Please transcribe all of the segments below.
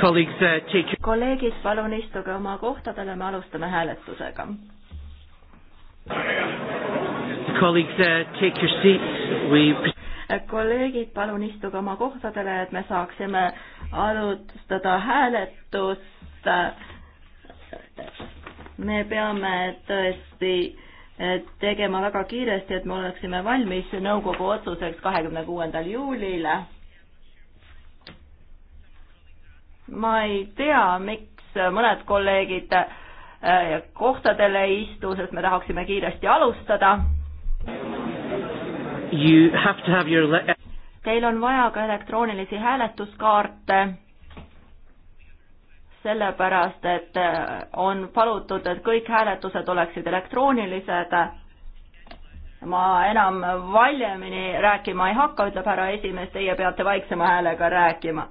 Uh, kolleegid, palun istuge oma kohtadele, me alustame hääletusega. Uh, kolleegid, palun istuge oma kohtadele, et me saaksime alustada hääletust. me peame tõesti eh, tegema väga kiiresti, et me oleksime valmis nõukogu otsuseks kahekümne kuuendal juulil ma ei tea, miks mõned kolleegid äh, kohtadele ei istu, sest me tahaksime kiiresti alustada. Have your... Teil on vaja ka elektroonilisi hääletuskaarte, sellepärast et äh, on palutud, et kõik hääletused oleksid elektroonilised. ma enam valjemini rääkima ei hakka, ütleb härra esimees, teie peate vaiksema häälega rääkima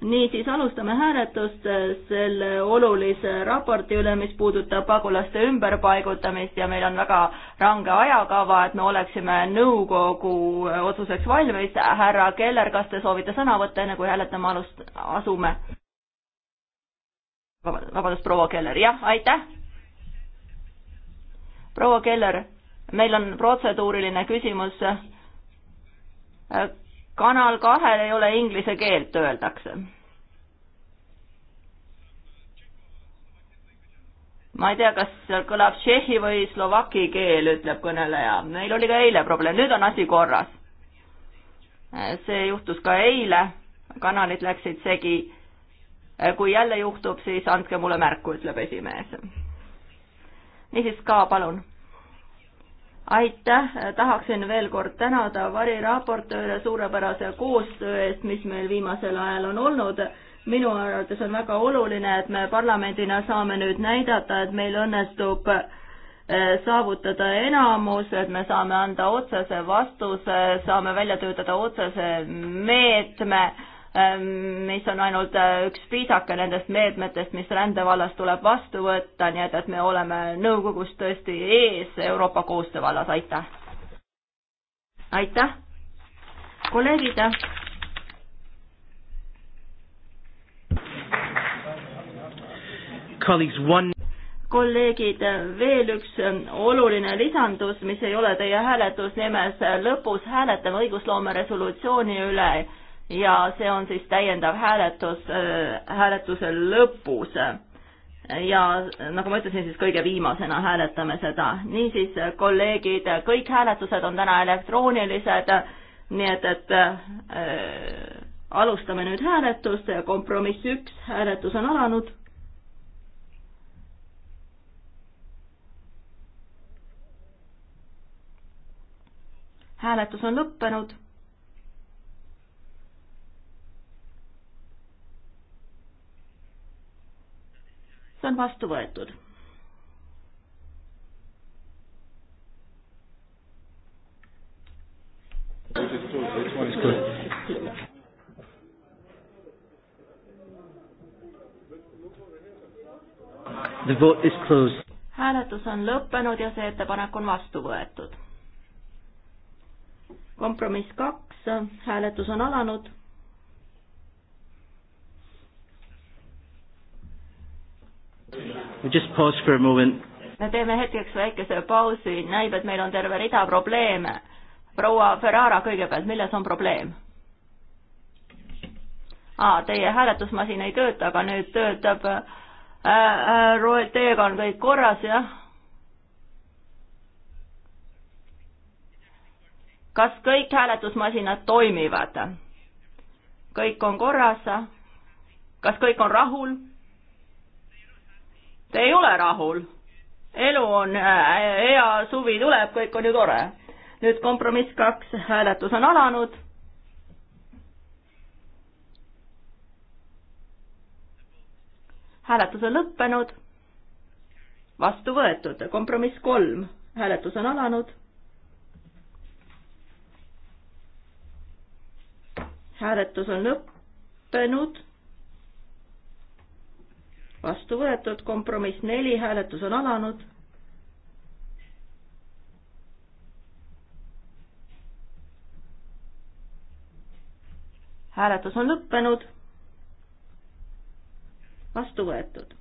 niisiis alustame hääletust äh, selle olulise raporti üle, mis puudutab pagulaste ümberpaigutamist ja meil on väga range ajakava, et me oleksime nõukogu äh, otsuseks valmis. härra Keller, kas te soovite sõna võtta, enne kui hääletama alust-, asume? vabandust, proua Keller, jah, aitäh. proua Keller, meil on protseduuriline küsimus äh, kanal kahel ei ole inglise keelt, öeldakse. ma ei tea, kas seal kõlab tšehhi või slovaki keel, ütleb kõneleja. meil oli ka eile probleem, nüüd on asi korras. see juhtus ka eile, kanalid läksid segi. kui jälle juhtub, siis andke mulle märku, ütleb esimees. niisiis, Ka, palun aitäh, tahaksin veel kord tänada variraportööre suurepärase koostöö eest, mis meil viimasel ajal on olnud. minu arvates on väga oluline, et me parlamendina saame nüüd näidata, et meil õnnestub eh, saavutada enamus, et me saame anda otsese vastuse, saame välja töötada otsese meetme mis ähm, on ainult äh, üks piisake nendest meetmetest, mis rändevallas tuleb vastu võtta, nii et, et me oleme nõukogus tõesti ees Euroopa koostöö vallas, aitäh! aitäh, kolleegid! kolleegid, veel üks äh, oluline lisandus, mis ei ole teie hääletusnimes, lõpus hääletame õigusloome resolutsiooni üle ja see on siis täiendav hääletus äh, hääletuse lõpus. ja nagu ma ütlesin, siis kõige viimasena hääletame seda. niisiis, kolleegid, kõik hääletused on täna elektroonilised, nii et, et äh, alustame nüüd hääletust, kompromiss üks, hääletus on alanud. hääletus on lõppenud see on vastu võetud. hääletus on lõppenud ja see ettepanek on vastu võetud. kompromiss kaks, hääletus on alanud me teeme hetkeks väikese pausi, näib, et meil on terve rida probleeme. proua Ferrara kõigepealt, milles on probleem? aa, teie hääletusmasin ei tööta, aga nüüd töötab äh, äh, roel, teiega on kõik korras, jah? kas kõik hääletusmasinad toimivad? kõik on korras? kas kõik on rahul? Te ei ole rahul. elu on äh, hea, suvi tuleb, kõik on ju tore. nüüd kompromiss kaks, hääletus on alanud. hääletus on lõppenud. vastu võetud, kompromiss kolm, hääletus on alanud. hääletus on lõppenud vastu võetud, kompromiss neli, hääletus on alanud. hääletus on lõppenud. vastu võetud.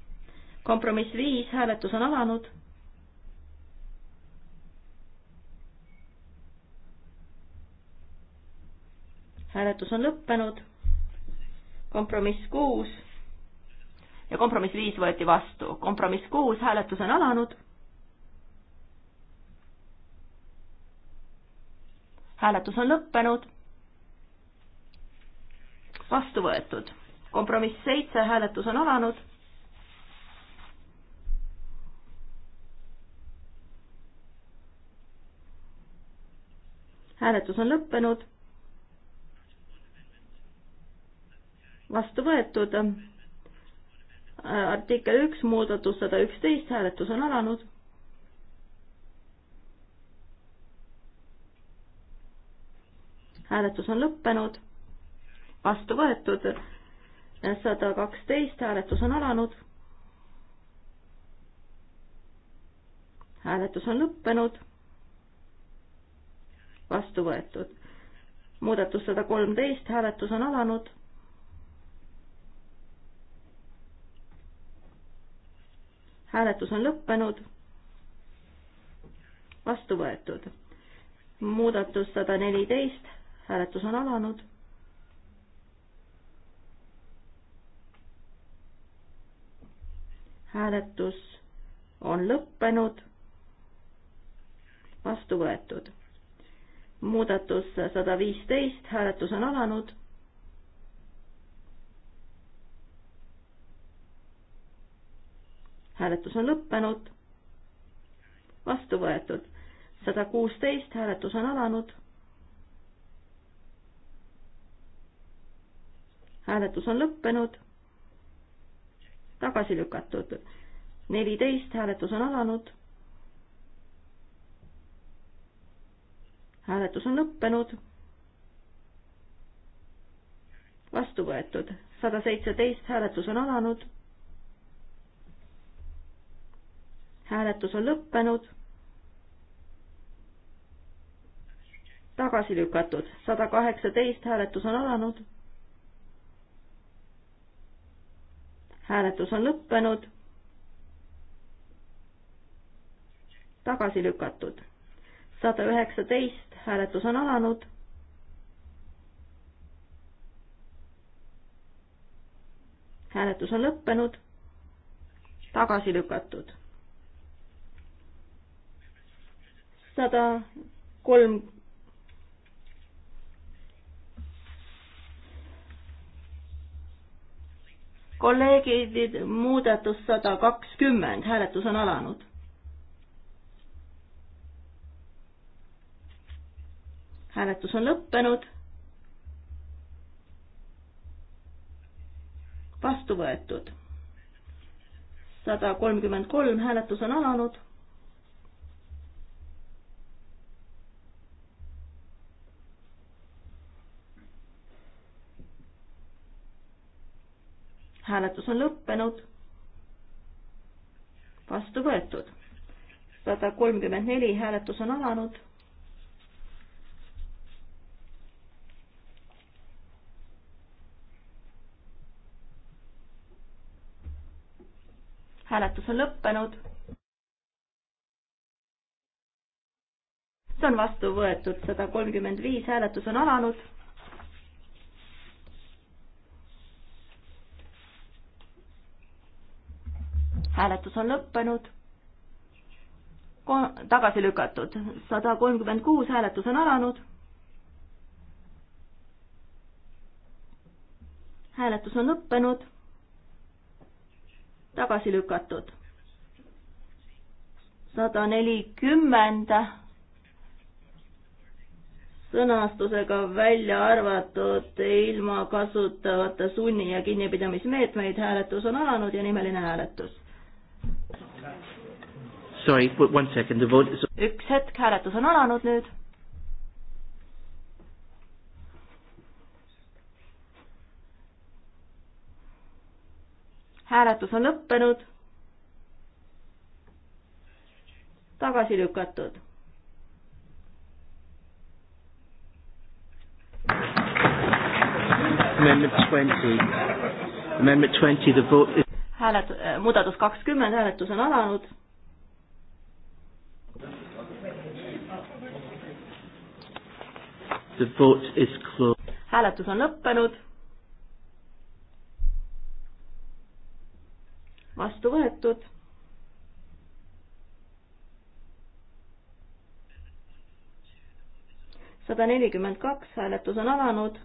kompromiss viis, hääletus on alanud. hääletus on lõppenud. kompromiss kuus ja kompromiss viis võeti vastu. kompromiss kuus, hääletus on alanud. hääletus on lõppenud. vastu võetud. kompromiss seitse, hääletus on alanud. hääletus on lõppenud. vastu võetud artikkel üks, muudatus sada üksteist, hääletus on alanud. hääletus on lõppenud, vastu võetud, sada kaksteist, hääletus on alanud. hääletus on lõppenud, vastu võetud, muudatus sada kolmteist, hääletus on alanud hääletus on lõppenud. vastu võetud. muudatus sada neliteist, hääletus on alanud. hääletus on lõppenud. vastu võetud. muudatus sada viisteist, hääletus on alanud hääletus on lõppenud, vastu võetud. sada kuusteist, hääletus on alanud. hääletus on lõppenud, tagasi lükatud. neliteist, hääletus on alanud. hääletus on lõppenud vastu võetud. sada seitseteist hääletus on alanud. hääletus on lõppenud. tagasi lükatud, sada kaheksateist hääletus on alanud. hääletus on lõppenud. tagasi lükatud, sada üheksateist hääletus on alanud hääletus on lõppenud, tagasi lükatud. sada kolm. kolleegid, muudatus sada kakskümmend, hääletus on alanud. hääletus on lõppenud. vastu võetud. sada kolmkümmend kolm, hääletus on alanud hääletus on lõppenud. vastu võetud. sada kolmkümmend neli, hääletus on alanud. hääletus on lõppenud. see on vastu võetud, sada kolmkümmend viis, hääletus on alanud hääletus on lõppenud. tagasi lükatud, sada kolmkümmend kuus hääletus on alanud. hääletus on lõppenud. tagasi lükatud. sada nelikümmend sõnastusega välja arvatud ilma kasutavate sunni- ja kinnipidamismeetmeid hääletus on alanud ja nimeline hääletus. Sorry, one second, the vote is... üks hetk, hääletus on alanud nüüd. hääletus on lõppenud. tagasi lükatud. Amendment twenty, amendment twenty, the vote is... hääletus, äh, muudatus kakskümmend, hääletus on alanud The vote is closed. hääletus on lõppenud. vastu võetud. sada nelikümmend kaks, hääletus on alanud.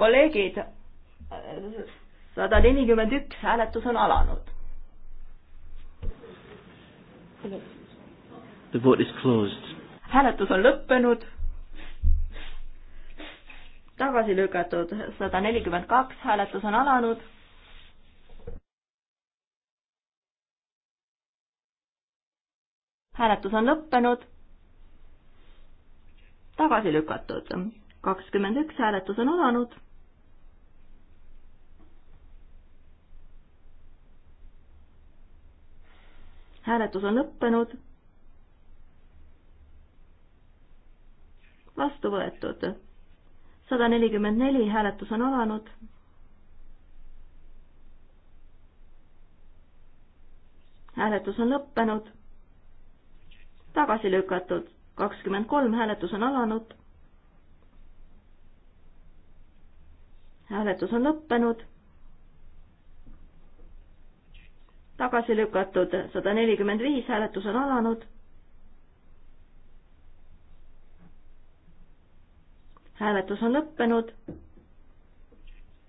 kolleegid sada nelikümmend üks, hääletus on alanud. The vote is closed. hääletus on lõppenud. tagasi lükatud sada nelikümmend kaks, hääletus on alanud hääletus on lõppenud, tagasi lükatud, kakskümmend üks hääletus on alanud hääletus on lõppenud. vastu võetud. sada nelikümmend neli, hääletus on alanud. hääletus on lõppenud. tagasi lükatud, kakskümmend kolm, hääletus on alanud. hääletus on lõppenud tagasi lükatud, sada nelikümmend viis, hääletus on alanud. hääletus on lõppenud.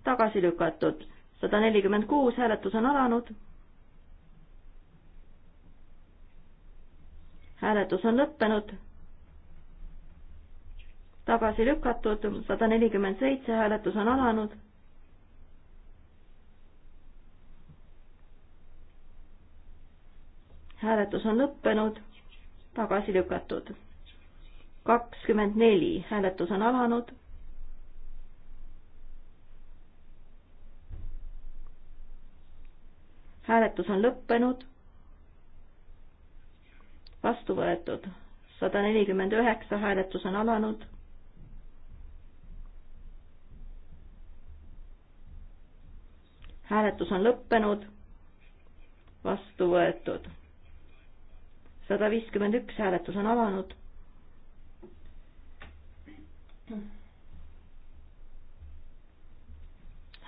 tagasi lükatud, sada nelikümmend kuus, hääletus on alanud. hääletus on lõppenud. tagasi lükatud, sada nelikümmend seitse, hääletus on alanud hääletus on lõppenud, tagasi lükatud. kakskümmend neli, hääletus on alanud. hääletus on lõppenud, vastu võetud, sada nelikümmend üheksa, hääletus on alanud hääletus on lõppenud, vastu võetud sada viiskümmend üks hääletus on alanud.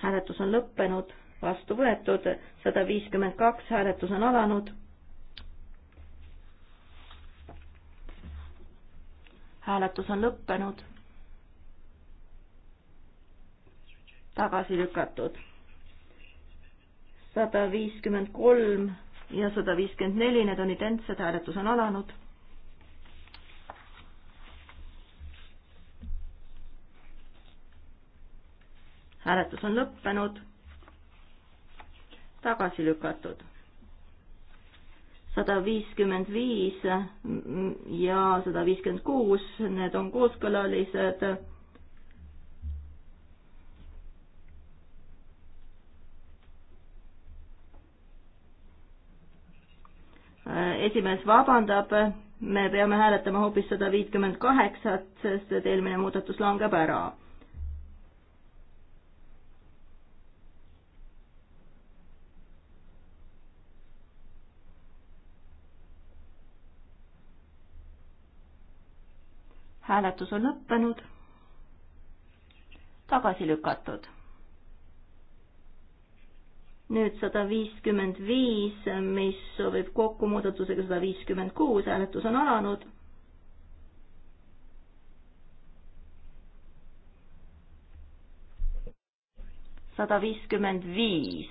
hääletus on lõppenud, vastu võetud, sada viiskümmend kaks hääletus on alanud. hääletus on lõppenud. tagasi lükatud. sada viiskümmend kolm ja sada viiskümmend neli, need on identsed, hääletus on alanud. hääletus on lõppenud, tagasi lükatud. sada viiskümmend viis ja sada viiskümmend kuus, need on kooskõlalised esimees vabandab, me peame hääletama hoopis sada viitkümmend kaheksat, sest et eelmine muudatus langeb ära. hääletus on lõppenud, tagasi lükatud nüüd sada viiskümmend viis, mis sobib kokku muudatusega sada viiskümmend kuus, hääletus on alanud. sada viiskümmend viis.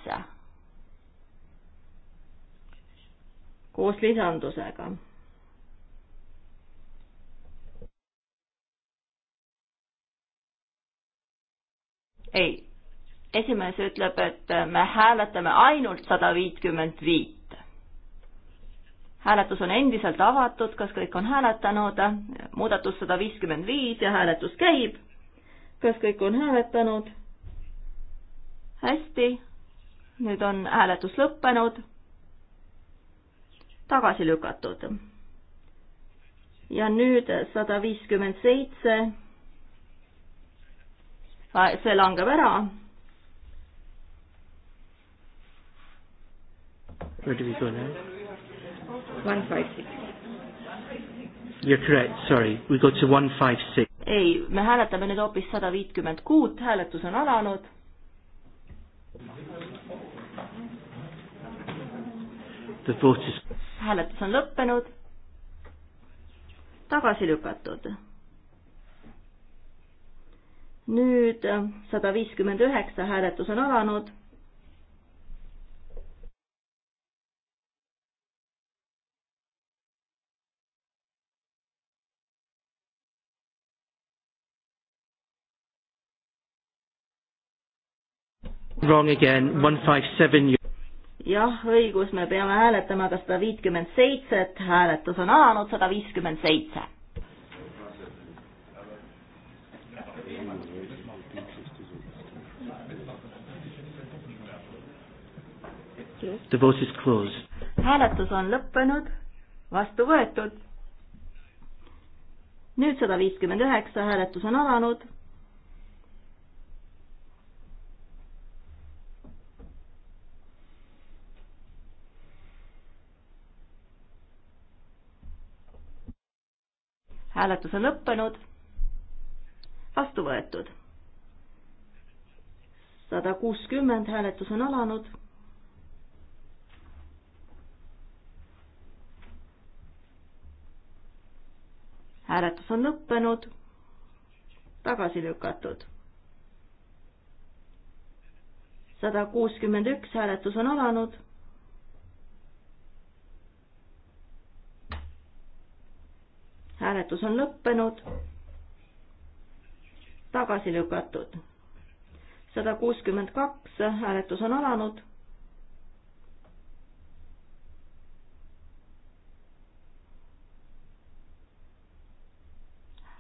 koos lisandusega ei, esimees ütleb, et me hääletame ainult sada viitkümmend viit. hääletus on endiselt avatud, kas kõik on hääletanud, muudatus sada viiskümmend viis ja hääletus käib. kas kõik on hääletanud? hästi, nüüd on hääletus lõppenud, tagasi lükatud. ja nüüd sada viiskümmend seitse, see langeb ära Where do we go now? 156. You're correct, sorry. We go to 156. ei, me hääletame nüüd hoopis sada viitkümmend kuut, hääletus on alanud. The vote is hääletus on lõppenud, tagasi lükatud. nüüd sada viiskümmend üheksa hääletus on alanud wrong again, one five seven. jah, õigus, me peame hääletama ka sada viitkümmend seitset, hääletus on alanud, sada viiskümmend seitse. The vote is closed. hääletus on lõppenud, vastu võetud. nüüd sada viiskümmend üheksa, hääletus on alanud hääletus on lõppenud, vastu võetud. sada kuuskümmend, hääletus on alanud. hääletus on lõppenud, tagasi lükatud. sada kuuskümmend üks, hääletus on alanud hääletus on lõppenud, tagasi lükatud. sada kuuskümmend kaks, hääletus on alanud.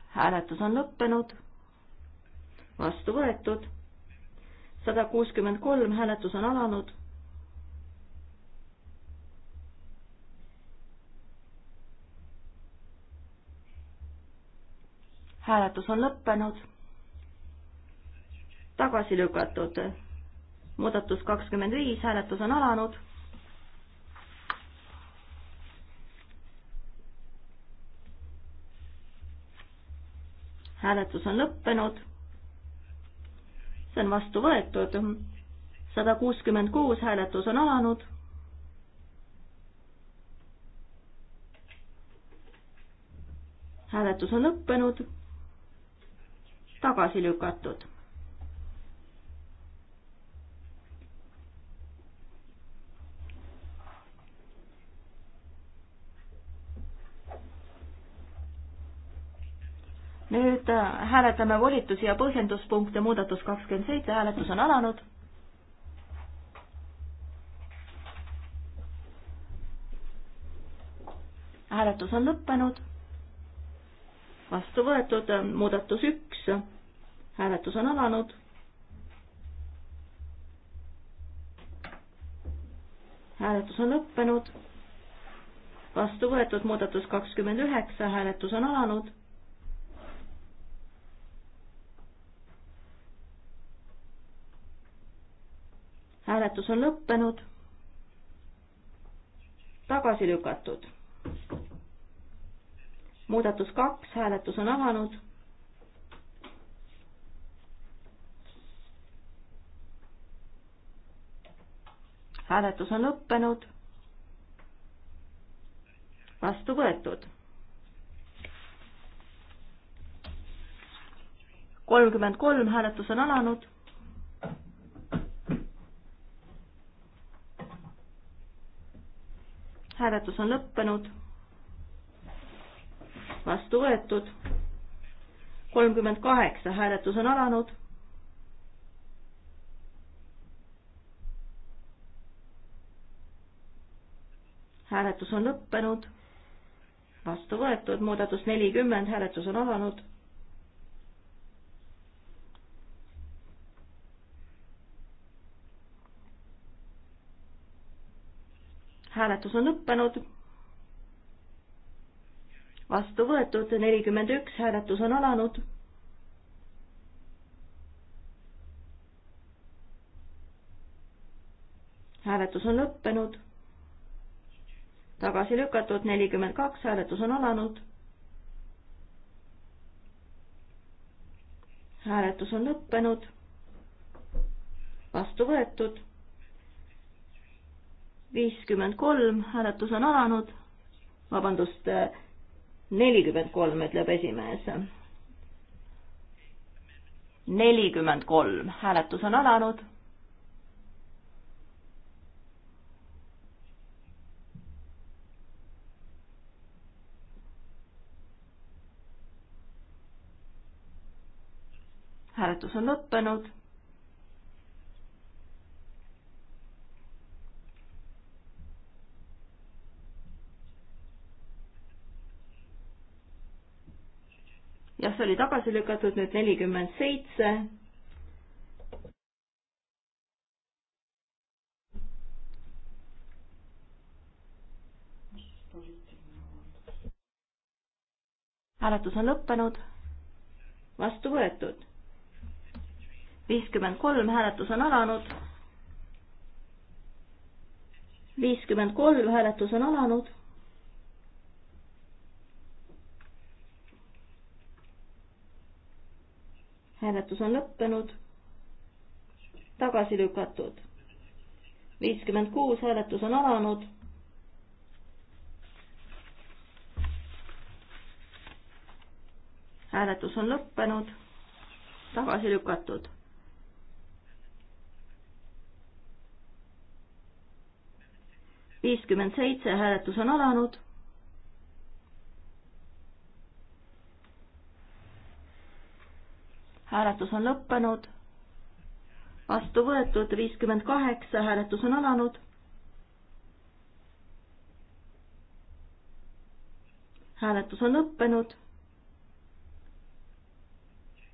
hääletus on lõppenud, vastu võetud. sada kuuskümmend kolm, hääletus on alanud hääletus on lõppenud. tagasi lükatud. muudatus kakskümmend viis, hääletus on alanud. hääletus on lõppenud. see on vastu võetud. sada kuuskümmend kuus, hääletus on alanud hääletus on lõppenud tagasi lükatud. nüüd äh, hääletame volitusi ja põhjenduspunkte, muudatus kakskümmend seitse, hääletus on alanud hääletus on lõppenud. vastu võetud äh, muudatus üks, hääletus on alanud. hääletus on lõppenud. vastu võetud muudatus kakskümmend üheksa, hääletus on alanud. hääletus on lõppenud. tagasi lükatud. muudatus kaks, hääletus on avanud hääletus on lõppenud. vastu võetud. kolmkümmend kolm hääletus on alanud. hääletus on lõppenud. vastu võetud. kolmkümmend kaheksa hääletus on alanud hääletus on lõppenud, vastu võetud, muudatus nelikümmend, hääletus on alanud. hääletus on lõppenud, vastu võetud, nelikümmend üks, hääletus on alanud hääletus on lõppenud tagasi lükatud, nelikümmend kaks, hääletus on alanud. hääletus on lõppenud, vastu võetud, viiskümmend kolm, hääletus on alanud, vabandust, nelikümmend kolm, ütleb esimees. nelikümmend kolm, hääletus on alanud hääletus on lõppenud. jah, see oli tagasi lükatud nüüd nelikümmend seitse. hääletus on lõppenud, vastu võetud viiskümmend kolm, hääletus on alanud. viiskümmend kolm, hääletus on alanud. hääletus on lõppenud. tagasi lükatud. viiskümmend kuus, hääletus on alanud. hääletus on lõppenud tagasi lükatud viiskümmend seitse, hääletus on alanud. hääletus on lõppenud. vastu võetud viiskümmend kaheksa, hääletus on alanud. hääletus on lõppenud.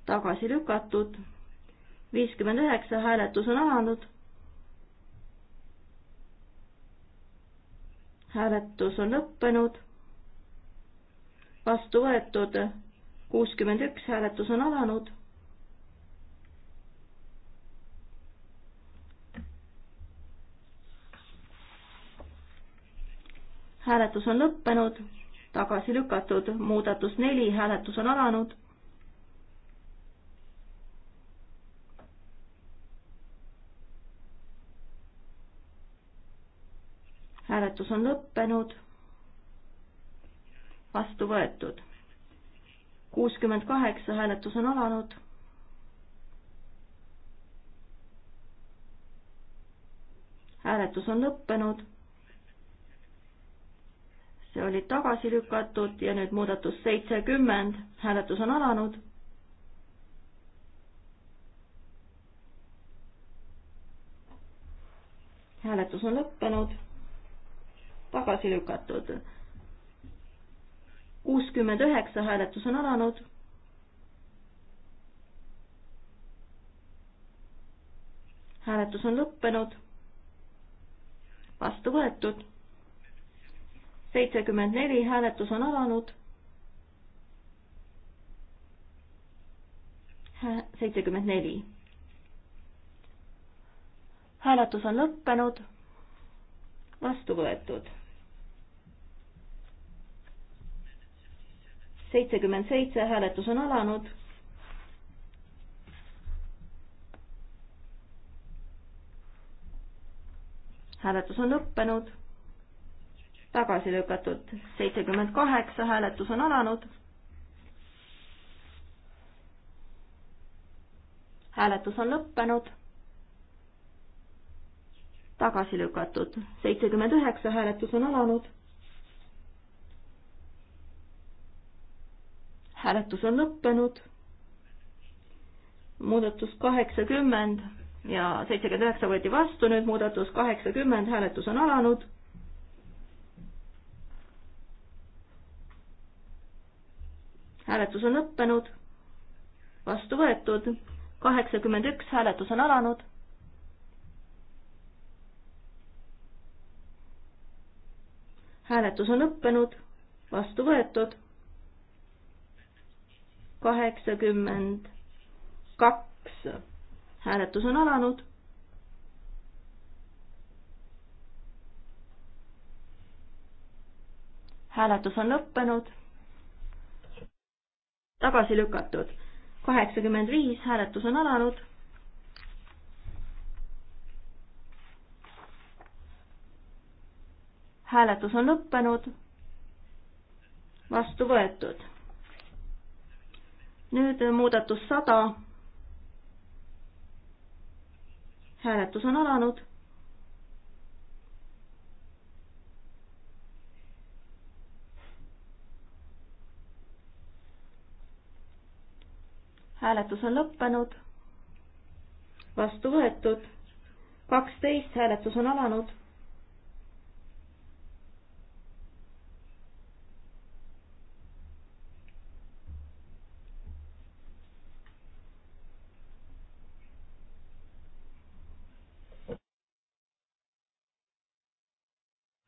tagasi lükatud. viiskümmend üheksa, hääletus on alanud hääletus on lõppenud, vastu võetud kuuskümmend üks, hääletus on alanud. hääletus on lõppenud, tagasi lükatud, muudatus neli, hääletus on alanud hääletus on lõppenud. vastu võetud. kuuskümmend kaheksa hääletus on alanud. hääletus on lõppenud. see oli tagasi lükatud ja nüüd muudatus seitsekümmend, hääletus on alanud hääletus on lõppenud tagasi lükatud. kuuskümmend üheksa hääletus on alanud. hääletus on lõppenud. vastu võetud. seitsekümmend neli hääletus on alanud seitsekümmend neli. hääletus on lõppenud, vastu võetud. seitsekümmend seitse, hääletus on alanud. hääletus on lõppenud. tagasi lükatud seitsekümmend kaheksa, hääletus on alanud. hääletus on lõppenud. tagasi lükatud seitsekümmend üheksa, hääletus on alanud hääletus on lõppenud. muudatus kaheksakümmend ja seitsekümmend üheksa võeti vastu, nüüd muudatus kaheksakümmend, hääletus on alanud. hääletus on lõppenud, vastu võetud, kaheksakümmend üks, hääletus on alanud. hääletus on lõppenud, vastu võetud kaheksakümmend kaks. hääletus on alanud. hääletus on lõppenud. tagasi lükatud. kaheksakümmend viis, hääletus on alanud. hääletus on lõppenud. vastu võetud nüüd äh, muudatus sada. hääletus on alanud. hääletus on lõppenud. vastu võetud. kaksteist hääletus on alanud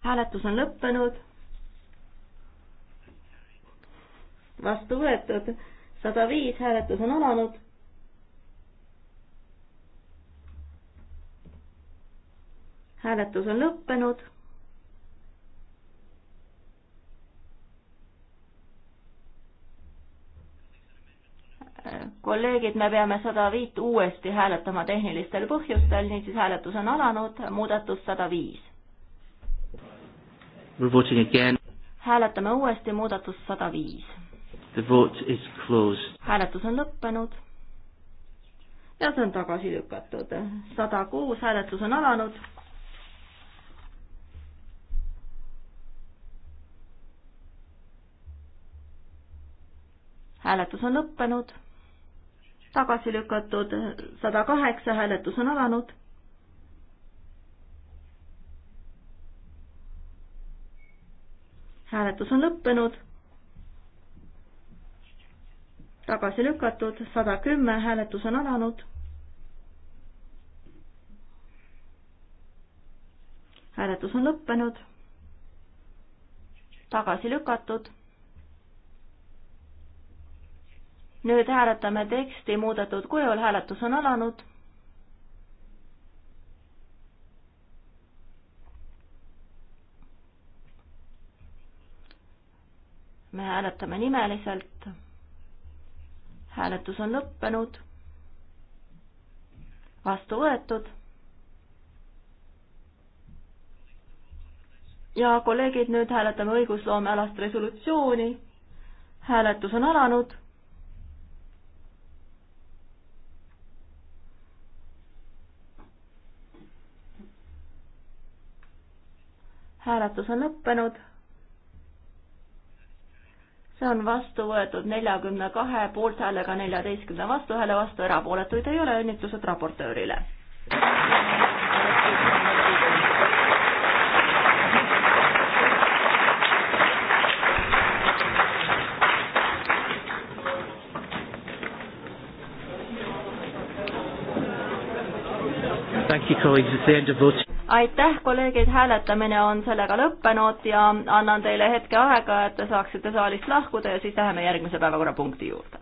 hääletus on lõppenud. vastu võetud sada viis, hääletus on alanud. hääletus on lõppenud. kolleegid, me peame sada viit uuesti hääletama tehnilistel põhjustel, niisiis hääletus on alanud, muudatus sada viis hääletame uuesti muudatust sada viis. hääletus on lõppenud ja see on tagasi lükatud. sada kuus hääletus on alanud. hääletus on lõppenud, tagasi lükatud, sada kaheksa hääletus on alanud hääletus on lõppenud. tagasi lükatud, sada kümme, hääletus on alanud. hääletus on lõppenud. tagasi lükatud. nüüd hääletame teksti muudetud kujul, hääletus on alanud me hääletame nimeliselt. hääletus on lõppenud. vastu võetud. ja kolleegid, nüüd hääletame õigusloomealast resolutsiooni. hääletus on alanud. hääletus on lõppenud see on vastu võetud neljakümne kahe poolthäälega, neljateistkümne vastuhääle vastu, vastu, erapooletuid ei ole, õnnitlused raportöörile. Thank you, colleagues. It's the end of voting aitäh, kolleegid, hääletamine on sellega lõppenud ja annan teile hetke aega, et te saaksite saalist lahkuda ja siis läheme järgmise päevakorrapunkti juurde.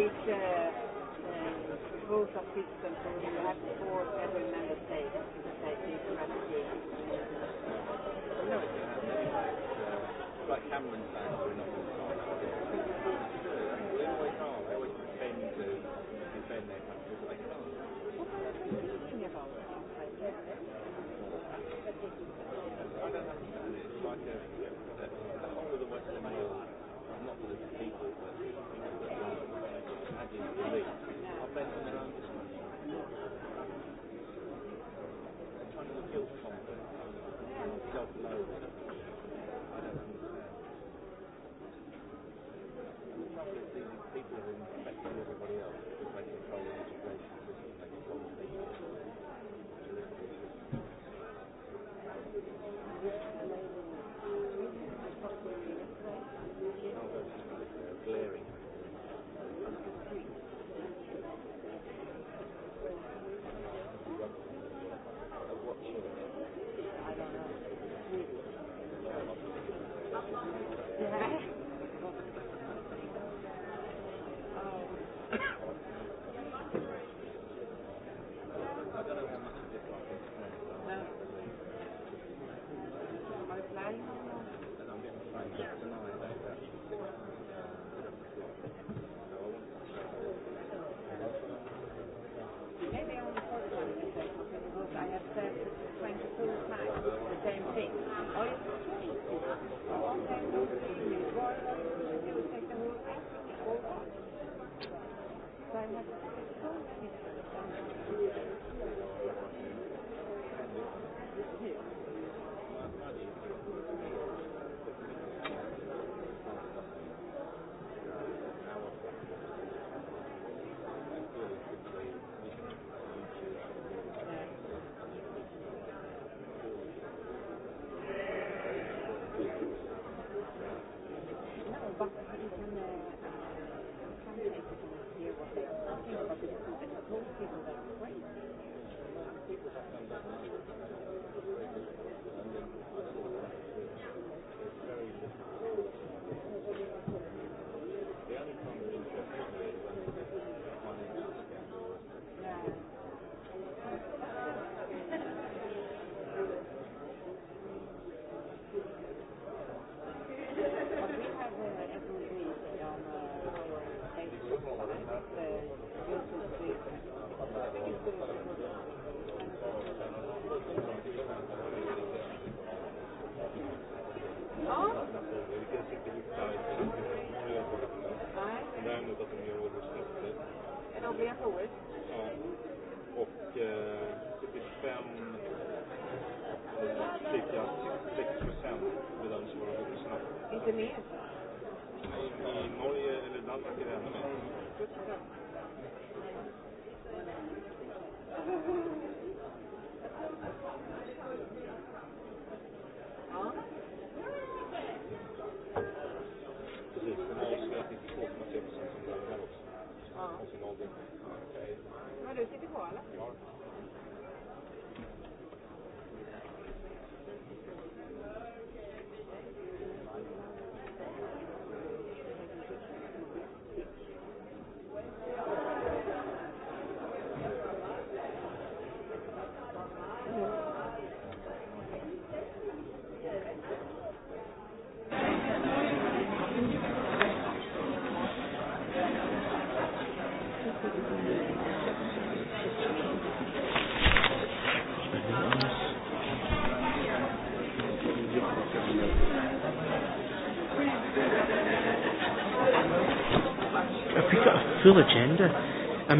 this uh, uh, proposal system, so we will have to force every member state to take this ratification. No. Like Cameron's land, we're not going to sign up. They always are. They always pretend to defend their country, but they can't.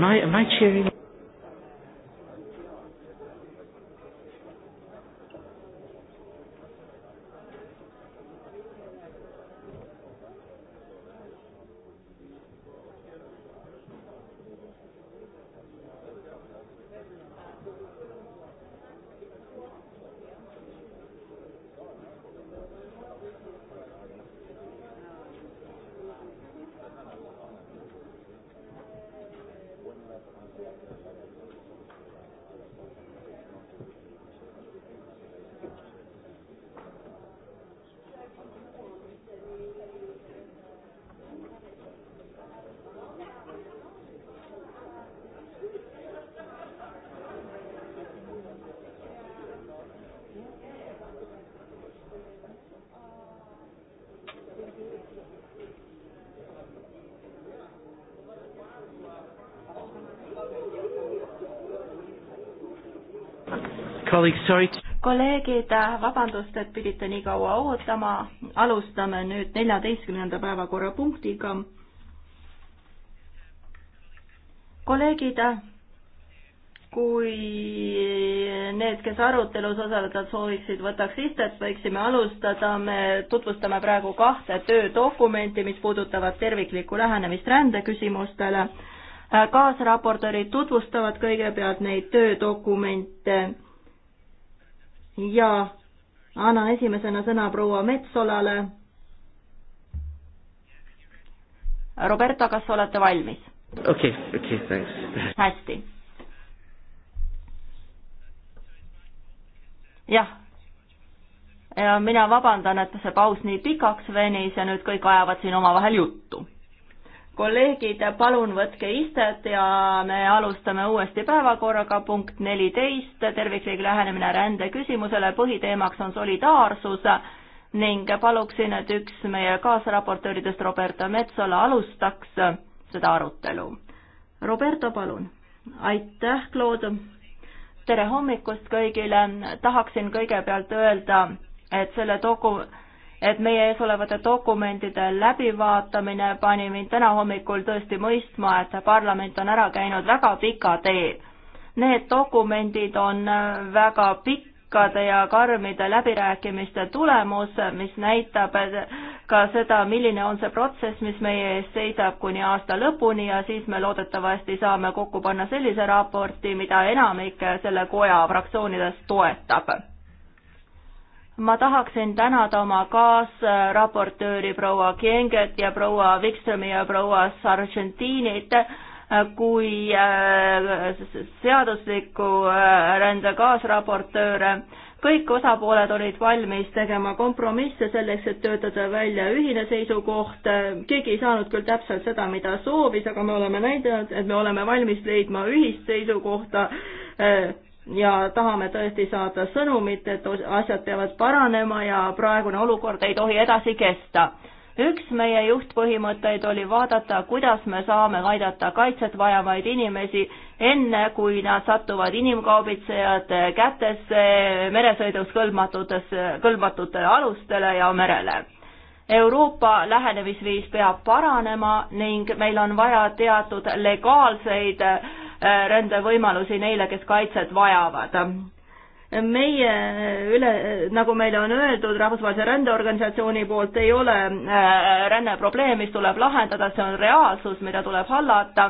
am I am I cheering kolleegid, vabandust, et pidite nii kaua ootama, alustame nüüd neljateistkümnenda päevakorrapunktiga. kolleegid, kui need, kes arutelus osaleda sooviksid, võtaks istet, võiksime alustada, me tutvustame praegu kahte töödokumenti, mis puudutavad terviklikku lähenemist rändeküsimustele Äh, kaasraportöörid tutvustavad kõigepealt neid töödokumente ja annan esimesena sõna proua Metsolale. Roberta, kas olete valmis? okei okay,, okei okay,, thanks. hästi. jah ja mina vabandan, et see paus nii pikaks venis ja nüüd kõik ajavad siin omavahel juttu kolleegid, palun võtke istet ja me alustame uuesti päevakorraga, punkt neliteist, terviklik lähenemine rändeküsimusele, põhiteemaks on solidaarsus ning paluksin, et üks meie kaasraportööridest, Roberta Metsola, alustaks seda arutelu. Roberto, palun. aitäh, Claude. tere hommikust kõigile, tahaksin kõigepealt öelda, et selle doku-, et meie ees olevate dokumentide läbivaatamine pani mind täna hommikul tõesti mõistma, et parlament on ära käinud väga pika tee. Need dokumendid on väga pikkade ja karmide läbirääkimiste tulemus, mis näitab ka seda, milline on see protsess, mis meie ees seisab kuni aasta lõpuni ja siis me loodetavasti saame kokku panna sellise raporti, mida enamik selle koja fraktsioonidest toetab ma tahaksin tänada oma kaasraportööri proua Kienget ja proua Wikströmi ja proua Sargentinit äh, kui äh, seadusliku äh, rände kaasraportööre. kõik osapooled olid valmis tegema kompromisse selleks, et töötada välja ühine seisukoht. keegi ei saanud küll täpselt seda, mida soovis, aga me oleme näidanud, et me oleme valmis leidma ühist seisukohta ja tahame tõesti saada sõnumit, et asjad peavad paranema ja praegune olukord ei tohi edasi kesta. üks meie juhtpõhimõtteid oli vaadata, kuidas me saame aidata kaitset vajavaid inimesi, enne kui nad satuvad inimkaubitsejate kätesse meresõiduks kõlbmatutes, kõlbmatutele alustele ja merele Euroopa lähenemisviis peab paranema ning meil on vaja teatud legaalseid äh, rändevõimalusi neile, kes kaitset vajavad meie üle, nagu meile on öeldud, Rahvusvahelise Rändeorganisatsiooni poolt ei ole äh, ränneprobleem, mis tuleb lahendada, see on reaalsus, mida tuleb hallata.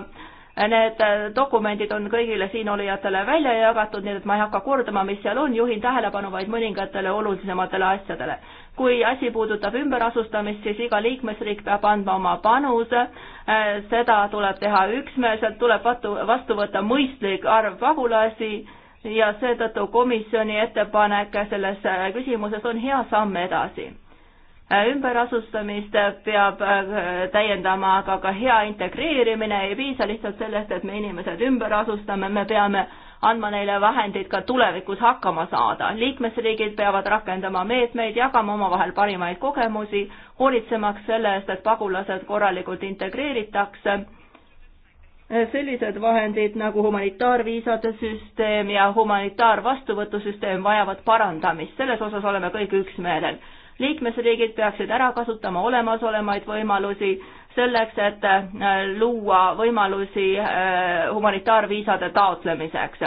Need äh, dokumendid on kõigile siinolijatele välja jagatud, nii et ma ei hakka kordama, mis seal on, juhin tähelepanu vaid mõningatele olulisematele asjadele kui asi puudutab ümberasustamist, siis iga liikmesriik peab andma oma panuse, äh, seda tuleb teha üksmeelselt, tuleb vastu, vastu võtta mõistlik arv pagulasi ja seetõttu komisjoni ettepanek selles äh, küsimuses on hea samm edasi. Äh, ümberasustamist peab täiendama aga ka hea integreerimine, ei piisa lihtsalt sellest, et me inimesed ümber asustame, me peame andma neile vahendeid ka tulevikus hakkama saada. liikmesriigid peavad rakendama meetmeid, jagama omavahel parimaid kogemusi, hoolitsemaks selle eest, et pagulased korralikult integreeritakse sellised vahendid nagu humanitaarviisade süsteem ja humanitaarvastuvõtusüsteem vajavad parandamist, selles osas oleme kõik üksmeelel. liikmesriigid peaksid ära kasutama olemasolevaid võimalusi selleks, et äh, luua võimalusi äh, humanitaarviisade taotlemiseks.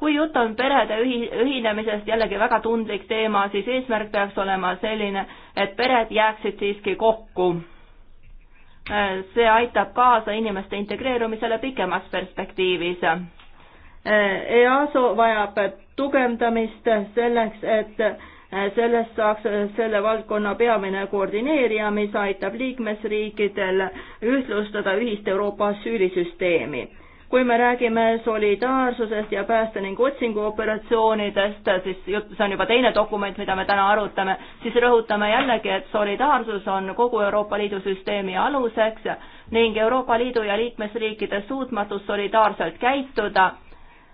kui jutt on perede ühi-, ühinemisest, jällegi väga tundlik teema, siis eesmärk peaks olema selline, et pered jääksid siiski kokku. Äh, see aitab kaasa inimeste integreerumisele pikemas perspektiivis. EASO vajab tugevdamist selleks, et Äh, sellest saaks äh, selle valdkonna peamine koordineerija, mis aitab liikmesriikidel ühtlustada ühist Euroopa asüülisüsteemi kui me räägime solidaarsusest ja pääste- ning otsinguoperatsioonidest, siis jutt, see on juba teine dokument, mida me täna arutame, siis rõhutame jällegi, et solidaarsus on kogu Euroopa Liidu süsteemi aluseks ning Euroopa Liidu ja liikmesriikide suutmatus solidaarselt käituda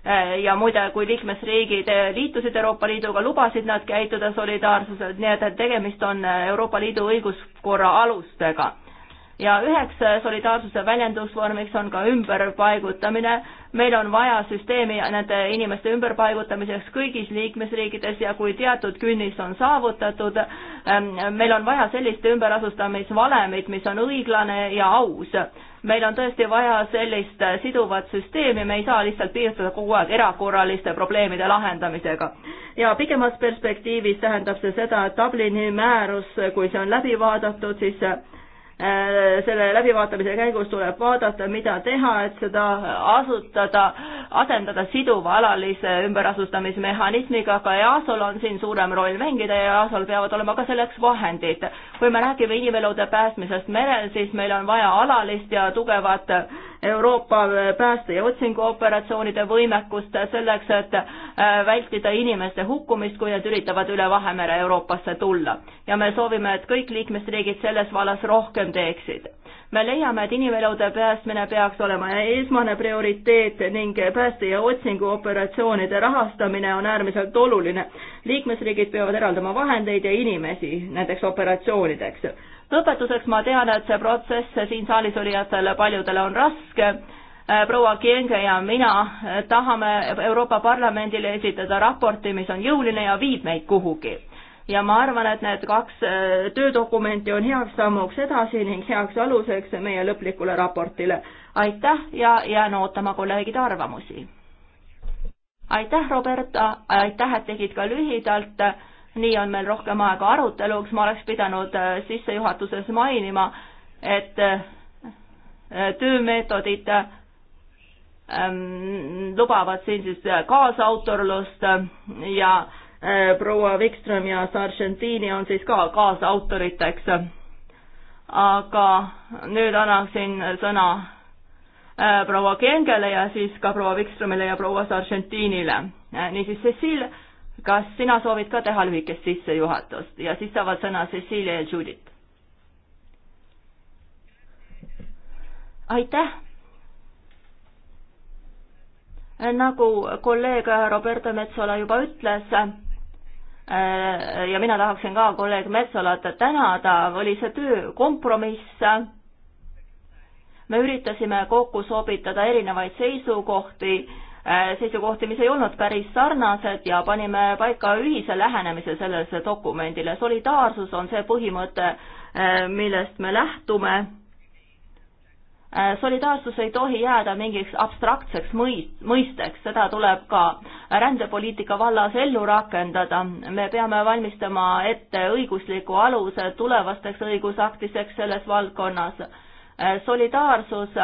Eh, ja muide, kui liikmesriigid eh, liitusid Euroopa Liiduga, lubasid nad käituda solidaarsuselt, nii et, et tegemist on eh, Euroopa Liidu õiguskorra alustega ja üheks äh, solidaarsuse väljendusvormiks on ka ümberpaigutamine. meil on vaja süsteemi nende inimeste ümberpaigutamiseks kõigis liikmesriikides ja kui teatud künnis on saavutatud, ähm, meil on vaja sellist ümberasustamisvalemit, mis on õiglane ja aus. meil on tõesti vaja sellist äh, siduvat süsteemi, me ei saa lihtsalt piirduda kogu aeg erakorraliste probleemide lahendamisega. ja pikemas perspektiivis tähendab see seda, et Dublini määrus, kui see on läbi vaadatud, siis äh, Äh, selle läbivaatamise käigus tuleb vaadata, mida teha, et seda asutada, asendada siduva alalise ümberasustamismehhanismiga, aga EASO-l on siin suurem roll mängida ja EASO-l peavad olema ka selleks vahendid. kui me räägime inimelude päästmisest merel, siis meil on vaja alalist ja tugevat Euroopa pääste- ja otsinguoperatsioonide võimekust selleks, et äh, vältida inimeste hukkumist, kui nad üritavad üle Vahemere Euroopasse tulla. ja me soovime, et kõik liikmesriigid selles vallas rohkem teeksid. me leiame, et inimelude päästmine peaks olema esmane prioriteet ning pääste- ja otsinguoperatsioonide rahastamine on äärmiselt oluline. liikmesriigid peavad eraldama vahendeid ja inimesi nendeks operatsioonideks lõpetuseks ma tean, et see protsess siin saalis olijatele paljudele on raske. Äh, proua Kienge ja mina äh, tahame Euroopa Parlamendile esitada raporti, mis on jõuline ja viib meid kuhugi. ja ma arvan, et need kaks äh, töödokumenti on heaks sammuks edasi ning heaks aluseks meie lõplikule raportile. aitäh ja jään ootama kolleegide arvamusi. aitäh, Roberta, aitäh, et tegid ka lühidalt nii on meil rohkem aega aruteluks, ma oleks pidanud äh, sissejuhatuses mainima, et äh, töömeetodid äh, ähm, lubavad siin siis kaasautorlust ja proua Wikström ja Sargentini on siis ka kaasautoriteks. aga nüüd annaksin sõna proua Kengele ja siis ka proua Wikströmile ja proua Sargentinile. niisiis, Cecil kas sina soovid ka teha lühikest sissejuhatust ja siis saavad sõna Cecilia ja Judith? aitäh! nagu kolleeg Roberto Metsola juba ütles, ja mina tahaksin ka kolleeg Metsolat tänada, oli see töö kompromiss. me üritasime kokku sobitada erinevaid seisukohti Äh, seisukohti, mis ei olnud päris sarnased ja panime paika ühise lähenemise sellele dokumendile. solidaarsus on see põhimõte, äh, millest me lähtume. Äh, solidaarsus ei tohi jääda mingiks abstraktseks mõist-, mõisteks, seda tuleb ka rändepoliitika vallas ellu rakendada. me peame valmistama ette õigusliku aluse tulevasteks õigusaktideks selles valdkonnas. solidaarsus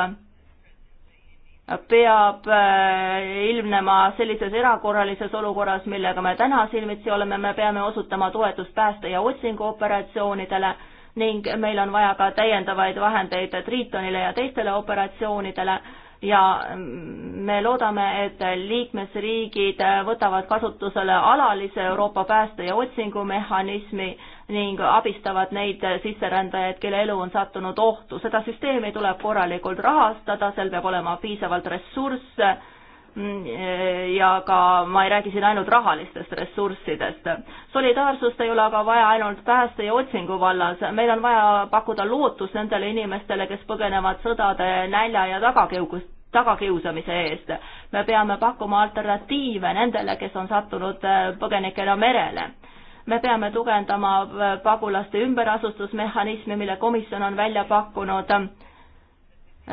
peab äh, ilmnema sellises erakorralises olukorras, millega me täna silmitsi oleme, me peame osutama toetust pääste- ja otsinguoperatsioonidele ning meil on vaja ka täiendavaid vahendeid Tritonile ja teistele operatsioonidele ja mm, me loodame, et liikmesriigid võtavad kasutusele alalise Euroopa pääste- ja otsingumehhanismi ning abistavad neid sisserändajaid, kelle elu on sattunud ohtu. seda süsteemi tuleb korralikult rahastada, seal peab olema piisavalt ressursse mm, ja ka ma ei räägi siin ainult rahalistest ressurssidest. solidaarsust ei ole aga vaja ainult pääste ja otsingu vallas, meil on vaja pakkuda lootust nendele inimestele, kes põgenevad sõdade nälja ja tagakiugust, tagakiusamise eest. me peame pakkuma alternatiive nendele, kes on sattunud äh, põgenikena merele me peame tugevdama äh, pagulaste ümberasustusmehhanismi, mille komisjon on välja pakkunud.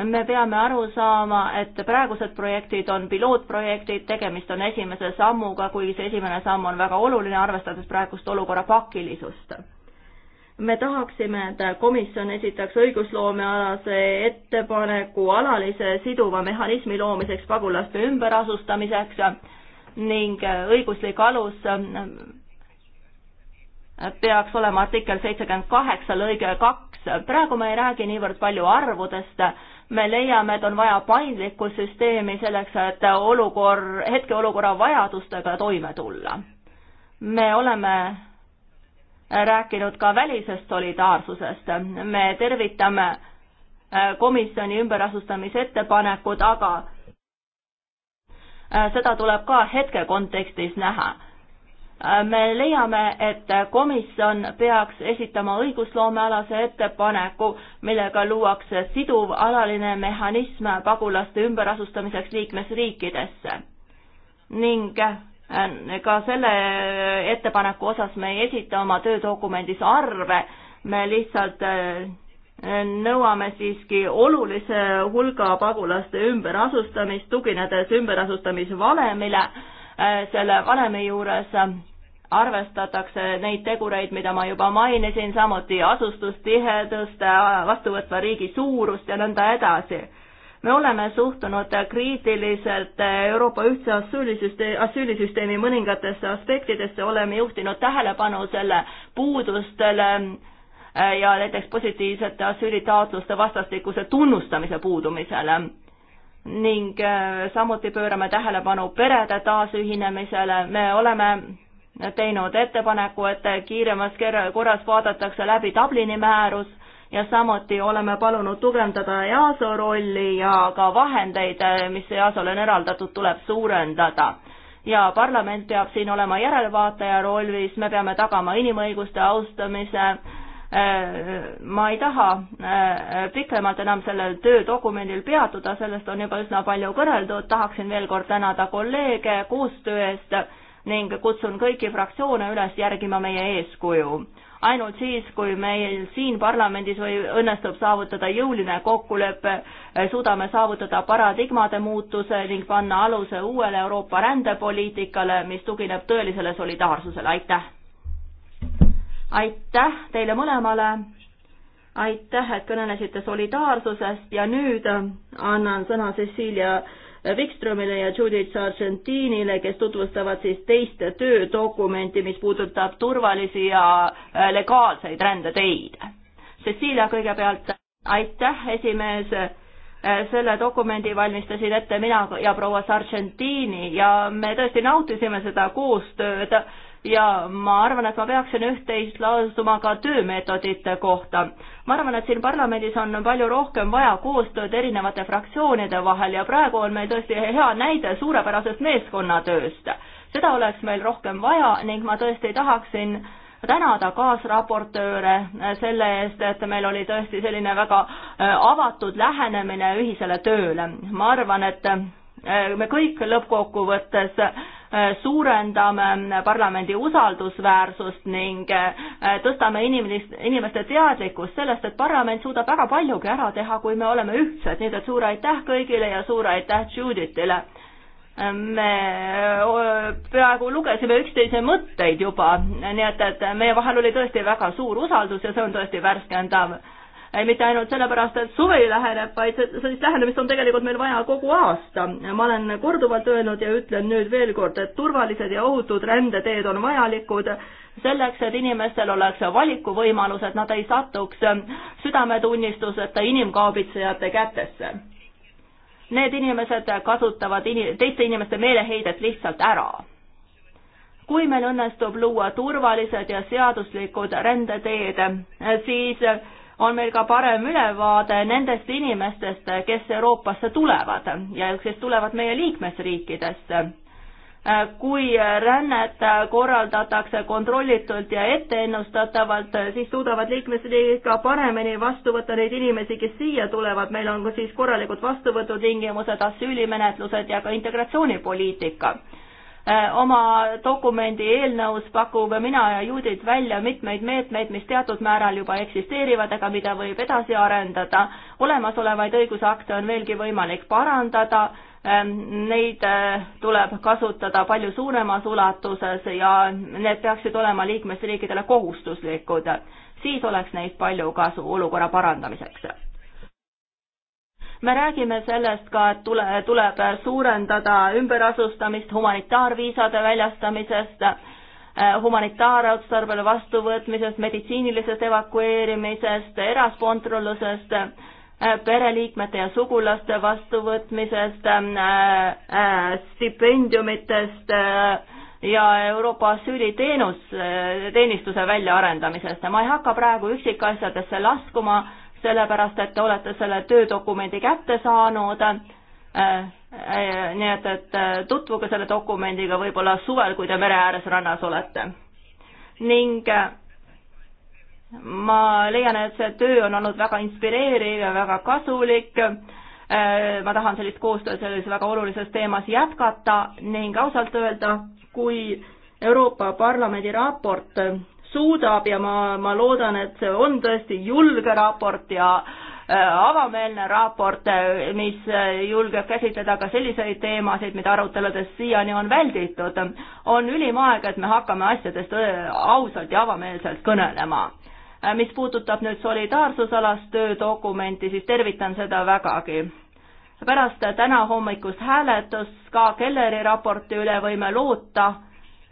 me peame aru saama, et praegused projektid on pilootprojektid, tegemist on esimese sammuga, kuigi see esimene samm on väga oluline, arvestades praegust olukorra pakilisust me tahaksime, et komisjon esitaks õigusloomealase ettepaneku alalise siduva mehhanismi loomiseks pagulaste ümberasustamiseks ning õiguslik alus peaks olema artikkel seitsekümmend kaheksa lõige kaks. praegu me ei räägi niivõrd palju arvudest, me leiame, et on vaja paindlikku süsteemi selleks, et olukor-, hetkeolukorra vajadustega toime tulla. me oleme rääkinud ka välisest solidaarsusest, me tervitame äh, komisjoni ümberasustamise ettepanekud, aga äh, seda tuleb ka hetke kontekstis näha me leiame, et komisjon peaks esitama õigusloomealase ettepaneku, millega luuakse siduv alaline mehhanism pagulaste ümberasustamiseks liikmesriikidesse. ning eh, ka selle ettepaneku osas me ei esita oma töödokumendis arve, me lihtsalt eh, nõuame siiski olulise hulga pagulaste ümberasustamist, tuginedes ümberasustamisvalemile, eh, selle valemi juures arvestatakse neid tegureid, mida ma juba mainisin, samuti asustustihedust, vastuvõtva riigi suurust ja nõnda edasi. me oleme suhtunud kriitiliselt Euroopa ühtse asüülisüsteemi, asüülisüsteemi mõningatesse aspektidesse, oleme juhtinud tähelepanu selle puudustele äh, ja näiteks positiivsete asüülitaotluste vastastikuse tunnustamise puudumisele ning äh, samuti pöörame tähelepanu perede taasühinemisele, me oleme teinud ettepaneku, et kiiremas korras vaadatakse läbi Dublini määrus ja samuti oleme palunud tugevdada EASO rolli ja ka vahendeid, mis EASO-le on eraldatud, tuleb suurendada. ja parlament peab siin olema järelevaataja rollis, me peame tagama inimõiguste austamise, äh, ma ei taha äh, pikemalt enam sellel töödokumendil peatuda, sellest on juba üsna palju kõneldud, tahaksin veel kord tänada kolleege koostöö eest ning kutsun kõiki fraktsioone üles järgima meie eeskuju. ainult siis, kui meil siin parlamendis või õnnestub saavutada jõuline kokkulepe, eh, suudame saavutada paradigmade muutuse ning panna aluse uuele Euroopa rändepoliitikale, mis tugineb tõelisele solidaarsusele, aitäh! aitäh teile mõlemale, aitäh, et kõnelesite solidaarsusest ja nüüd eh, annan sõna Cecilia Wikströmile ja Judith Sargentinile, kes tutvustavad siis teist töödokumenti, mis puudutab turvalisi ja äh, legaalseid rändeteid. Cecilia kõigepealt, aitäh, esimees, äh, selle dokumendi valmistasin ette mina ja proua Sargentini ja me tõesti nautisime seda koostööd ja ma arvan, et ma peaksin üht-teist lausuma ka töömeetodite kohta. ma arvan, et siin parlamendis on palju rohkem vaja koostööd erinevate fraktsioonide vahel ja praegu on meil tõesti hea näide suurepärasest meeskonnatööst. seda oleks meil rohkem vaja ning ma tõesti tahaksin tänada kaasraportööre selle eest, et meil oli tõesti selline väga äh, avatud lähenemine ühisele tööle. ma arvan, et Äh, me kõik lõppkokkuvõttes äh, suurendame äh, parlamendi usaldusväärsust ning tõstame inimest, inimeste teadlikkust sellest, et parlament suudab väga paljugi ära teha, kui me oleme ühtsed, nii et suur aitäh kõigile ja suur aitäh Judithile. me peaaegu lugesime üksteise mõtteid juba, nii et, et meie vahel oli tõesti väga suur usaldus ja see on tõesti värskendav mitte ainult sellepärast, et suvi läheneb, vaid sellist lähenemist on tegelikult meil vaja kogu aasta. ma olen korduvalt öelnud ja ütlen nüüd veel kord, et turvalised ja ohutud rändeteed on vajalikud selleks, et inimestel oleks valikuvõimalus, et nad ei satuks südametunnistuseta inimkaabitsejate kätesse. Need inimesed kasutavad in-, teiste inimeste meeleheidet lihtsalt ära kui meil õnnestub luua turvalised ja seaduslikud rändeteed, siis on meil ka parem ülevaade nendest inimestest, kes Euroopasse tulevad ja kes tulevad meie liikmesriikidest. kui rännet korraldatakse kontrollitult ja etteennustatavalt, siis suudavad liikmesriigid ka paremini vastu võtta neid inimesi, kes siia tulevad, meil on siis korralikud vastuvõtutingimused, asüülimenetlused ja ka integratsioonipoliitika Äh, oma dokumendi eelnõus pakub mina ja Judith välja mitmeid meetmeid, mis teatud määral juba eksisteerivad, aga mida võib edasi arendada. olemasolevaid õigusakte on veelgi võimalik parandada, ähm, neid äh, tuleb kasutada palju suuremas ulatuses ja need peaksid olema liikmesriikidele kohustuslikud. siis oleks neist palju kasu olukorra parandamiseks me räägime sellest ka, et tule, tuleb suurendada ümberasustamist, humanitaarviisade väljastamisest, eh, humanitaarotstarbele vastuvõtmisest, meditsiinilisest evakueerimisest, eraspontrollusest, eh, pereliikmete ja sugulaste vastuvõtmisest, eh, stipendiumitest ja Euroopa asüüliteenus, teenistuse väljaarendamisest. ma ei hakka praegu üksikasjadesse laskuma sellepärast et te olete selle töödokumendi kätte saanud. Äh, äh, nii et, et äh, tutvuge selle dokumendiga võib-olla suvel, kui te mere ääres rannas olete. ning ma leian, et see töö on olnud väga inspireeriv ja väga kasulik. ma tahan sellist koostööd selles väga olulises teemas jätkata ning ausalt öelda, kui Euroopa Parlamendi raport suudab ja ma, ma loodan, et see on tõesti julge raport ja äh, avameelne raport, äh, mis äh, julgeb käsitleda ka selliseid teemasid, mida aruteludes siiani on välditud. on ülim aeg, et me hakkame asjadest ausalt ja avameelselt kõnelema mis puudutab nüüd solidaarsusalast töödokumenti, siis tervitan seda vägagi. pärast tänahommikust hääletust ka Kelleri raporti üle võime loota,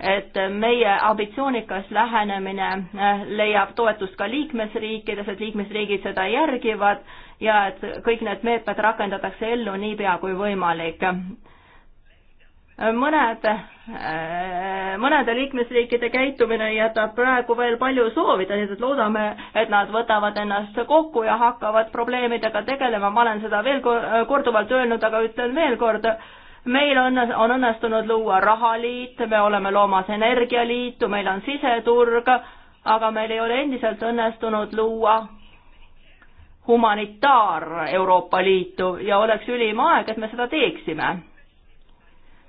et meie ambitsioonikas lähenemine äh, leiab toetust ka liikmesriikides, et liikmesriigid seda järgivad ja et kõik need meetmed rakendatakse ellu niipea kui võimalik. mõned, äh, mõnede liikmesriikide käitumine jätab praegu veel palju soovida, nii et loodame, et nad võtavad ennast kokku ja hakkavad probleemidega tegelema, ma olen seda veel korduvalt öelnud, aga ütlen veel kord, meil on, on õnnestunud luua rahaliit, me oleme loomas energialiitu, meil on siseturg, aga meil ei ole endiselt õnnestunud luua humanitaar-Euroopa Liitu ja oleks ülim aeg, et me seda teeksime.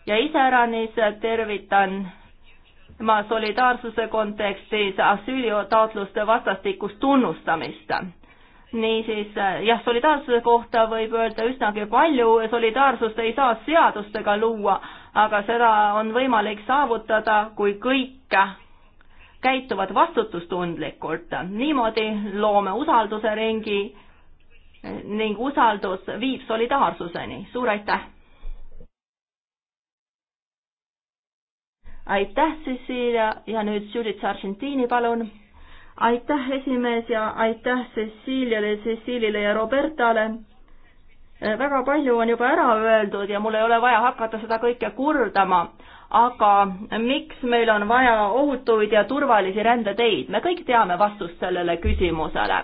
ja iseäranis tervitan ma solidaarsuse kontekstis asüülitaotluste vastastikust tunnustamist niisiis äh, jah, solidaarsuse kohta võib öelda üsnagi palju, solidaarsust ei saa seadustega luua, aga seda on võimalik saavutada, kui kõik käituvad vastutustundlikult. niimoodi loome usalduse ringi ning usaldus viib solidaarsuseni. suur aitäh! aitäh, Cecilia, ja nüüd Judith Sargentini, palun aitäh, esimees ja aitäh Ceciliale, Cecilile ja Robertale. Äh, väga palju on juba ära öeldud ja mul ei ole vaja hakata seda kõike kurdama, aga miks meil on vaja ohutuid ja turvalisi rändeteid, me kõik teame vastust sellele küsimusele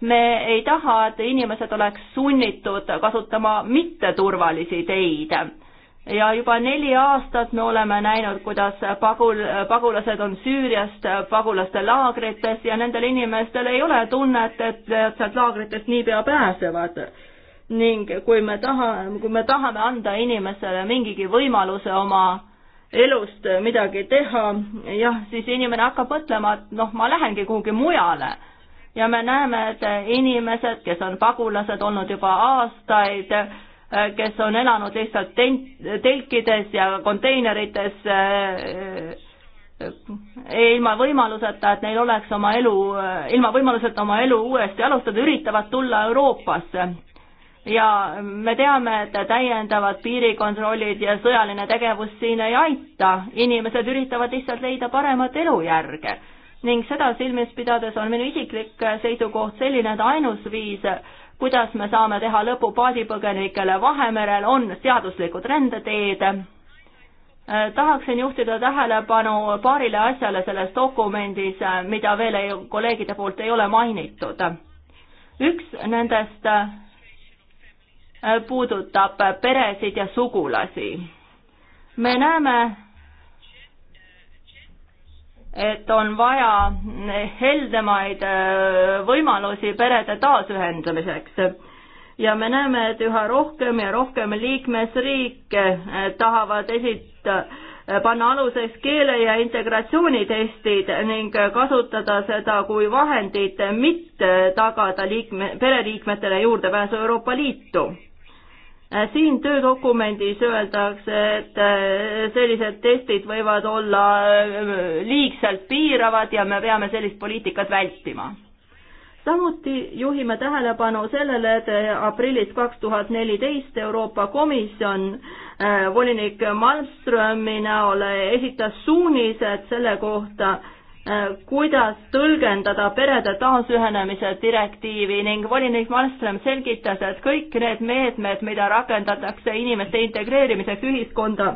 me ei taha, et inimesed oleks sunnitud kasutama mitteturvalisi teid ja juba neli aastat me oleme näinud, kuidas pagul, pagulased on Süüriast pagulaste laagrites ja nendel inimestel ei ole tunnet, et sealt laagritest niipea pääsevad. ning kui me tahame, kui me tahame anda inimesele mingigi võimaluse oma elust midagi teha, jah, siis inimene hakkab mõtlema, et noh, ma lähengi kuhugi mujale ja me näeme, et inimesed, kes on pagulased olnud juba aastaid, Äh, kes on elanud lihtsalt telkides ja konteinerites äh, äh, ilma võimaluseta, et neil oleks oma elu, ilma võimaluseta oma elu uuesti alustada, üritavad tulla Euroopasse. ja me teame, et täiendavad piirikontrollid ja sõjaline tegevus siin ei aita, inimesed üritavad lihtsalt leida paremat elujärge ning seda silmis pidades on minu isiklik seisukoht selline, et ainus viis kuidas me saame teha lõpu paadipõgenikele Vahemerel, on seaduslikud rändeteed. Äh, tahaksin juhtida tähelepanu paarile asjale selles dokumendis, äh, mida veel ei, kolleegide poolt ei ole mainitud. üks nendest äh, puudutab peresid ja sugulasi. me näeme et on vaja heldemaid äh, võimalusi perede taasühendamiseks. ja me näeme, et üha rohkem ja rohkem liikmesriike äh, tahavad esita-, äh, panna aluseks keele- ja integratsioonitestid ning kasutada seda kui vahendit, mitte tagada liikme, pereliikmetele juurdepääsu Euroopa Liitu Äh, siin töödokumendis öeldakse, et äh, sellised testid võivad olla äh, liigselt piiravad ja me peame sellist poliitikat vältima. samuti juhime tähelepanu sellele, et aprillis kaks tuhat neliteist Euroopa Komisjon volinik Malmströmi näol esitas suunised selle kohta, Äh, kuidas tõlgendada perede taasühenemise direktiivi ning volinik Malmström selgitas, et kõik need meetmed, mida rakendatakse inimeste integreerimiseks ühiskonda,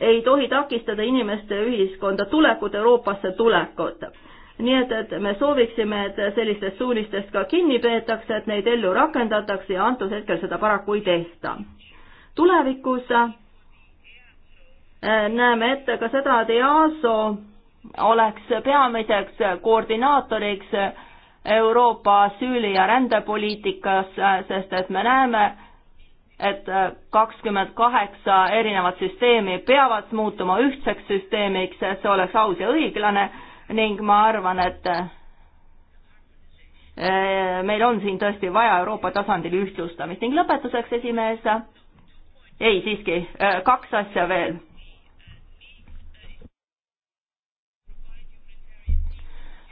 ei tohi takistada inimeste ühiskonda tulekut, Euroopasse tulekut. nii et, et me sooviksime, et sellistest suunistest ka kinni peetakse, et neid ellu rakendatakse ja antud hetkel seda paraku ei tehta. tulevikus äh, näeme ette ka seda, et EASO oleks peamiseks koordinaatoriks Euroopa asüüli- ja rändepoliitikas, sest et me näeme, et kakskümmend kaheksa erinevat süsteemi peavad muutuma ühtseks süsteemiks, see oleks aus ja õiglane ning ma arvan, et eh, meil on siin tõesti vaja Euroopa tasandil ühtlustamist ning lõpetuseks, esimees, ei siiski, eh, kaks asja veel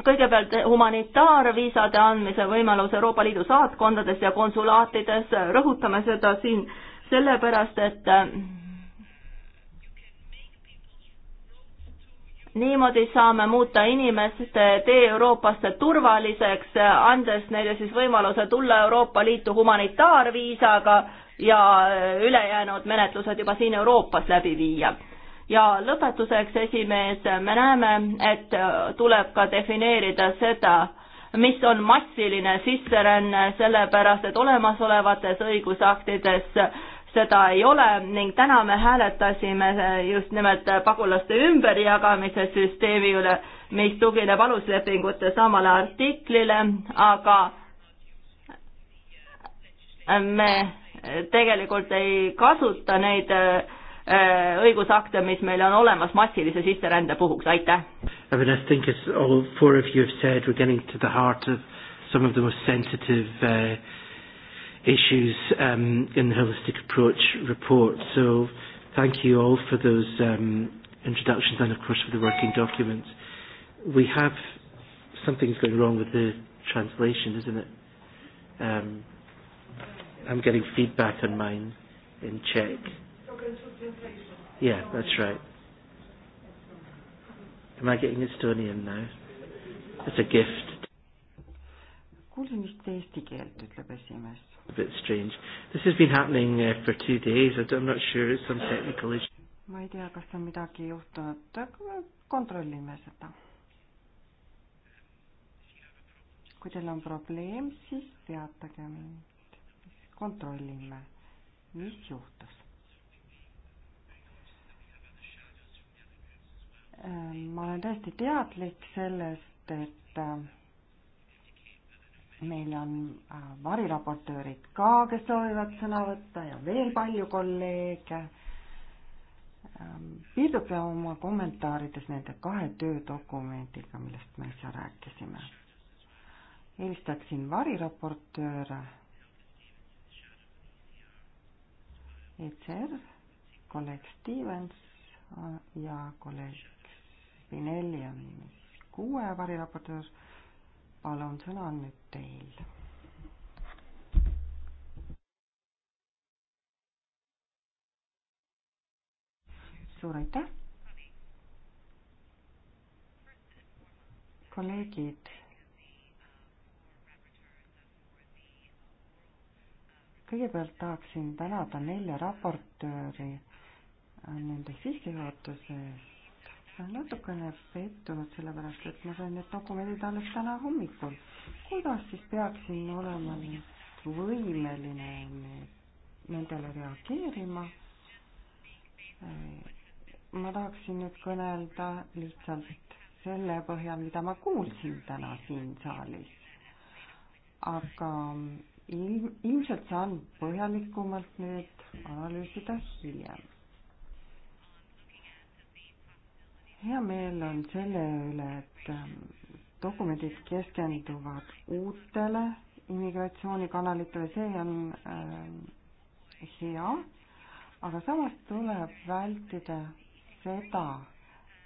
kõigepealt humanitaarviisade andmise võimalus Euroopa Liidu saatkondades ja konsulaatides, rõhutame seda siin sellepärast, et äh, niimoodi saame muuta inimeste tee Euroopasse turvaliseks, andes neile siis võimaluse tulla Euroopa Liitu humanitaarviisaga ja äh, ülejäänud menetlused juba siin Euroopas läbi viia ja lõpetuseks, esimees, me näeme, et äh, tuleb ka defineerida seda, mis on massiline sisseränne, sellepärast et olemasolevates õigusaktides seda ei ole ning täna me hääletasime äh, just nimelt äh, pagulaste ümberjagamise süsteemi üle, mis tugineb aluslepingute samale artiklile, aga me tegelikult ei kasuta neid äh, Äh, õigusakte, mis meil on olemas massilise sisserände puhuks, aitäh! I mean, I think as all four of you have said, we are getting to the heart of some of the most sensitive uh, issues um, in the Holistic Approach report, so thank you all for those um, introductions and of course for the working documents. We have, something's going wrong with the translation, isn't it? Um, I'm getting feedback on mine in Czech. Yeah, that's right. Am I getting Estonian now? It's a gift. kuulsin vist eesti keelt, ütleb esimees. A bit strange. This has been happening uh, for two days. I'm not sure. It's some technical issue. ma ei tea, kas on midagi juhtunud. kontrollime seda. kui teil on probleem, siis teatage mind. kontrollime, mis juhtus. ma olen täiesti teadlik sellest, et äh, meil on äh, variraportöörid ka, kes soovivad sõna võtta ja veel palju kolleege. Ähm, piirduge oma kommentaarides nende kahe töödokumendiga, millest me äsja rääkisime. eelistaksin variraportööre. ECR, kolleeg Stevens äh, ja kolleeg Spinelli on siis kuue variraportöör. palun, sõna on nüüd teil. suur aitäh. kolleegid. kõigepealt tahaksin tänada nelja raportööri nende sissejuhatuse eest olen natukene pettunud, sellepärast et ma sain need dokumendid alles täna hommikul. kuidas siis peaksin olema võimeline nendele reageerima? ma tahaksin nüüd kõnelda lihtsalt selle põhjal, mida ma kuulsin täna siin saalis. aga ilm, ilmselt saan põhjalikumalt nüüd analüüsida hiljem hea meel on selle üle, et ähm, dokumendid keskenduvad uutele immigratsioonikanalitele, see on äh, hea, aga samas tuleb vältida seda,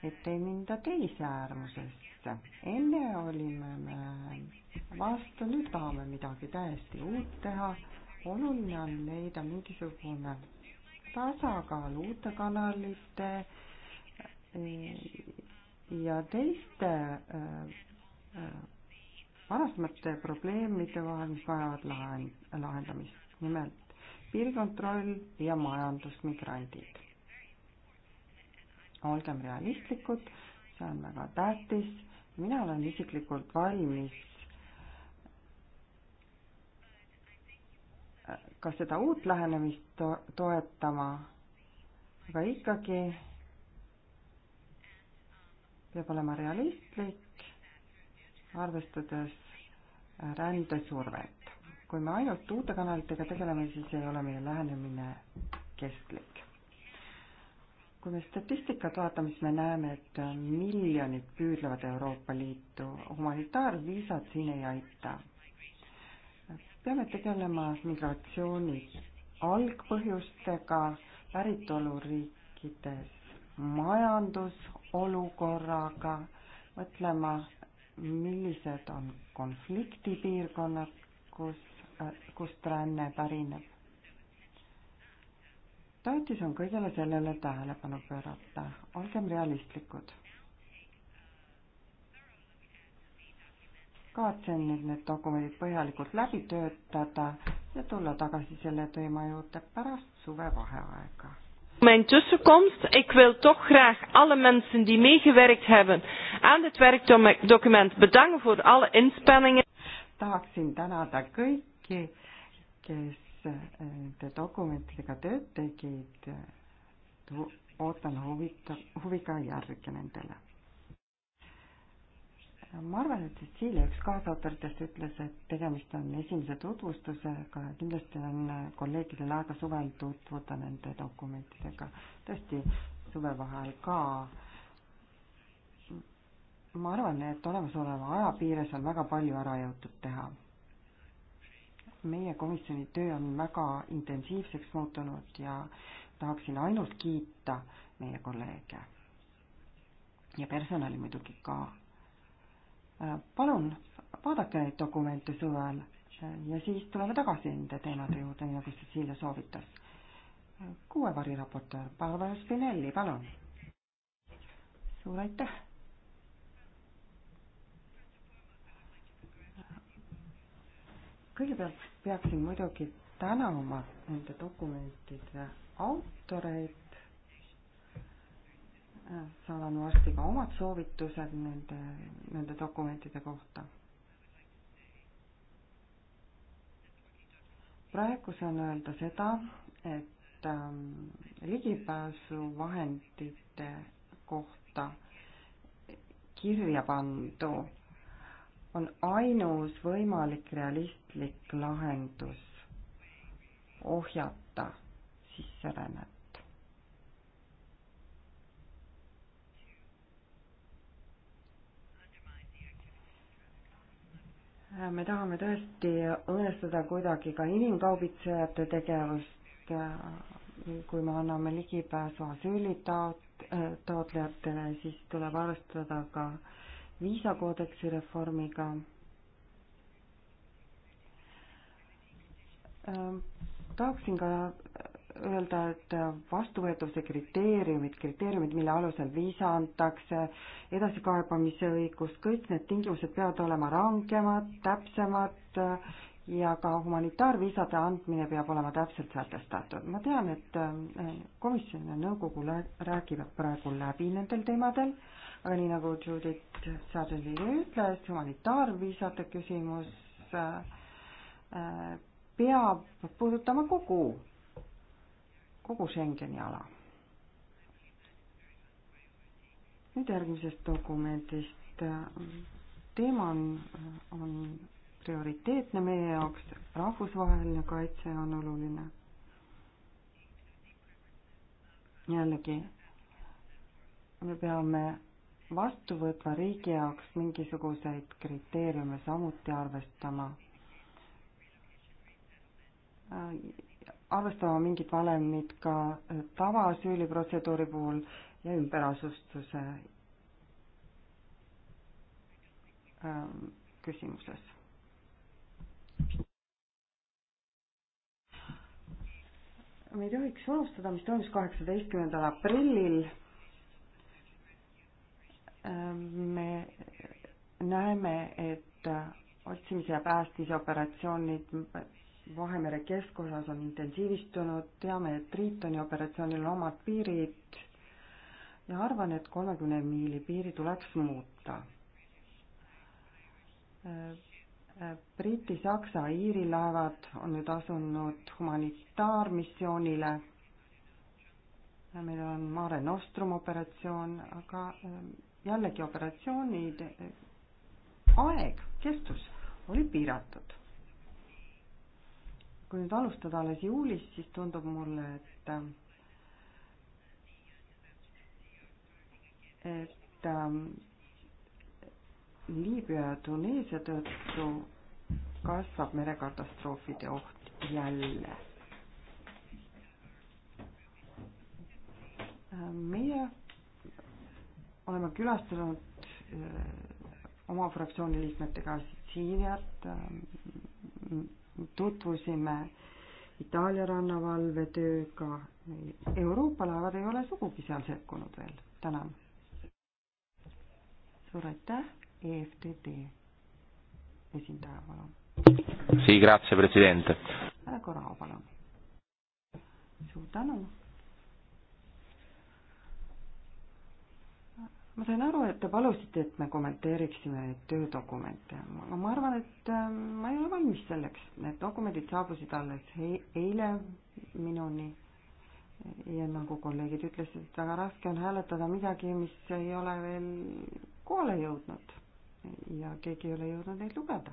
et ei minda teise äärmusesse. enne olime me vastu, nüüd tahame midagi täiesti uut teha. oluline on leida mingisugune tasakaal uute kanalite äh, ja teiste äh, äh, varasemate probleemide vahel, mis vajavad lahen-, lahendamist, nimelt piirikontroll ja majandusmigrandid. olgem realistlikud, see on väga tähtis, mina olen isiklikult valmis äh, ka seda uut lähenemist to-, toetama, aga ikkagi peab olema realistlik, arvestades rändesurvet. kui me ainult uute kanalitega tegeleme, siis ei ole meie lähenemine kestlik. kui me statistikat vaatame, siis me näeme, et miljonid püüdlevad Euroopa Liitu, humanitaarviisad siin ei aita. peame tegelema migratsiooni algpõhjustega päritoluriikides, majandus, olukorraga, mõtlema, millised on konfliktipiirkonnad, kus, kust ränne pärineb. tähtis on kõigele sellele tähelepanu pöörata, olgem realistlikud. kavatsen nüüd need dokumendid põhjalikult läbi töötada ja tulla tagasi selle teema juurde pärast suvevaheaega mijn tussenkomst. Ik wil toch graag alle mensen die meegewerkt hebben aan dit werkdocument bedanken voor alle inspanningen. tahaksin tänada kõiki, kes nende eh, dokumentidega tööd tegid. Eh, ootan huvita, huviga järgi nendele ma arvan, et Cecilia, üks kaasautoritest, ütles, et tegemist on esimese tutvustusega ja kindlasti on kolleegidel aega suvel tutvuda nende dokumentidega. tõesti, suvevaheajal ka. ma arvan, et olemasoleva aja piires on väga palju ära jõutud teha. meie komisjoni töö on väga intensiivseks muutunud ja tahaksin ainult kiita meie kolleege ja personali muidugi ka Äh, palun vaadake neid dokumente suvel äh, ja siis tuleme tagasi nende teemade juurde, nii nagu Cecilia soovitas. Äh, kuue variraportöör Barbara Spinelli, palun. suur aitäh. kõigepealt peaksin muidugi tänama nende dokumentide autoreid saadan varsti ka omad soovitused nende, nende dokumentide kohta. praegu saan öelda seda, et ähm, ligipääsuvahendite kohta kirja pandu on ainus võimalik realistlik lahendus ohjata sisserännet. me tahame tõesti õõnestada kuidagi ka inimkaubitsejate tegevust, äh, kui me anname ligipääsu asüülitaot-, taotlejatele, siis tuleb arvestada ka viisakoodeksi reformiga. Äh, tahaksin ka öelda, et vastuvõetavuse kriteeriumid, kriteeriumid, mille alusel viisa antakse, edasikaebamise õigus, kõik need tingimused peavad olema rangemad, täpsemad ja ka humanitaarviisade andmine peab olema täpselt sätestatud. ma tean, et eh, komisjon ja nõukogu räägivad praegu läbi nendel teemadel, aga nii nagu Judith Sarli ütles, humanitaarviisade küsimus eh, eh, peab puudutama kogu kogu Schengeni ala. nüüd järgmisest dokumendist. teema on, on prioriteetne meie jaoks, rahvusvaheline kaitse on oluline. jällegi, me peame vastu võtma riigi jaoks mingisuguseid kriteeriume samuti arvestama arvestama mingit valemit ka äh, tavasüüliprotseduuri puhul ja ümberasustuse ähm, küsimuses. me ei tohiks unustada, mis toimus kaheksateistkümnendal aprillil. Ähm, me näeme, et äh, otsimise ja päästmise operatsioonid Vahemere keskosas on intensiivistunud, teame, et Tritoni operatsioonil on omad piirid ja arvan, et kolmekümne miili piiri tuleks muuta. Briti, Saksa, Iiri laevad on nüüd asunud humanitaarmissioonile. meil on Mare Nostrum operatsioon, aga ähm, jällegi operatsioonid, äh, aeg, kestus oli piiratud kui nüüd alustada alles juulis, siis tundub mulle, et et ähm, Liibüa ja Tuneesia tõttu kasvab merekatastroofide oht jälle. Ähm, meie oleme külastanud äh, oma fraktsiooni liikmetega Sitsiiliat, ähm, tutvusime Itaalia rannavalve tööga. Euroopa laevad ei ole sugugi seal sekkunud veel. tänan. suur aitäh, EFTD esindaja, palun. Sì, grazie Presidente. Ära korra, palun. suur tänu ma sain aru, et te palusite, et me kommenteeriksime neid töödokumente, aga ma arvan, et ähm, ma ei ole valmis selleks. Need dokumendid saabusid alles eile minuni. ja nagu kolleegid ütlesid, et väga raske on hääletada midagi, mis ei ole veel kohale jõudnud ja keegi ei ole jõudnud neid lugeda.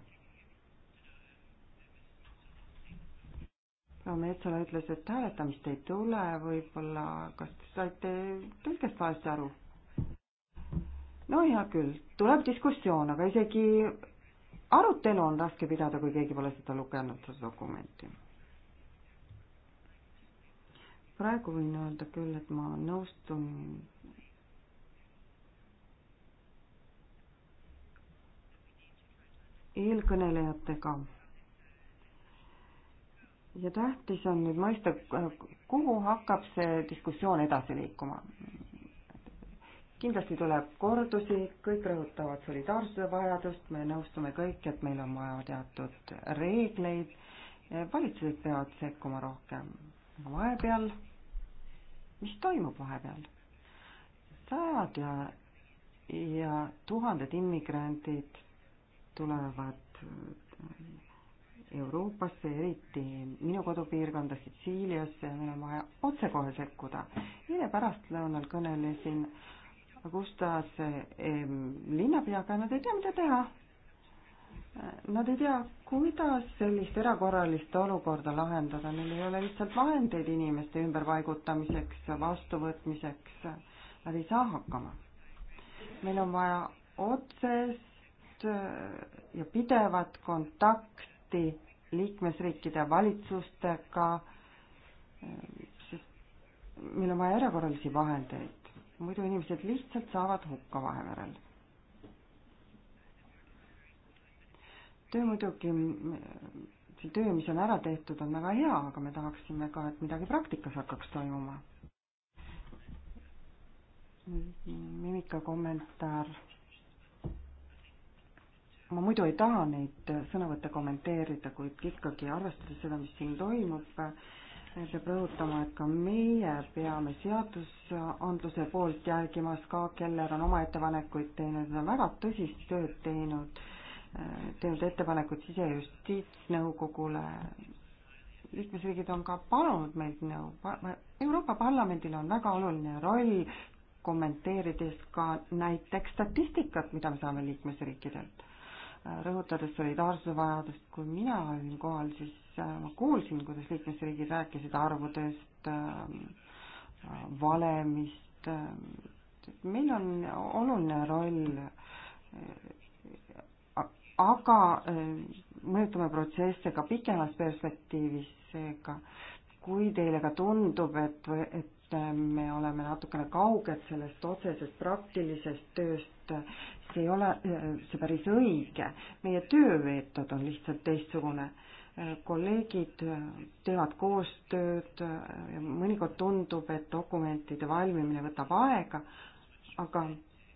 proua Metsala ütles, et hääletamist ei tule, võib-olla kas te saite tõlkest valesti aru no hea küll, tuleb diskussioon, aga isegi arutelu on raske pidada, kui keegi pole seda lugenud, seda dokumenti. praegu võin öelda küll, et ma nõustun eelkõnelejatega. ja tähtis on nüüd mõista, kuhu hakkab see diskussioon edasi liikuma kindlasti tuleb kordusi, kõik rõhutavad solidaarsuse vajadust, me nõustume kõik, et meil on vaja teatud reegleid, valitsused peavad sekkuma rohkem. vahepeal, mis toimub vahepeal? sajad ja, ja tuhanded immigrandid tulevad Euroopasse, eriti minu kodupiirkonda Sitsiiliasse ja meil on vaja otsekohe sekkuda. eile pärastlõunal kõnelesin äh, Augustas eh, linnapeaga, nad ei tea, mida teha. Nad ei tea, kuidas sellist erakorralist olukorda lahendada, neil ei ole lihtsalt vahendeid inimeste ümberpaigutamiseks, vastuvõtmiseks. Nad ei saa hakkama. meil on vaja otsest eh, ja pidevat kontakti liikmesriikide valitsustega, eh, sest meil on vaja erakorralisi vahendeid muidu inimesed lihtsalt saavad hukka Vahemerel. töö muidugi, see töö, mis on ära tehtud, on väga hea, aga me tahaksime ka, et midagi praktikas hakkaks toimuma. Mimika kommentaar. ma muidu ei taha neid sõnavõtte kommenteerida, kuid ikkagi arvestades seda, mis siin toimub, peab rõhutama, et ka meie peame seadusandluse poolt jälgima, Ska Keller on oma ettepanekuid teinud, nad on väga tõsist tööd teinud, äh, teinud ettepanekud sisejustiitsnõukogule, liikmesriigid on ka palunud meilt nõu, Euroopa Parlamendil on väga oluline roll kommenteerides ka näiteks statistikat, mida me saame liikmesriikidelt rõhutades solidaarsuse vajadust, kui mina olin kohal, siis äh, ma kuulsin, kuidas liikmesriigid rääkisid arvudest, äh, valemist, äh, meil on oluline roll, aga mõjutame protsesse ka pikemas perspektiivis, seega kui teile ka tundub, et, et et äh, me oleme natukene kauged sellest otsesest praktilisest tööst. see ei ole, äh, see päris õige. meie töömeetod on lihtsalt teistsugune. Äh, kolleegid teevad koostööd, mõnikord tundub, et dokumentide valmimine võtab aega, aga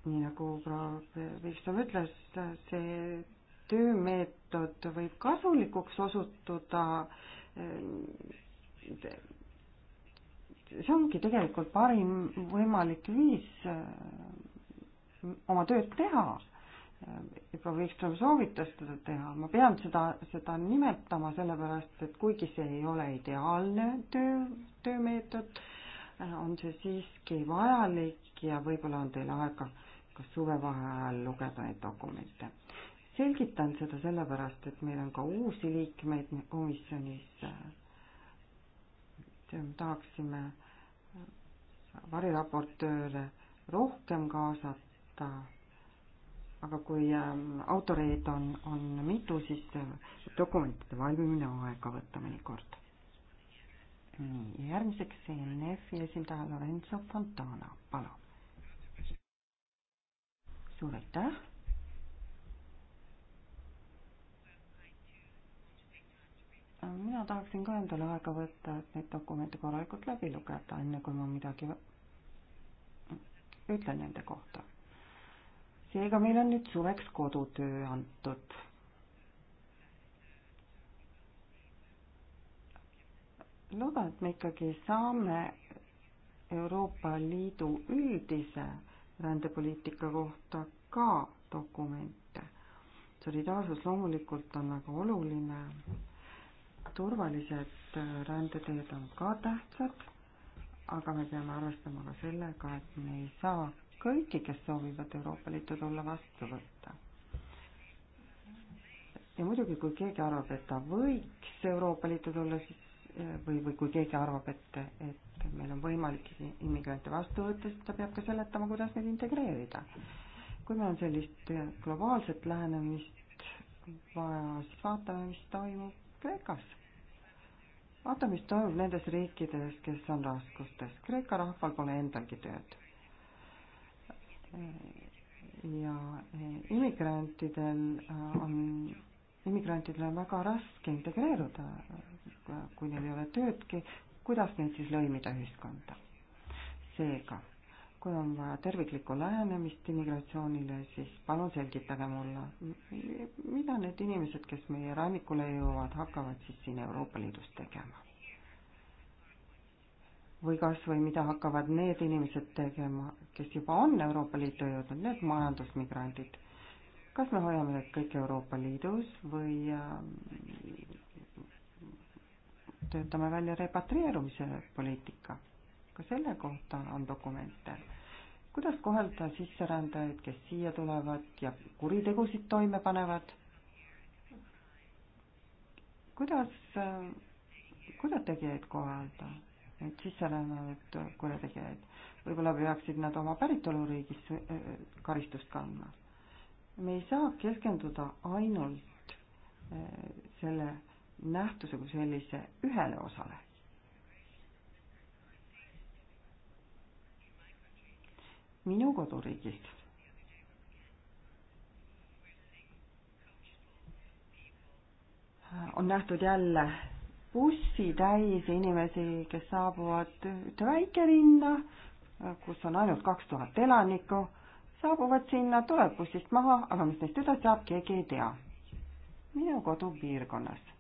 nii nagu proua Vikström ütles, see töömeetod võib kasulikuks osutuda see ongi tegelikult parim võimalik viis äh, oma tööd teha. Äh, proua Vikström soovitas seda teha, ma pean seda, seda nimetama, sellepärast et kuigi see ei ole ideaalne töö, töömeetod, äh, on see siiski vajalik ja võib-olla on teil aega ka suvevaheajal lugeda neid dokumente. selgitan seda sellepärast, et meil on ka uusi liikmeid komisjonis tahaksime variraportööre rohkem kaasata, aga kui ähm, autoreid on, on mitu, siis äh, dokumentide valmimine aega võtta mõnikord. nii, järgmiseks CNF-i esindaja Lorenzo Fontana, palun. suur aitäh mina tahaksin ka endale aega võtta, et neid dokumente korralikult läbi lugeda, enne kui ma midagi ütlen nende kohta. seega meil on nüüd suveks kodutöö antud. loodan, et me ikkagi saame Euroopa Liidu üldise rändepoliitika kohta ka dokumente. solidaarsus loomulikult on väga oluline turvalised rändeteed on ka tähtsad, aga me peame arvestama ka sellega, et me ei saa kõiki, kes soovivad Euroopa Liitu tulla, vastu võtta ja muidugi, kui keegi arvab, et ta võiks Euroopa Liitu tulla, siis või, või kui keegi arvab, et, et meil on võimalik immigrante vastu võtta, siis ta peab ka seletama, kuidas neid integreerida. kui meil on sellist globaalset lähenemist vaja, siis vaatame, mis toimub Kreekas vaata, mis toimub nendes riikides, kes on raskustes. Kreeka rahval pole endalgi tööd. ja immigrantidel äh, on, immigrantidel on väga raske integreeruda, kui neil ei ole töödki, kuidas neid siis lõimida ühiskonda? seega kui on vaja terviklikku lähenemist immigratsioonile, siis palun selgitage mulle, mida need inimesed, kes meie rannikule jõuavad, hakkavad siis siin Euroopa Liidus tegema? või kas või mida hakkavad need inimesed tegema, kes juba on Euroopa Liitu jõudnud, need majandusmigrandid? kas me hoiame need kõik Euroopa Liidus või ähm, töötame välja repatrieerumise poliitika? ka selle kohta on dokumente kuidas kohelda sisserändajaid, kes siia tulevad ja kuritegusid toime panevad? kuidas, kurjategijaid kohelda, neid sisserännanud kurjategijaid? võib-olla peaksid nad oma päritoluriigis eh, karistust kandma. me ei saa keskenduda ainult eh, selle nähtuse kui sellise ühele osale. minu koduriigist. on nähtud jälle bussitäis inimesi, kes saabuvad ühte väikelinna, kus on ainult kaks tuhat elanikku, saabuvad sinna, tuleb bussist maha, aga mis neist edasi saab, keegi ei tea. minu kodupiirkonnas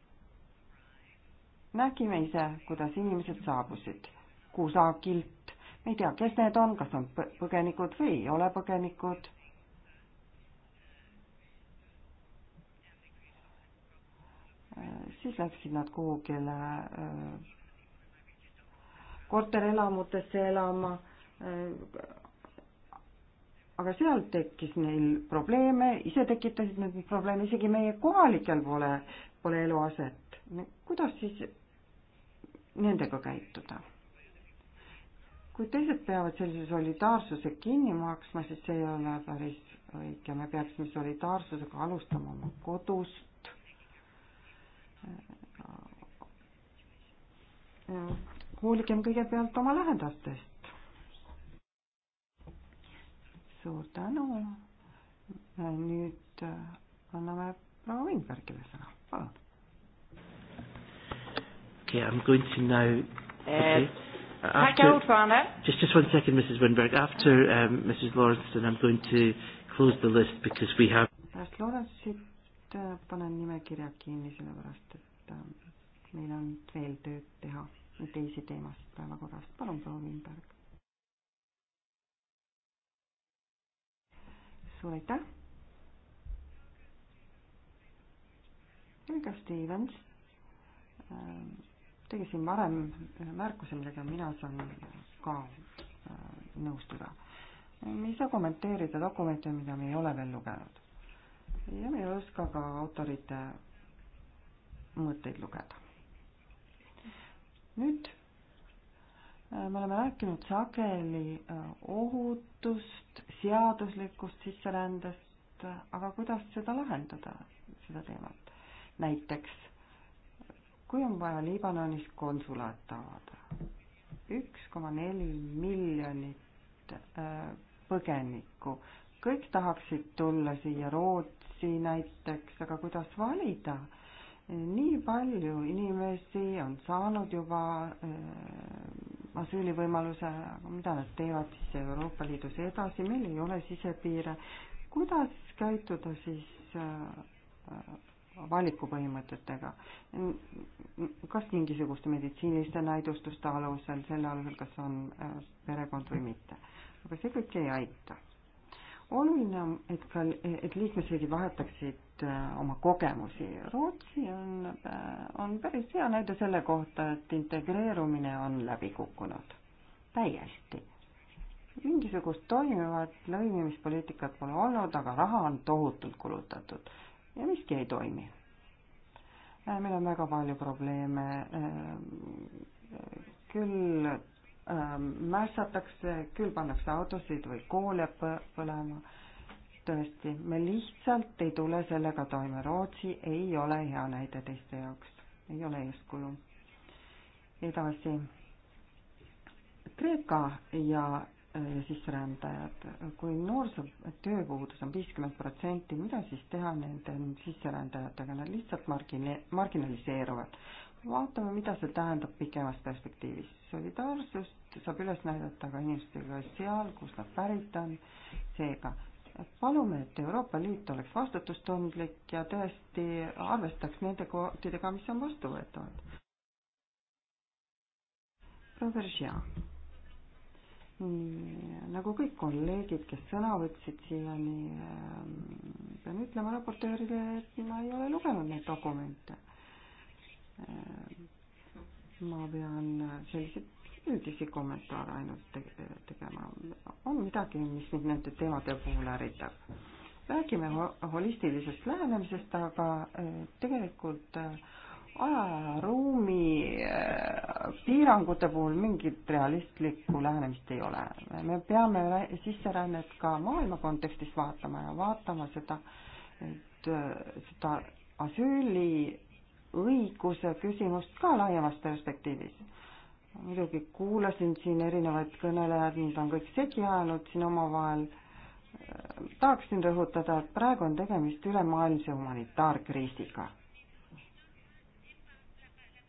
nägime ise, kuidas inimesed saabusid. kuusaakil me ei tea, kes need on, kas on põgenikud või ei ole põgenikud. siis läksid nad kuhugile äh, korterelamutesse elama. Äh, aga seal tekkis neil probleeme, ise tekitasid nad probleeme, isegi meie kohalikel pole, pole eluaset. kuidas siis nendega käituda? kui teised peavad sellise solidaarsuse kinni maksma, siis see ei ole päris õige, me peaksime solidaarsusega alustama oma kodust. hooligem kõigepealt oma lähedastest. suur tänu. nüüd äh, anname proua Weinbergile sõna, palun. Okay, I am going to now uh, okay. Uh, After, just, just one second, Mrs. Winberg. After um, Mrs. Lawrence, I'm going to close the list because we have. pärast Lawrence'it äh, panen nimekirja kinni, sellepärast et ähm, meil on veel tööd teha teisi teemasid päevakorrast. palun, proua Winberg. suur aitäh. Helga Stevens ähm, tegi siin varem märkuse, millega mina saan ka äh, nõustuda. me ei saa kommenteerida dokumente, mida me ei ole veel lugenud. ja me ei oska ka autorite mõtteid lugeda. nüüd äh, me oleme rääkinud sageli äh, ohutust, seaduslikust sisserändest, aga kuidas seda lahendada, seda teemat. näiteks kui on vaja Liibanonis konsulaat avada. üks koma neli miljonit äh, põgenikku, kõik tahaksid tulla siia Rootsi näiteks, aga kuidas valida? nii palju inimesi on saanud juba äh, asüülivõimaluse, aga mida nad teevad siis Euroopa Liidus edasi, meil ei ole sisepiire. kuidas käituda siis äh, valikupõhimõtetega. kas mingisuguste meditsiiniliste näidustuste alusel, selle alusel, kas on äh, perekond või mitte. aga see kõik ei aita. oluline on, et ka, et liikmesriigid vahetaksid äh, oma kogemusi. Rootsi on, äh, on päris hea näide selle kohta, et integreerumine on läbi kukkunud. täiesti mingisugust toimivat lõimimispoliitikat pole olnud, aga raha on tohutult kulutatud ja miski ei toimi. Äh, meil on väga palju probleeme. Äh, küll ähm, mässatakse, küll pannakse autosid või koole põlema. tõesti, me lihtsalt ei tule sellega toime. Rootsi ei ole hea näide teiste jaoks, ei ole eeskuju. edasi Kreeka ja sisserändajad. kui noorsootööpuudus on viiskümmend protsenti, mida siis teha nende sisserändajatega, nad lihtsalt margine-, marginaliseeruvad. vaatame, mida see tähendab pikemas perspektiivis. solidaarsust saab üles näidata ka inimestega seal, kus nad pärit on, seega palume, et Euroopa Liit oleks vastutustundlik ja tõesti arvestaks nende kvootidega, mis on vastuvõetavad. proua Veržia nii nagu kõik kolleegid, kes sõna võtsid siiani, ehm, pean ütlema raportöörile, et ma ei ole lugenud neid dokumente. Ehm, ma pean selliseid üldisi kommentaare ainult tegema. on midagi, mis mind nende teemade puhul ärritab. räägime holistilisest lähenemisest, aga ehm, tegelikult äh, aja ja ruumi äh, piirangute puhul mingit realistlikku lähenemist ei ole. me peame sisserännet ka maailma kontekstis vaatama ja vaatama seda, et äh, seda asüüli õiguse küsimust ka laiemas perspektiivis. muidugi kuulasin siin erinevaid kõnelejad, need on kõik segi ajanud siin omavahel. Äh, tahaksin rõhutada, et praegu on tegemist ülemaailmse humanitaarkriisiga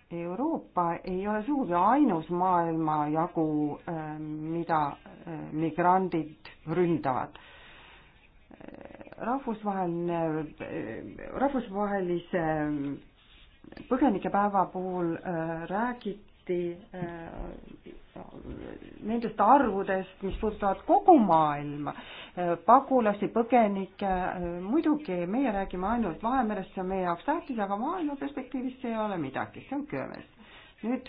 Euroopa ei ole sugugi ainus maailmajagu, ähm, mida äh, migrandid ründavad rahvusvaheline, äh, rahvusvahelise ähm, põgenikepäeva puhul äh, räägiti tõesti äh, nendest arvudest, mis puudutavad kogu maailma, äh, pagulasi, põgenikke, äh, muidugi meie räägime ainult Vahemerest, see on meie jaoks tähtis, aga maailma perspektiivis see ei ole midagi, see on köömes. nüüd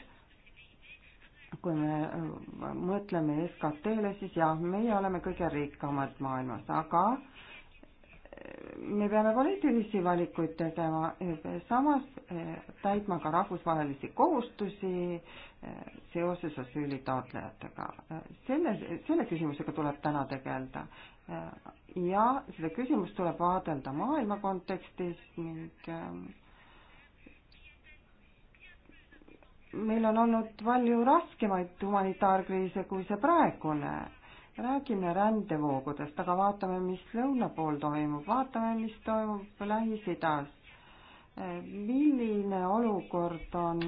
kui me mõtleme SKT-le, siis jah, meie oleme kõige rikkamad maailmas, aga me peame poliitilisi valikuid tegema, samas eh, täitma ka rahvusvahelisi kohustusi eh, seoses asüülitaotlejatega. selle, selle küsimusega tuleb täna tegeleda. Eh, ja seda küsimust tuleb vaadelda maailma kontekstis ning meil on olnud palju raskemaid humanitaarkriise kui see praegune räägime rändevoogudest, aga vaatame, mis lõuna pool toimub, vaatame, mis toimub Lähis-Idas. milline olukord on,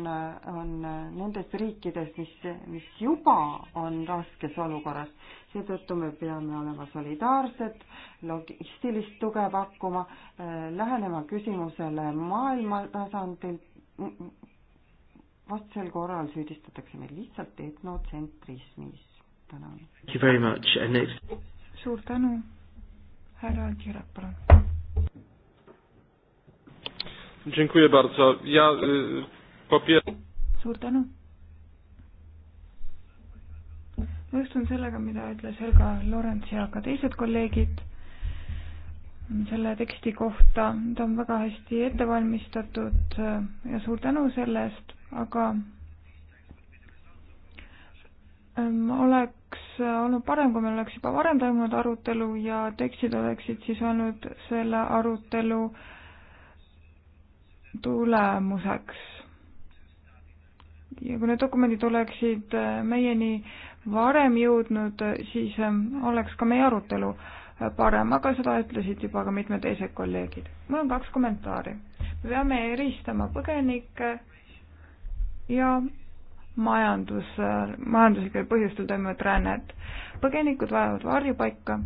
on nendes riikides, mis, mis juba on raskes olukorras, seetõttu me peame olema solidaarsed, logistilist tuge pakkuma, lähenema küsimusele maailma tasandil. vastasel korral süüdistatakse meid lihtsalt etnotsentrismis tänan. suur tänu, härra Kirep, palun. Dziękuję bardzo. Ja y, popier... Suur tänu. nõustun sellega, mida ütles Helga Lorents ja ka teised kolleegid selle teksti kohta. ta on väga hästi ette valmistatud äh, ja suur tänu selle eest, aga ähm, ma oleks oleks olnud parem, kui meil oleks juba varem toimunud arutelu ja tekstid oleksid siis olnud selle arutelu tulemuseks. ja kui need dokumendid oleksid meieni varem jõudnud, siis ähm, oleks ka meie arutelu parem, aga seda ütlesid juba ka mitmed teised kolleegid. mul on kaks kommentaari. me peame eristama põgenikke ja majandus, majanduslikel põhjustel toimuvat rännet. põgenikud vajavad varjupaika.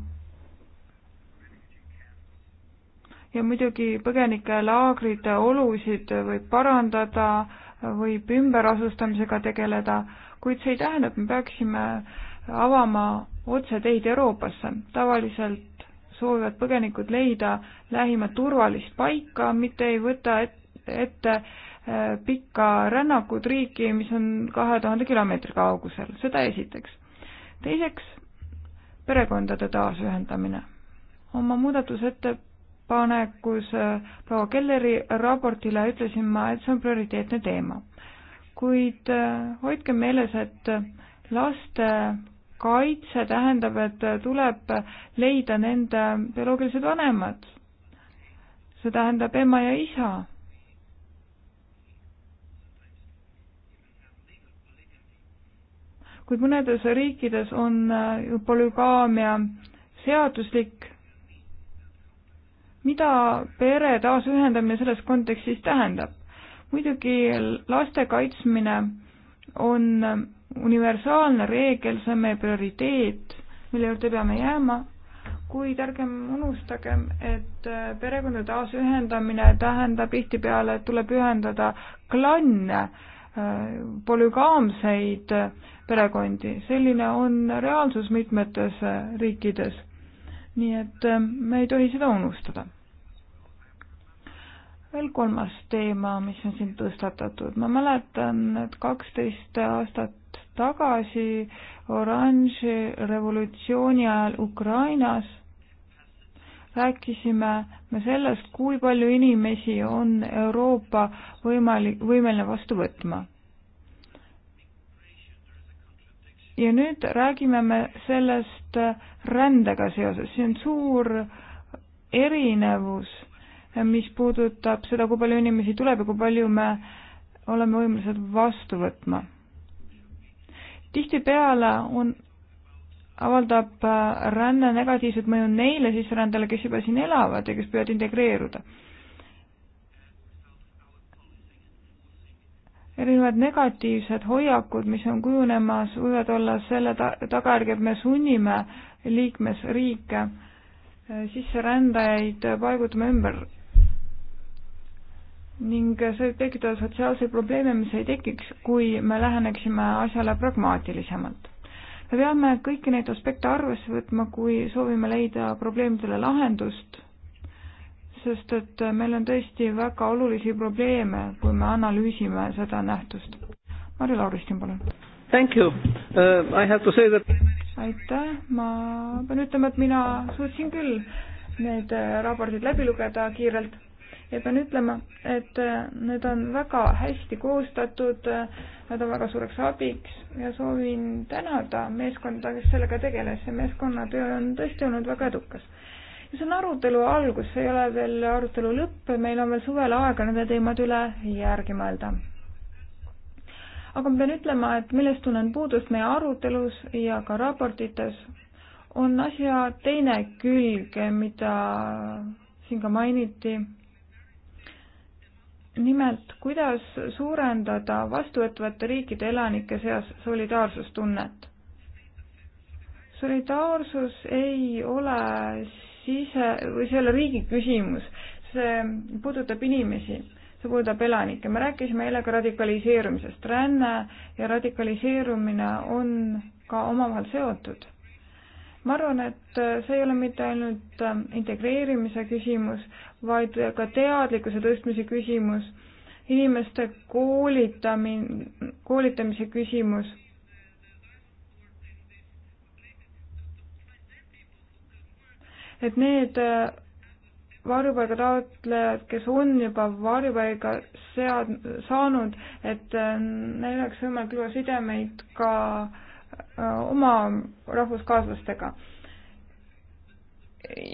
ja muidugi põgenikelaagrite olusid võib parandada, võib ümberasustamisega tegeleda, kuid see ei tähenda, et me peaksime avama otseteid Euroopasse. tavaliselt soovivad põgenikud leida lähimat turvalist paika, mitte ei võta ette, ette pikka rännakut riiki, mis on kahe tuhande kilomeetri kaugusel, seda esiteks. teiseks, perekondade taasühendamine. oma muudatusettepanekus äh, proua Kelleri raportile ütlesin ma, et see on prioriteetne teema. kuid äh, hoidke meeles, et laste kaitse tähendab, et tuleb leida nende bioloogilised vanemad. see tähendab ema ja isa kuid mõnedes riikides on äh, polügaamia seaduslik. mida pere taasühendamine selles kontekstis tähendab? muidugi laste kaitsmine on äh, universaalne reegel, see on meie prioriteet, mille juurde peame jääma, kuid ärgem unustagem, et äh, perekondade taasühendamine tähendab tihtipeale, et tuleb ühendada klanne, polügaamseid perekondi. selline on reaalsus mitmetes äh, riikides. nii et äh, me ei tohi seda unustada. veel kolmas teema, mis on siin tõstatatud. ma mäletan, et kaksteist aastat tagasi oranži revolutsiooni ajal Ukrainas rääkisime me sellest, kui palju inimesi on Euroopa võimalik, võimeline vastu võtma. ja nüüd räägime me sellest rändega seoses, see on suur erinevus, mis puudutab seda, kui palju inimesi tuleb ja kui palju me oleme võimelised vastu võtma. tihtipeale on, avaldab äh, ränne negatiivset mõju neile sisserändajale, kes juba siin elavad ja kes püüavad integreeruda erinevad negatiivsed hoiakud, mis on kujunemas, võivad olla selle ta-, tagajärg, et me sunnime liikmesriike äh, sisserändajaid paigutama ümber ning see võib tekitada sotsiaalseid probleeme, mis ei tekiks, kui me läheneksime asjale pragmaatilisemalt. me peame kõiki neid aspekte arvesse võtma, kui soovime leida probleemidele lahendust sest et meil on tõesti väga olulisi probleeme, kui me analüüsime seda nähtust. Marju Lauristin, palun. Thank you uh,, I have to say that aitäh, ma pean ütlema, et mina suutsin küll need äh, raportid läbi lugeda kiirelt ja pean ütlema, et äh, need on väga hästi koostatud, äh, nad on väga suureks abiks ja soovin tänada meeskonda, kes sellega tegeles ja meeskonna töö on tõesti olnud väga edukas see on arutelu algus, see ei ole veel arutelu lõpp, meil on veel suvel aega nende teemade üle järgi mõelda. aga ma pean ütlema, et millest tunnen puudust meie arutelus ja ka raportites, on asja teine külg, mida siin ka mainiti. nimelt, kuidas suurendada vastuvõtvate riikide elanike seas solidaarsustunnet solidaarsus ei ole sise äh, või see ei ole riigi küsimus, see puudutab inimesi, see puudutab elanikke. me rääkisime eile ka radikaliseerumisest. ränne ja radikaliseerumine on ka omavahel seotud. ma arvan, et äh, see ei ole mitte ainult äh, integreerimise küsimus, vaid ka teadlikkuse tõstmise küsimus, inimeste koolitamine, koolitamise küsimus et need äh, varjupaiga taotlejad, kes on juba varjupaiga sead-, saanud, et äh, neil oleks võimalik luua sidemeid ka äh, oma rahvuskaaslastega.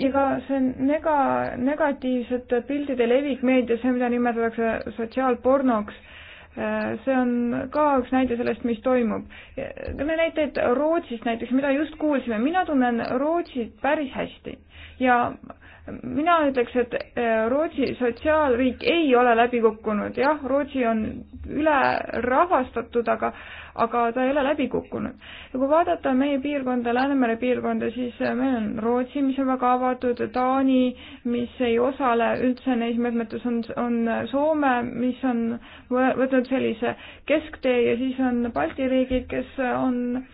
ega see nega-, negatiivsete pildide levik meedias, see, mida nimetatakse sotsiaalpornoks, see on ka üks näide sellest, mis toimub. näiteid Rootsist näiteks, mida just kuulsime, mina tunnen Rootsit päris hästi ja mina ütleks, et äh, Rootsi sotsiaalriik ei ole läbi kukkunud, jah, Rootsi on ülerahvastatud, aga, aga ta ei ole läbi kukkunud. ja kui vaadata meie piirkonda, Läänemere piirkonda, siis äh, meil on Rootsi, mis on väga avatud, Taani, mis ei osale üldse neis meetmetes, on, on Soome, mis on võtnud sellise kesktee ja siis on Balti riigid, kes on äh,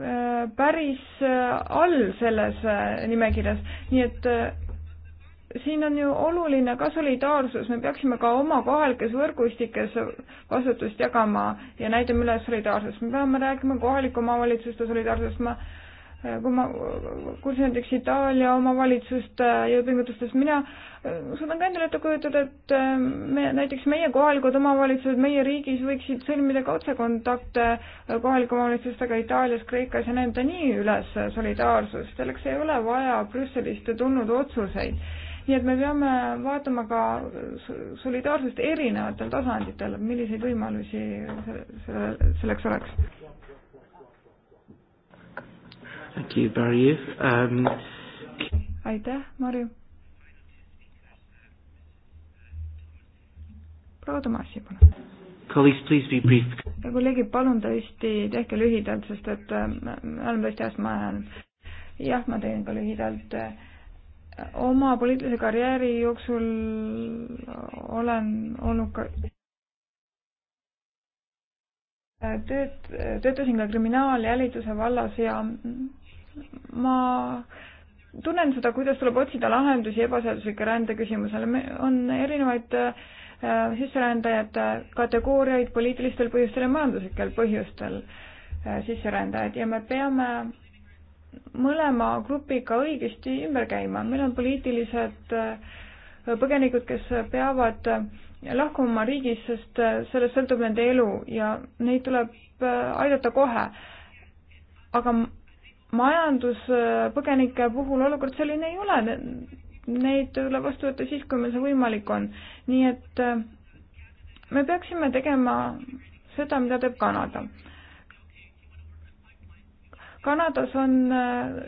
Äh, päris äh, all selles äh, nimekirjas, nii et siin on ju oluline ka solidaarsus, me peaksime ka oma kohalikes võrgustikes vastutust jagama ja näitame üles solidaarsust, me peame rääkima kohalike omavalitsuste solidaarsusest, ma Äh, kui ma kuulsin näiteks Itaalia omavalitsuste jõupingutustest, mina äh, suudan ka endale ette kujutada, et äh, me, näiteks meie kohalikud omavalitsused meie riigis võiksid sõlmida ka otsekontakte kohalike omavalitsustega Itaalias, Kreekas ja näidata nii üles solidaarsust, selleks ei ole vaja Brüsselist tulnud otsuseid. nii et me peame vaatama ka solidaarsust erinevatel tasanditel, milliseid võimalusi selleks oleks Thank you, Barry. Um... aitäh, Marju. proua Tomassi, palun. Colleagues, please be brief. kolleegid, palun tõesti tehke lühidalt, sest et äh, me oleme tõesti hästi maha jäänud. jah, ma teen ka lühidalt. oma poliitilise karjääri jooksul olen olnud ka tööt-, töötasin ka kriminaaljälituse vallas ja ma tunnen seda, kuidas tuleb otsida lahendusi ebaseaduslike rändeküsimusele, on erinevaid äh, sisserändajate kategooriaid poliitilistel põhjustel ja majanduslikel põhjustel äh, sisserändajad ja me peame mõlema grupiga õigesti ümber käima, meil on poliitilised äh, põgenikud, kes peavad lahkuma oma riigist, sest sellest sõltub nende elu ja neid tuleb aidata kohe. aga majanduspõgenike puhul olukord selline ei ole, neid tuleb vastu võtta siis, kui meil see võimalik on. nii et äh, me peaksime tegema seda, mida teeb Kanada. Kanadas on, äh,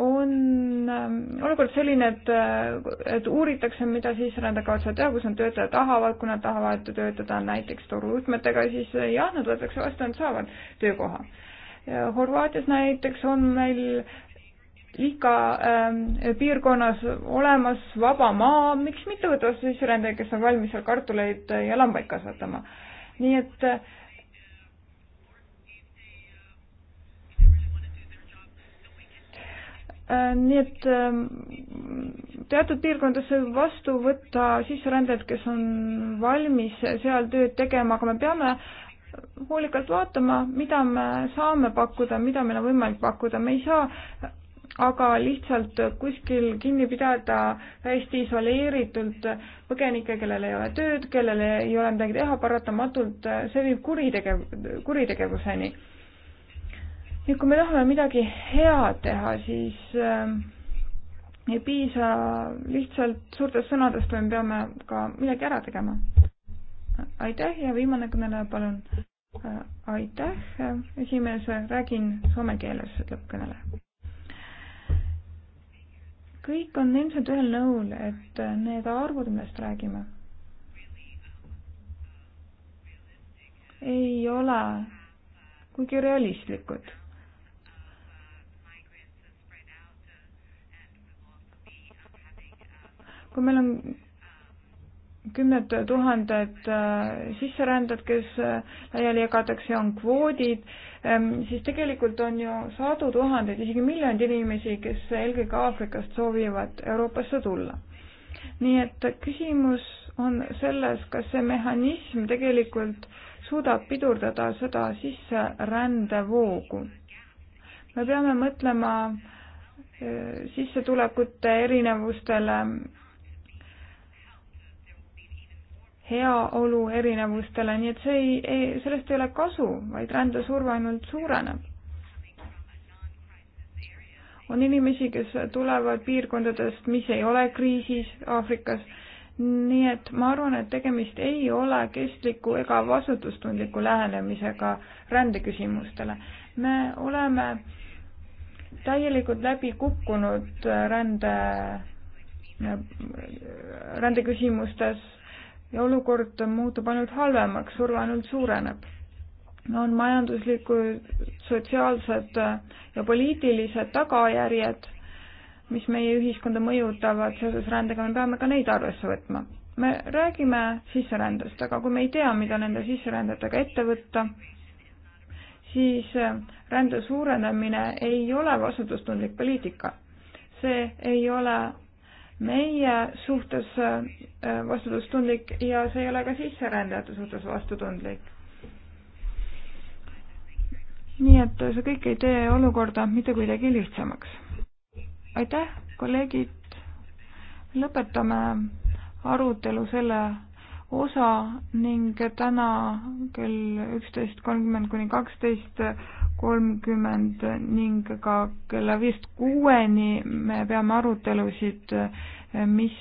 on äh, olukord selline, et, et uuritakse, mida sisserändajad kavatsevad teha, kus nad töötajad tahavad, kui nad tahavad töötada näiteks torujuhtmetega, siis jah, nad võetakse vastu, nad saavad töökoha Horvaatias näiteks on meil iga ähm, piirkonnas olemas vaba maa, miks mitte võtta sisserändajaid, kes on valmis seal kartuleid äh, ja lambaid kasvatama. nii et äh, nii et ähm, teatud piirkondadesse vastu võtta sisserändajad, kes on valmis seal tööd tegema, aga me peame hoolikalt vaatama, mida me saame pakkuda, mida meil on võimalik pakkuda, me ei saa aga lihtsalt kuskil kinni pidada hästi isoleeritult põgenikke, kellel ei ole tööd, kellel ei ole midagi teha, paratamatult see viib kuritegev-, kuritegevuseni. nii et kui me tahame midagi head teha, siis äh, ei piisa lihtsalt suurtest sõnadest, vaid me peame ka midagi ära tegema aitäh ja viimane kõneleja, palun. Äh, aitäh, äh, esimees, räägin soome keeles, ütleb kõneleja. kõik on ilmselt ühel nõul, et äh, need arvud, millest räägime, ei ole kuigi realistlikud kui meil on kümned tuhanded äh, sisserändajad, kes äh, laiali jagatakse, on kvoodid, ähm, siis tegelikult on ju sadu tuhandeid, isegi miljoneid inimesi, kes eelkõige Aafrikast soovivad Euroopasse tulla. nii et küsimus on selles, kas see mehhanism tegelikult suudab pidurdada seda sisserändevoogu. me peame mõtlema äh, sissetulekute erinevustele heaolu erinevustele, nii et see ei, ei, sellest ei ole kasu, vaid rändesurve ainult suureneb. on inimesi, kes tulevad piirkondadest, mis ei ole kriisis Aafrikas, nii et ma arvan, et tegemist ei ole kestliku ega vastutustundliku lähenemisega rändeküsimustele. me oleme täielikult läbi kukkunud rände, rändeküsimustes ja olukord muutub ainult halvemaks, surve ainult suureneb. on majanduslikud, sotsiaalsed ja poliitilised tagajärjed, mis meie ühiskonda mõjutavad seoses rändega, me peame ka neid arvesse võtma. me räägime sisserändest, aga kui me ei tea, mida nende sisserändajatega ette võtta, siis rände suurenemine ei ole vastutustundlik poliitika. see ei ole meie suhtes äh, vastutustundlik ja see ei ole ka sisserändajate suhtes vastutundlik. nii et see kõik ei tee olukorda mitte kuidagi lihtsamaks. aitäh, kolleegid, lõpetame arutelu selle osa ning täna kell üksteist kolmkümmend kuni kaksteist kolmkümmend ning ka kella viist kuueni me peame arutelusid, mis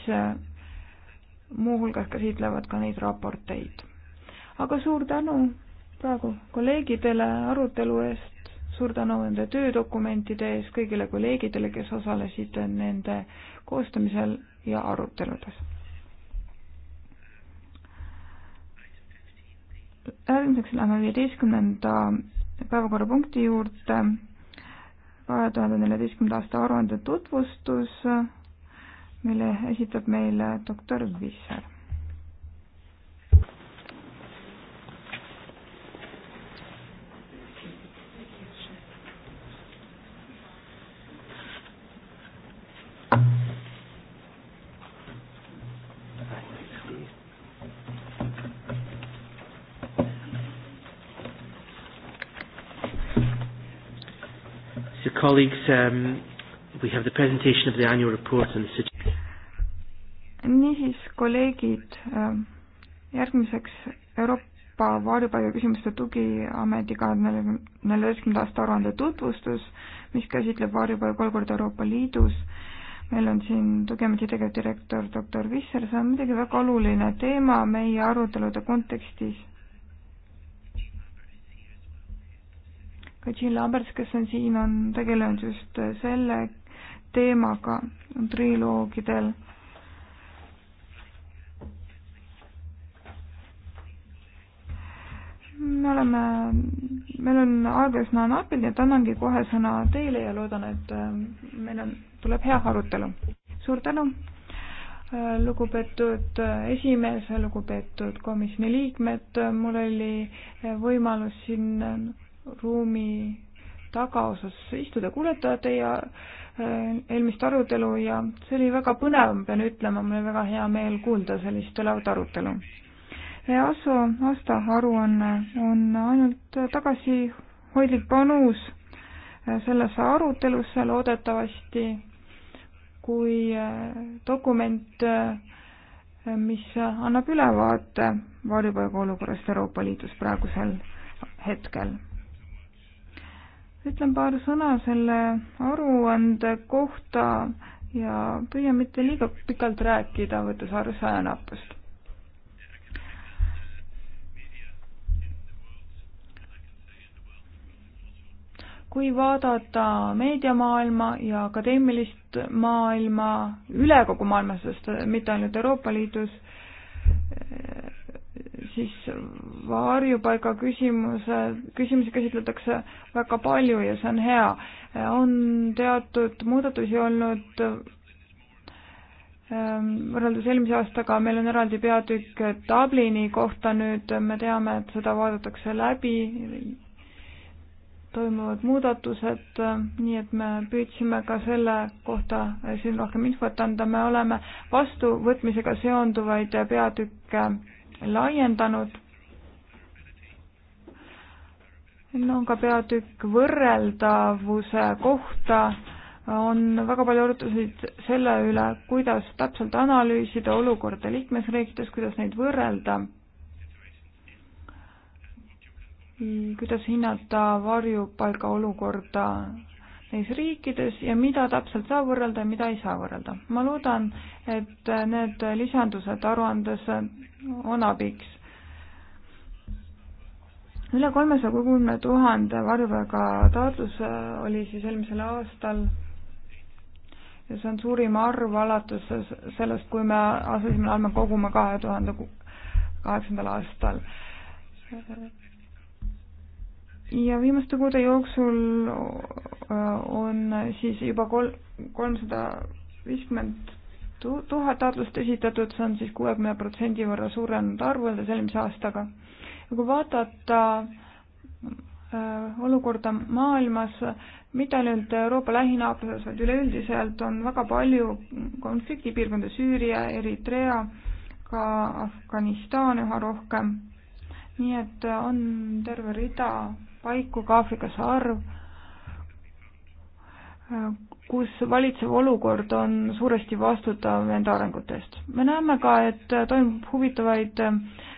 muuhulgas käsitlevad ka neid raporteid. aga suur tänu praegu kolleegidele arutelu eest, suur tänu nende töödokumentide eest, kõigile kolleegidele, kes osalesid nende koostamisel ja aruteludes. järgmiseks läheme viieteistkümnenda päevakorrapunkti juurde. kahe tuhande neljateistkümnenda aasta aruande tutvustus, mille esitab meile doktor Visser. colleagues, um, we have the presentation of the annual report on the situation. niisiis, kolleegid, ähm, järgmiseks Euroopa varjupaiga küsimuste tugiameti kahe tuhande neljateistkümnenda aasta aruande tutvustus, mis käsitleb varjupaiga olukorda Euroopa Liidus. meil on siin tugiameti tegevdirektor doktor Visser, see on muidugi väga oluline teema meie arutelude kontekstis ka Jill Roberts, kes on siin, on tegelenud just selle teemaga triloogidel. me oleme, meil on aega üsna napilt, nii et annangi kohe sõna teile ja loodan, et äh, meil on, tuleb hea arutelu. suur tänu, äh, lugupeetud äh, esimees, lugupeetud komisjoni liikmed, mul oli võimalus siin ruumi tagaosas istuda, kuulata teie äh, eelmist arutelu ja see oli väga põnev, ma pean ütlema, mul oli väga hea meel kuulda sellist elavat arutelu. EASO aastaaruanne on, on ainult tagasihoidlik panus äh, sellesse arutelusse loodetavasti, kui äh, dokument, mis annab ülevaate varjupaiga olukorrast Euroopa Liidus praegusel hetkel ütlen paar sõna selle aruande kohta ja püüan mitte liiga pikalt rääkida, võttes arvesse ajanappust. kui vaadata meediamaailma ja akadeemilist maailma üle kogu maailma, sest mitte ainult Euroopa Liidus, siis varjupaiga küsimuse, küsimusi käsitletakse väga palju ja see on hea. on teatud muudatusi olnud ähm, võrreldes eelmise aastaga, meil on eraldi peatükk Dublini kohta, nüüd me teame, et seda vaadatakse läbi, toimuvad muudatused, nii et me püüdsime ka selle kohta siin rohkem infot anda, me oleme vastuvõtmisega seonduvaid peatükke laiendanud. meil on ka peatükk võrreldavuse kohta, on väga palju arutlusid selle üle, kuidas täpselt analüüsida olukorda liikmesriikides, kuidas neid võrrelda, kuidas hinnata varjupaiga olukorda neis riikides ja mida täpselt saab võrrelda ja mida ei saa võrrelda. ma loodan, et need lisandused aruandes on abiks. üle kolmesaja kuuekümne tuhande varjupaiga taotluse oli siis eelmisel aastal ja see on suurim arv alates sellest, kui me asusime andme koguma kahe tuhande kaheksandal aastal ja viimaste kuude jooksul äh, on siis juba kol-, kolmsada viiskümmend tuhat taotlust esitatud, see on siis kuuekümne protsendi võrra suurenenud arv võrreldes eelmise aastaga. ja kui vaadata äh, olukorda maailmas, mitte ainult Euroopa lähinaabruses, vaid üleüldiselt on väga palju konfliktipiirkondi, Süüria, Eritrea, ka Afganistan üha rohkem. nii et äh, on terve rida paiku ka Aafrika saarv, kus valitsev olukord on suuresti vastutav nende arengute eest. me näeme ka, et toimub huvitavaid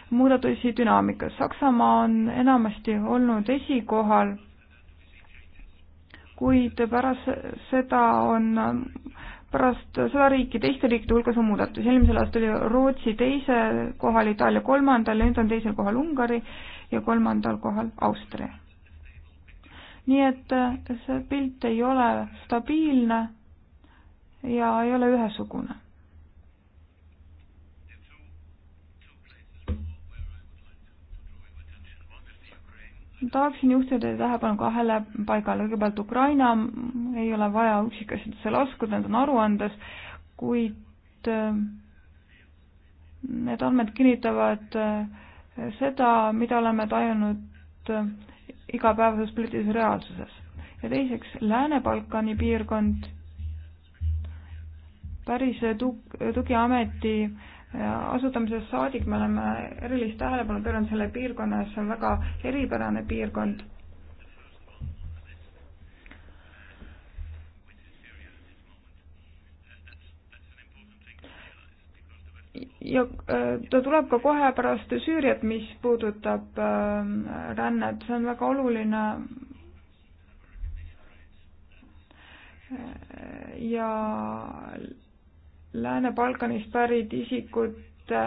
muudatusi dünaamikas. Saksamaa on enamasti olnud esikohal, kuid pärast seda on, pärast seda riiki teiste riikide hulgas on muudatus. eelmisel aastal oli Rootsi teisel kohal, Itaalia kolmandal ja nüüd on teisel kohal Ungari ja kolmandal kohal Austria nii et äh, see pilt ei ole stabiilne ja ei ole ühesugune. tahaksin juhtida teie tähelepanu kahele paigale, kõigepealt Ukraina, ei ole vaja üksikasjadesse laskuda, need on aruandes, kuid äh, need andmed kinnitavad äh, seda, mida oleme tajunud igapäevases poliitilises reaalsuses. ja teiseks, Lääne-Balkani piirkond, päris tug-, tugiameti äh, asutamisest saadik me oleme erilist tähelepanu pööranud sellele piirkonnale, see on väga eripärane piirkond ja äh, ta tuleb ka kohe pärast Süüriat, mis puudutab ähm, rännet, see on väga oluline. Äh, ja Lääne-Balkanist pärit isikute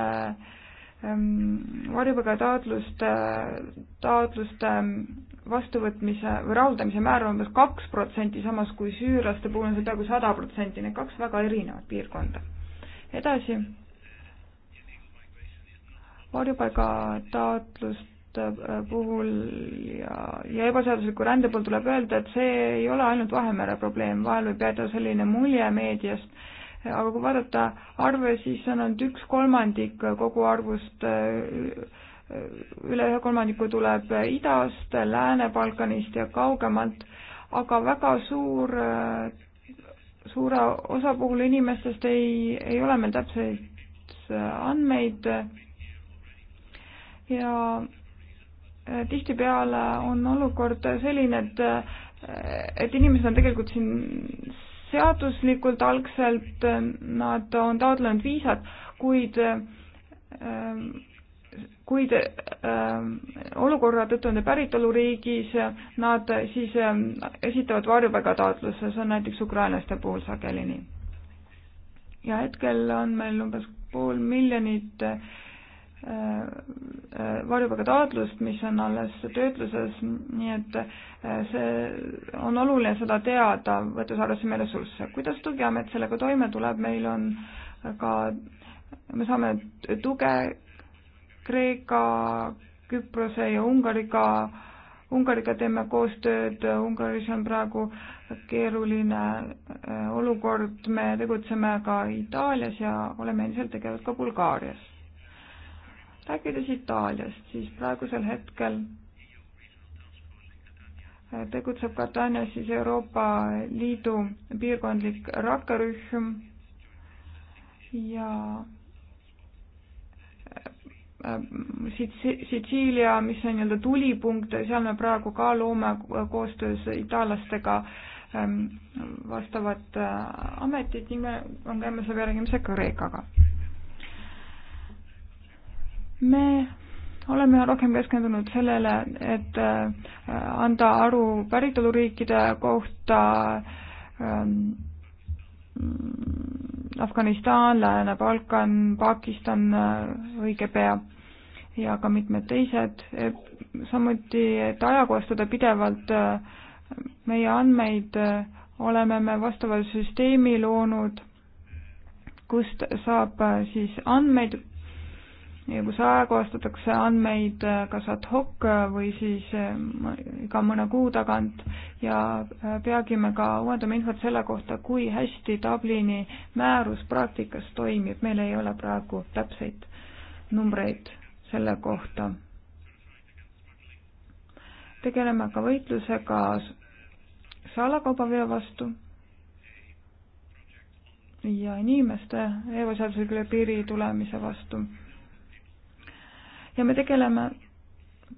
ähm, varjupaigataotluste, taotluste vastuvõtmise või rahuldamise määr on umbes kaks protsenti, samas kui süürlaste puhul on see peaaegu sada protsenti, need kaks väga erinevat piirkonda. edasi varjupaigataotluste äh, puhul ja, ja ebaseadusliku rände puhul tuleb öelda, et see ei ole ainult Vahemere probleem, vahel võib jääda selline mulje meediast, aga kui vaadata arve, siis on ainult üks kolmandik kogu arvust äh, üle ühe kolmandiku tuleb idast, Lääne-Balkanist ja kaugemalt, aga väga suur, äh, suure osa puhul inimestest ei, ei ole meil täpseid andmeid ja äh, tihtipeale on olukord selline, et, äh, et inimesed on tegelikult siin seaduslikult algselt, äh, nad on taotlenud viisat, kuid kuid äh, olukorra tõttu nende päritoluriigis nad siis äh, esitavad varjupaigataotluse, see on näiteks ukrainlaste puhul sageli nii. ja hetkel on meil umbes pool miljonit äh, varjupaiga taotlust, mis on alles töötluses, nii et äh, see on oluline seda teada, võttes arvesse meie ressursse. kuidas Tugiamet sellega toime tuleb, meil on ka, me saame tuge Kreeka, Küprose ja Ungariga, Ungariga teeme koostööd, Ungaris on praegu keeruline äh, olukord, me tegutseme ka Itaalias ja oleme endiselt tegevad ka Bulgaarias rääkides Itaaliast, siis praegusel hetkel äh, tegutseb Katanias siis Euroopa Liidu piirkondlik rakkerühm ja äh, äh, Sitsiilia, mis on nii-öelda tulipunkt, seal me praegu ka loome koostöös itaallastega ähm, vastavat ametit ning me käime selle järgimise Kreekaga me oleme üha rohkem keskendunud sellele, et äh, anda aru päritoluriikide kohta ähm, Afganistan, Lääne-Balkan, Pakistan äh, õige pea ja ka mitmed teised, samuti, et ajakohastada pidevalt äh, meie andmeid, oleme me vastava süsteemi loonud, kust saab siis andmeid ja kus ajakohastatakse andmeid kas ad hoc või siis iga ehm, mõne kuu tagant ja äh, peagi me ka uuendame infot selle kohta, kui hästi Dublini määrus praktikas toimib, meil ei ole praegu täpseid numbreid selle kohta. tegeleme ka võitlusega salakaubaveo vastu ja inimeste ebaseaduslikule piiri tulemise vastu ja me tegeleme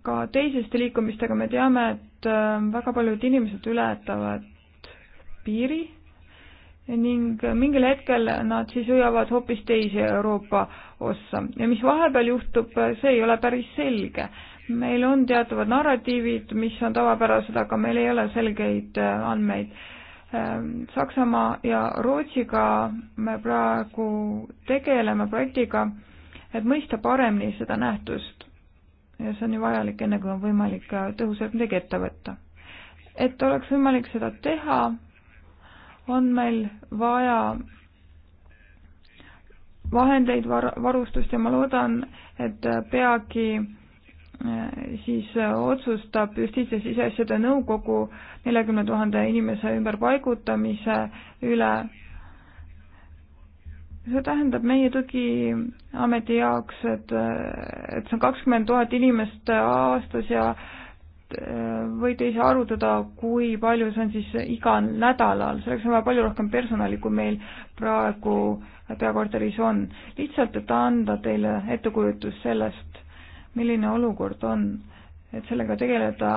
ka teiseste liikumistega, me teame, et äh, väga paljud inimesed ületavad piiri ning mingil hetkel nad siis hoiavad hoopis teise Euroopa ossa ja mis vahepeal juhtub, see ei ole päris selge. meil on teatavad narratiivid, mis on tavapärased, aga meil ei ole selgeid äh, andmeid. Ähm, Saksamaa ja Rootsiga me praegu tegeleme projektiga et mõista paremini seda nähtust. ja see on ju vajalik, enne kui on võimalik tõhusalt midagi ette võtta. et oleks võimalik seda teha, on meil vaja vahendeid, var-, varustust ja ma loodan, et peagi äh, siis otsustab Justiits- ja Siseasjade Nõukogu neljakümne tuhande inimese ümberpaigutamise üle see tähendab meie tugiameti jaoks, et, et see on kakskümmend tuhat inimest aastas ja võite ise arutada, kui palju see on siis igal nädalal, selleks on vaja palju rohkem personali, kui meil praegu peakorteris on. lihtsalt, et anda teile ettekujutus sellest, milline olukord on, et sellega tegeleda,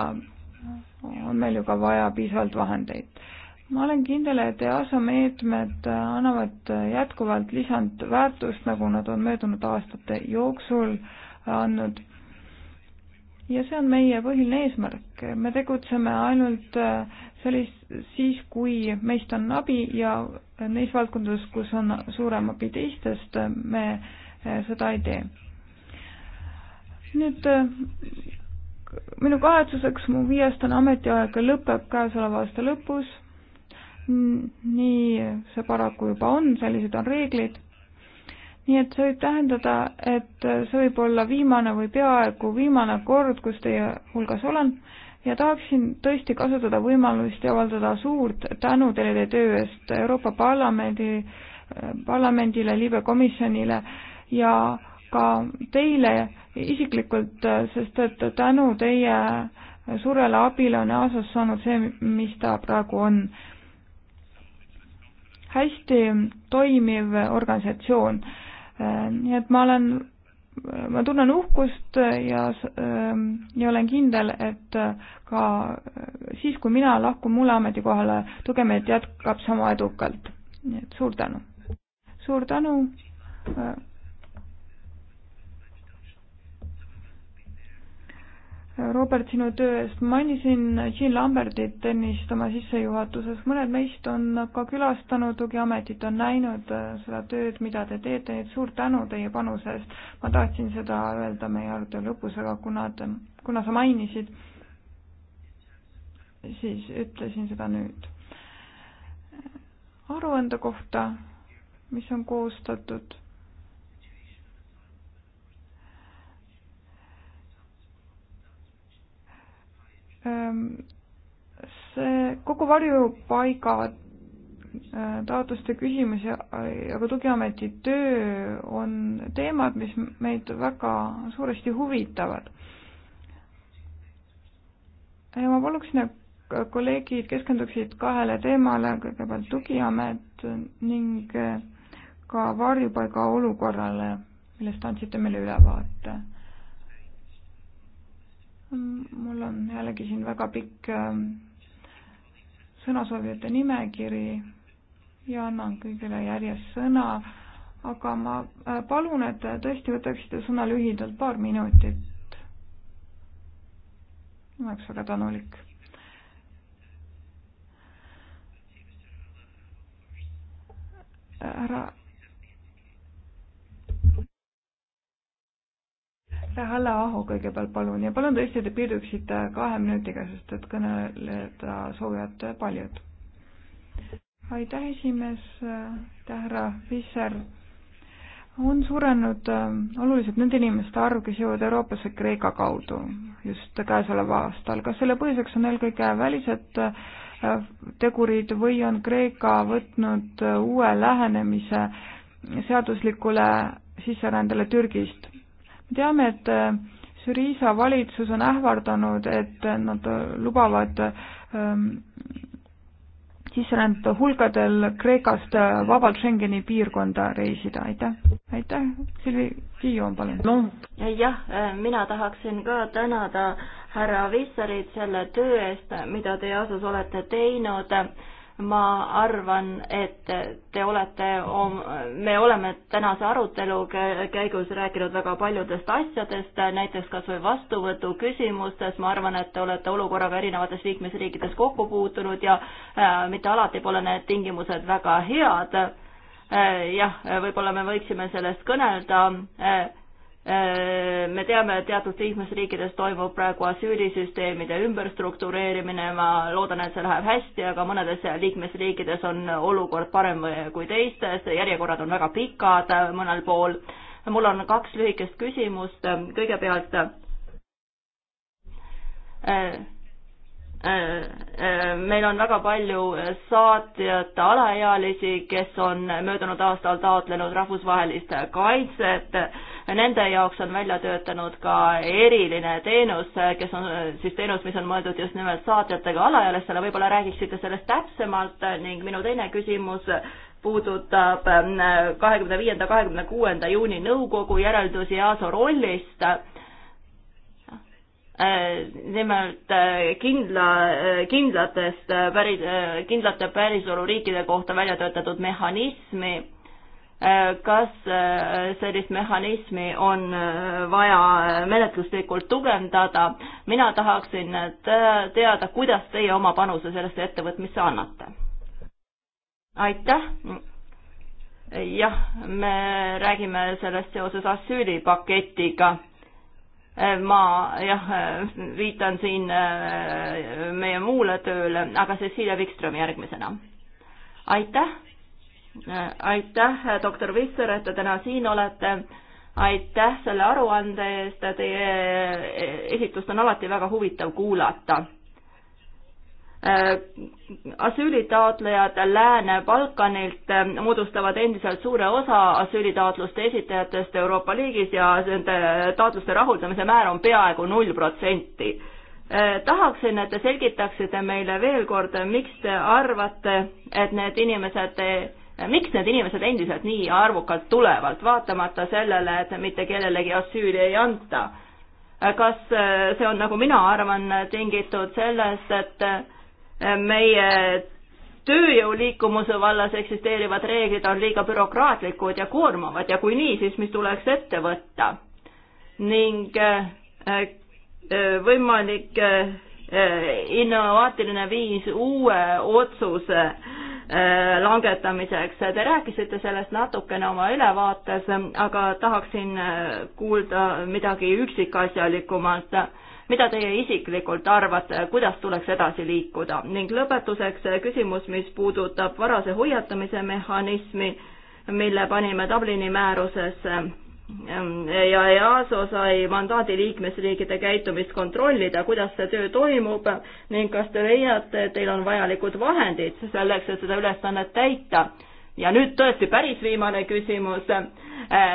on meil ju ka vaja piisavalt vahendeid ma olen kindel, et EASA meetmed annavad jätkuvalt lisandväärtust, nagu nad on möödunud aastate jooksul andnud. ja see on meie põhiline eesmärk, me tegutseme ainult sellis-, siis, kui meist on abi ja neis valdkondades, kus on suurem abi teistest, me seda ei tee. nüüd minu kahetsuseks mu viieaastane ametiaeg lõpeb käesoleva aasta lõpus nii see paraku juba on, sellised on reeglid. nii et see võib tähendada, et see võib olla viimane või peaaegu viimane kord, kus teie hulgas olen ja tahaksin tõesti kasutada võimalust ja avaldada suurt tänu teile teie töö eest Euroopa Parlamendi, parlamendile, liibekomisjonile ja ka teile isiklikult, sest et tänu teie suurele abile on EASA-s saanud see, mis ta praegu on hästi toimiv organisatsioon. Äh, nii et ma olen, ma tunnen uhkust ja, ähm, ja olen kindel, et äh, ka äh, siis, kui mina lahkun mulle ametikohale, Tugemeet jätkab sama edukalt. nii et suur tänu. suur tänu Robert, sinu töö eest. mainisin Jean Lambertit ennist oma sissejuhatuses. mõned meist on ka külastanud tugiametit, on näinud äh, seda tööd, mida te teete, nii et suur tänu teie panuse eest. ma tahtsin seda öelda meie arutelu lõpus, aga kuna te, kuna sa mainisid, siis ütlesin seda nüüd. aruande kohta, mis on koostatud Ähm, see kogu varjupaiga äh, taotluste küsimus ja, ja ka tugiameti töö on teemad, mis meid väga suuresti huvitavad. ja ma paluksin, et kolleegid keskenduksid kahele teemale, kõigepealt tugiamet ning ka varjupaiga olukorrale, millest andsite meile ülevaate mul on jällegi siin väga pikk ähm, sõnasoovijate nimekiri ja annan kõigile järjest sõna, aga ma äh, palun, et te tõesti võtaksite sõna lühidalt, paar minutit. ma oleks väga tänulik. Äh, härra Halla Aho kõigepealt palun ja palun tõesti, te piirduksite kahe minutiga, sest et kõneleda soovivad paljud. aitäh, esimees, aitäh, härra Visser. on suurenenud äh, oluliselt nende inimeste arv, kes jõuavad Euroopasse Kreeka kaudu just käesoleval aastal. kas selle põhjuseks on eelkõige välised äh, tegurid või on Kreeka võtnud äh, uue lähenemise seaduslikule sisserändele Türgist? me teame, et äh, Syriisa valitsus on ähvardanud, et nad lubavad ähm, sisserändajate hulkadel Kreekast äh, vabalt Schengeni piirkonda reisida, aitäh. aitäh, Silvi Kiion, palun no.. jah, äh, mina tahaksin ka tänada härra Vissarit selle töö eest, mida teie asus olete teinud ma arvan, et te olete, me oleme tänase arutelu käigus rääkinud väga paljudest asjadest, näiteks kas või vastuvõtu küsimustes, ma arvan, et te olete olukorraga erinevates liikmesriikides kokku puutunud ja äh, mitte alati pole need tingimused väga head. Äh, jah, võib-olla me võiksime sellest kõnelda äh, Äh, me teame, et teatud liikmesriikides toimub praegu asüülisüsteemide ümberstruktureerimine, ma loodan, et see läheb hästi, aga mõnedes liikmesriikides on olukord parem kui teistes, järjekorrad on väga pikad mõnel pool. mul on kaks lühikest küsimust, kõigepealt äh, äh, meil on väga palju saatjate alaealisi, kes on möödunud aastal taotlenud rahvusvahelist kaitset Nende jaoks on välja töötanud ka eriline teenus, kes on siis teenus, mis on mõeldud just nimelt saatjatega alaealistele, võib-olla räägiksite sellest täpsemalt ning minu teine küsimus puudutab äh, kahekümne viienda, kahekümne kuuenda juuni nõukogu järeldusi EASO rollist äh, nimelt äh, kindla, kindlatest päris, kindlate pärisoluriikide kohta välja töötatud mehhanismi. Äh, kas äh, sellist mehhanismi on äh, vaja menetluslikult tugevdada. mina tahaksin teada, kuidas teie oma panuse sellesse ettevõtmisse annate. aitäh. jah, me räägime sellest seoses asüülipaketiga. ma jah, viitan siin meie muule tööle, aga Cecilia Wikström järgmisena. aitäh Äh, aitäh, äh, doktor Visser, et te täna siin olete. aitäh selle aruande eest, teie äh, esitust on alati väga huvitav kuulata asüülitaotlejad Lääne-Balkanilt moodustavad endiselt suure osa asüülitaotluste esitajatest Euroopa Liigis ja nende taotluste rahuldamise määr on peaaegu null protsenti. tahaksin, et te selgitaksite meile veel kord, miks te arvate, et need inimesed miks need inimesed endiselt nii arvukalt tulevad, vaatamata sellele, et mitte kellelegi asüüli ei anta? kas äh, see on, nagu mina arvan, tingitud sellest, et äh, meie tööjõuliikumuse vallas eksisteerivad reeglid on liiga bürokraatlikud ja koormavad ja kui nii, siis mis tuleks ette võtta? ning äh, võimalik innovaatiline viis uue otsuse Äh, langetamiseks. Te rääkisite sellest natukene oma ülevaates, aga tahaksin äh, kuulda midagi üksikasjalikumalt. mida teie isiklikult arvate, kuidas tuleks edasi liikuda? ning lõpetuseks äh, küsimus, mis puudutab varase hoiatamise mehhanismi, mille panime Dublini määrusesse Ehm, ja EASO sai mandaadi liikmesriikide käitumist kontrollida, kuidas see töö toimub ning kas te leiate, et teil on vajalikud vahendid selleks, et seda ülesannet täita. ja nüüd tõesti päris viimane küsimus, eh,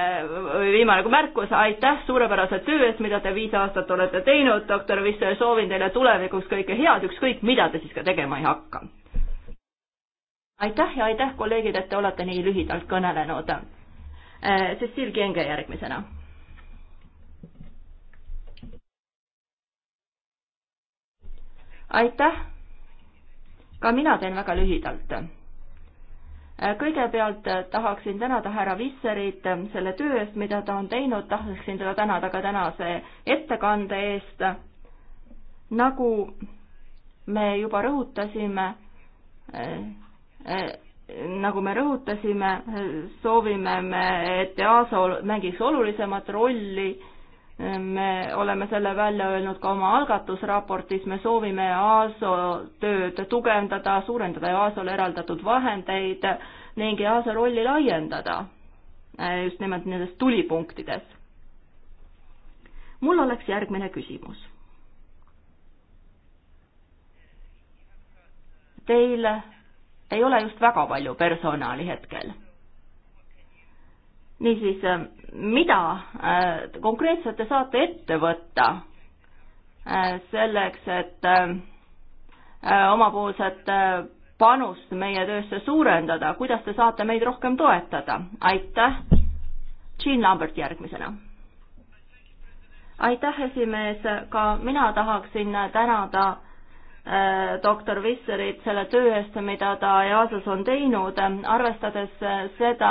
viimane märkus, aitäh suurepärase töö eest, mida te viis aastat olete teinud, doktor Visse, soovin teile tulevikuks kõike head, ükskõik mida te siis ka tegema ei hakka. aitäh ja aitäh, kolleegid, et te olete nii lühidalt kõnelenud Cecil äh, Genge järgmisena. aitäh. ka mina teen väga lühidalt. Äh, kõigepealt äh, tahaksin tänada härra Visserit selle töö eest, mida ta on teinud, tahaksin teda tänada ka tänase ettekande eest. nagu me juba rõhutasime, nagu me rõhutasime, soovime me, et EASO mängiks olulisemat rolli. me oleme selle välja öelnud ka oma algatusraportis, me soovime EASO tööd tugevdada, suurendada EASO-le eraldatud vahendeid ning EASO rolli laiendada just nimelt nendes tulipunktides. mul oleks järgmine küsimus. Teil ei ole just väga palju personali hetkel. niisiis, äh, mida äh, konkreetselt te saate ette võtta äh, selleks, et omapoolset panust meie töösse suurendada, kuidas te saate meid rohkem toetada? aitäh! Jean Lambert järgmisena. aitäh, esimees, ka mina tahaksin tänada Äh, doktor Visserit selle töö eest, mida ta EASA-s on teinud, arvestades äh, seda,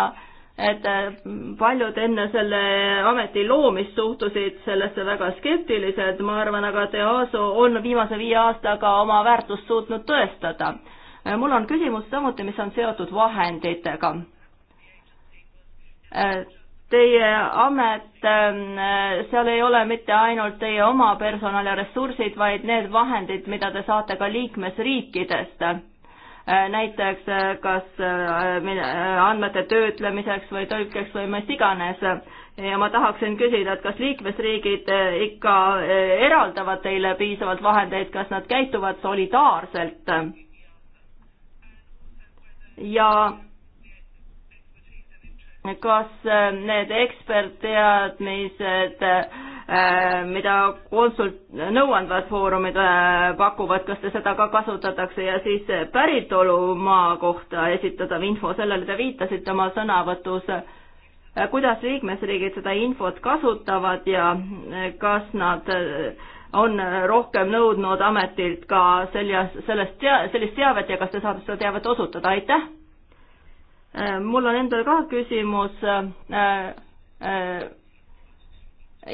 et äh, paljud enne selle ameti loomist suhtusid sellesse väga skeptiliselt, ma arvan aga, et EASO on viimase viie aastaga oma väärtust suutnud tõestada. mul on küsimus samuti, mis on seotud vahenditega teie amet, ähm, seal ei ole mitte ainult teie oma personal ja ressursid, vaid need vahendid, mida te saate ka liikmesriikidest. Äh, näiteks äh, kas äh, andmete töötlemiseks või tõlkeks või mis iganes. ja ma tahaksin küsida, et kas liikmesriigid ikka eraldavad teile piisavalt vahendeid, kas nad käituvad solidaarselt? ja kas äh, need ekspertteadmised, äh, mida konsult-, nõuandvad foorumid äh, pakuvad, kas te seda ka kasutatakse ja siis päritolumaa kohta esitatav info, sellele te viitasite oma sõnavõtus, kuidas liikmesriigid seda infot kasutavad ja kas nad on rohkem nõudnud ametilt ka seljas, sellest tea-, sellist teavet ja kas te saate seda teavet osutada, aitäh! Äh, mul on endal ka küsimus. Äh, äh,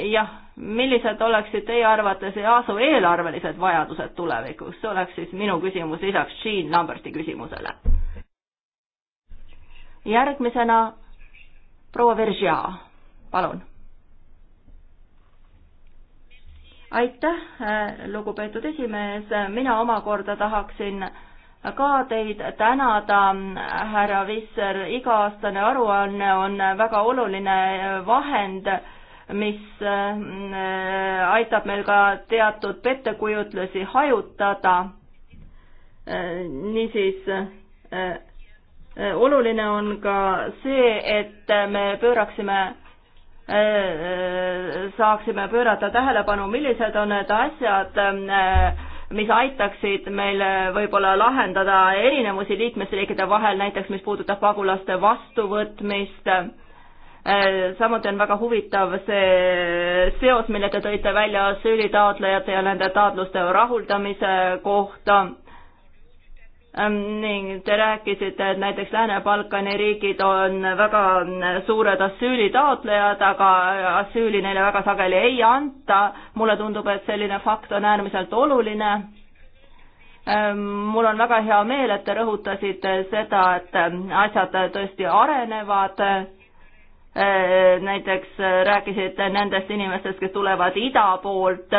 jah, millised oleksid teie arvates EASO eelarvelised vajadused tulevikus, see oleks siis minu küsimus lisaks Jean Lamberti küsimusele. järgmisena proua Veržia, palun. aitäh, lugupeetud esimees, mina omakorda tahaksin ka teid tänada, härra Visser, iga-aastane aruanne on väga oluline vahend, mis mm, aitab meil ka teatud pettekujutlusi hajutada. niisiis oluline on ka see, et me pööraksime, saaksime pöörata tähelepanu, millised on need asjad, mis aitaksid meil äh, võib-olla lahendada erinevusi liikmesriikide vahel, näiteks mis puudutab pagulaste vastuvõtmist. Äh, samuti on väga huvitav see seos, mille te tõite välja asüülitaotlejate ja nende taotluste rahuldamise kohta Ähm, ning te rääkisite, et näiteks Lääne-Balkani riigid on väga suured asüülitaotlejad, aga asüüli neile väga sageli ei anta. mulle tundub, et selline fakt on äärmiselt oluline. Ähm, mul on väga hea meel, et te rõhutasite seda, et asjad tõesti arenevad äh, näiteks rääkisite nendest inimestest, kes tulevad ida poolt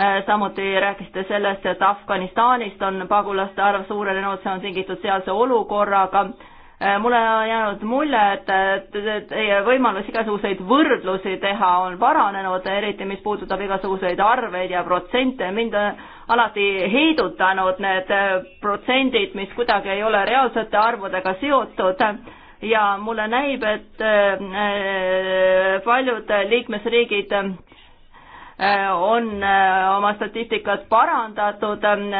Äh, samuti rääkisite sellest, et Afganistanist on pagulaste arv suurenenud, see on tingitud sealse olukorraga äh, mulle on jäänud mulje, et teie võimalus igasuguseid võrdlusi teha on paranenud, eriti mis puudutab igasuguseid arveid ja protsente. mind on alati heidutanud need äh, protsendid, mis kuidagi ei ole reaalsete arvudega seotud ja mulle näib, et paljud liikmesriigid on äh, oma statistikat parandatud ähm,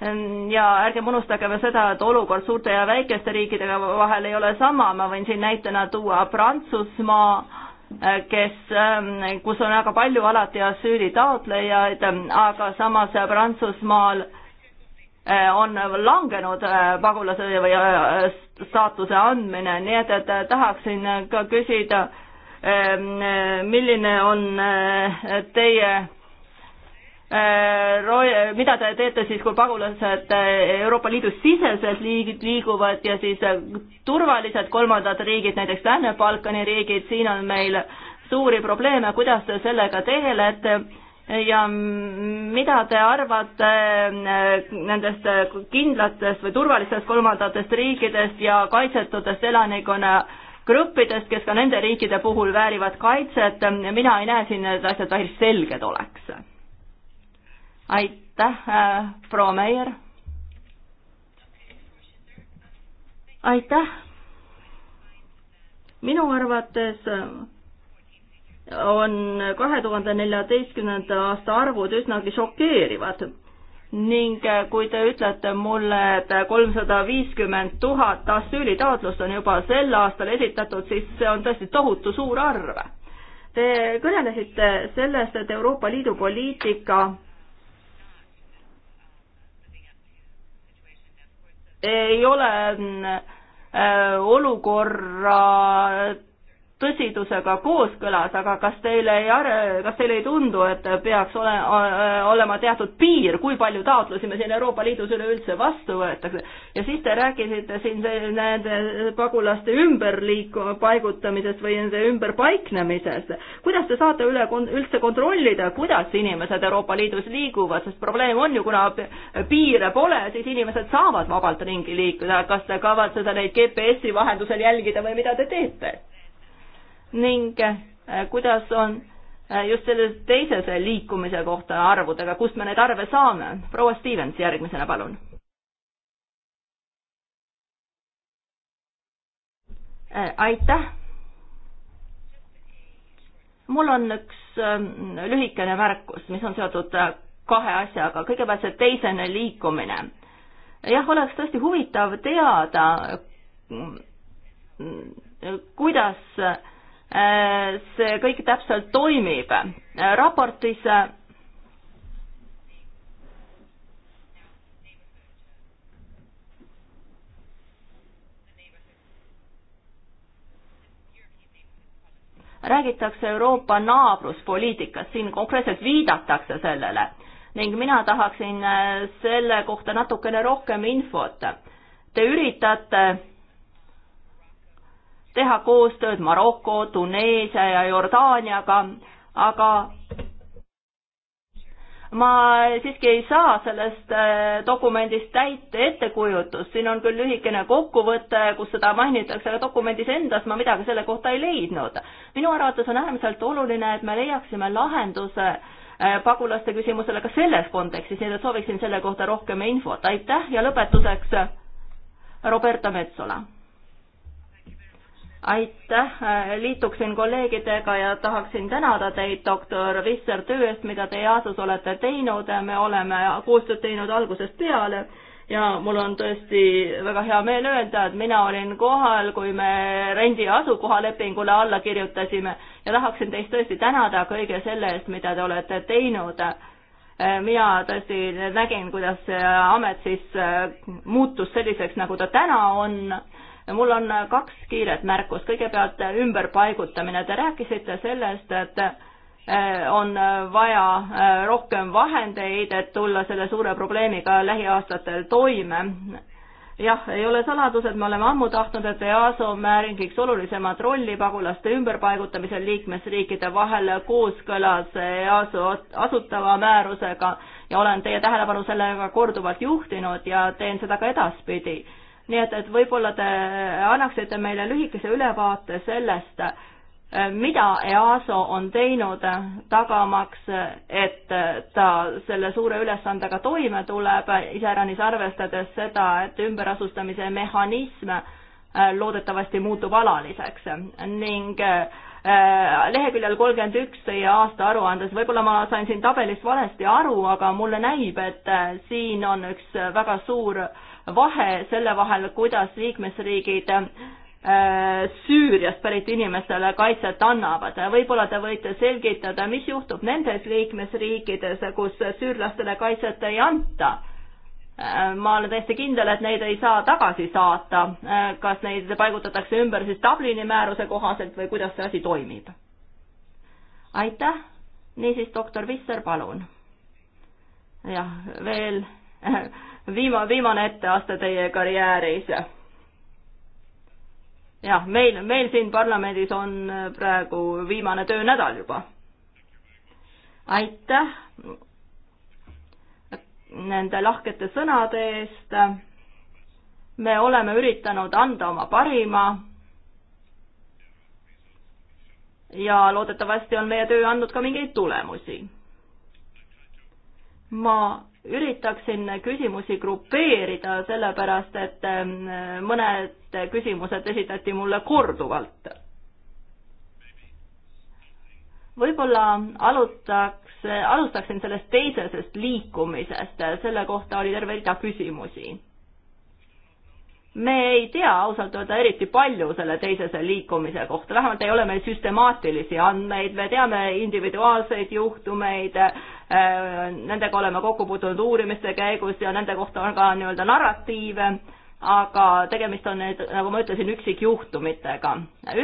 ähm, ja ärgem unustagem seda, et olukord suurte ja väikeste riikidega vahel ei ole sama, ma võin siin näitena tuua Prantsusmaa, äh, kes, ähm, kus on väga palju alati asüülitaotlejaid, aga samas Prantsusmaal äh, on langenud pagulase või staatuse andmine, nii et, et tahaksin ka küsida Ehm, milline on eh, teie eh, roi-, mida te teete siis, kui pagulased eh, Euroopa Liidu siseselt liigid liiguvad ja siis turvalised kolmandad riigid, näiteks Lääne-Balkani riigid, siin on meil suuri probleeme, kuidas te sellega tegelete ja mida te arvate nendest kindlatest või turvalistest kolmandatest riikidest ja kaitsetutest elanikkonna gruppidest, kes ka nende riikide puhul väärivad kaitset, mina ei näe siin, et asjad päris selged oleks. aitäh, äh, proua Meier. aitäh. minu arvates äh, on kahe tuhande neljateistkümnenda aasta arvud üsnagi šokeerivad ning äh, kui te ütlete mulle, et kolmsada viiskümmend tuhat asüülitaotlust on juba sel aastal esitatud, siis see on tõesti tohutu suur arv. Te kõnelesite sellest, et Euroopa Liidu poliitika ei ole mm, äh, olukorra tõsidusega kooskõlas, aga kas teile ei are-, kas teile ei tundu, et peaks ole, olema teatud piir, kui palju taotlusi me siin Euroopa Liidus üleüldse vastu võetakse? ja siis te rääkisite siin nende pagulaste ümberliik-, paigutamisest või nende ümberpaiknemisest. kuidas te saate üle kon-, üldse kontrollida, kuidas inimesed Euroopa Liidus liiguvad, sest probleem on ju, kuna piire pole, siis inimesed saavad vabalt ringi liikuda, kas te kavatsete neid GPS-i vahendusel jälgida või mida te teete? ning äh, kuidas on äh, just selle teise liikumise kohta arvudega, kust me neid arve saame? proua Stevens järgmisena, palun. Äh, aitäh. mul on üks ähm, lühikene märkus, mis on seotud kahe asjaga, kõigepealt see teisene liikumine. jah, oleks tõesti huvitav teada, mm, kuidas Äh, see kõik täpselt toimib. Äh, raportis äh, räägitakse Euroopa naabruspoliitikast, siin konkreetselt viidatakse sellele ning mina tahaksin selle kohta natukene rohkem infot. Te üritate teha koostööd Maroko, Tuneesia ja Jordaaniaga, aga ma siiski ei saa sellest äh, dokumendist täit ettekujutust, siin on küll lühikene kokkuvõte, kus seda mainitakse, aga dokumendis endas ma midagi selle kohta ei leidnud. minu arvates on äärmiselt oluline, et me leiaksime lahenduse äh, pagulaste küsimusele ka selles kontekstis, nii et sooviksin selle kohta rohkem infot, aitäh ja lõpetuseks Roberta Metsola aitäh, liituksin kolleegidega ja tahaksin tänada teid, doktor Visser, töö eest, mida te EASO-s olete teinud, me oleme koostööd teinud algusest peale ja mul on tõesti väga hea meel öelda, et mina olin kohal, kui me rendi- ja asukohalepingule alla kirjutasime ja tahaksin teist tõesti tänada kõige selle eest, mida te olete teinud mina tõesti nägin, kuidas see amet siis muutus selliseks, nagu ta täna on mul on kaks kiiret märkust, kõigepealt ümberpaigutamine, te rääkisite sellest, et eh, on vaja eh, rohkem vahendeid, et tulla selle suure probleemiga lähiaastatel toime. jah, ei ole saladus, et me oleme ammu tahtnud, et EASO mängiks olulisemat rolli pagulaste ümberpaigutamisel liikmesriikide vahel kooskõlas EASO asutava määrusega ja olen teie tähelepanu sellega korduvalt juhtinud ja teen seda ka edaspidi nii et, et võib-olla te annaksite meile lühikese ülevaate sellest, eh, mida EASO on teinud, tagamaks, et ta selle suure ülesandega toime tuleb, iseäranis arvestades seda, et ümberasustamise mehhanism eh, loodetavasti muutub alaliseks ning eh, leheküljel kolmkümmend üks teie aasta aruandes, võib-olla ma sain siin tabelist valesti aru, aga mulle näib, et siin on üks väga suur äh, vahe selle vahel, kuidas liikmesriigid äh, Süüriast pärit inimestele kaitset annavad. võib-olla te võite selgitada, mis juhtub nendes liikmesriikides, kus süürlastele kaitset ei anta? Äh, ma olen täiesti kindel, et neid ei saa tagasi saata. Äh, kas neid paigutatakse ümber siis Dublini määruse kohaselt või kuidas see asi toimib? aitäh. niisiis, doktor Visser, palun. jah, veel viima-, viimane etteaste teie karjääris. jah, meil, meil siin parlamendis on äh, praegu viimane töönädal juba. aitäh nende lahkete sõnade eest. me oleme üritanud anda oma parima. ja loodetavasti on meie töö andnud ka mingeid tulemusi. ma üritaksin küsimusi grupeerida, sellepärast et ähm, mõned küsimused esitati mulle korduvalt. võib-olla alutaks, alustaksin sellest teisesest liikumisest, selle kohta oli terve rida küsimusi. me ei tea ausalt öelda eriti palju selle teisese liikumise kohta, vähemalt ei ole meil süstemaatilisi andmeid, me teame individuaalseid juhtumeid, Äh, nendega oleme kokku puutunud uurimiste käigus ja nende kohta on ka nii-öelda narratiive, aga tegemist on nüüd, nagu ma ütlesin, üksikjuhtumitega.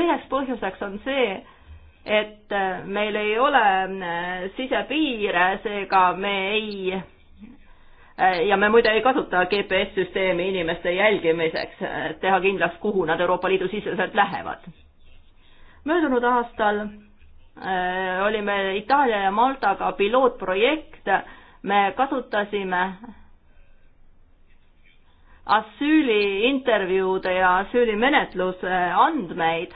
üheks põhjuseks on see, et äh, meil ei ole äh, sisepiire, seega me ei ja me muide ei kasuta GPS-süsteemi inimeste jälgimiseks, et teha kindlaks, kuhu nad Euroopa Liidu siseselt lähevad. möödunud aastal Äh, oli meil Itaalia ja Maltaga pilootprojekt, me kasutasime asüüliintervjuude ja asüülimenetluse andmeid,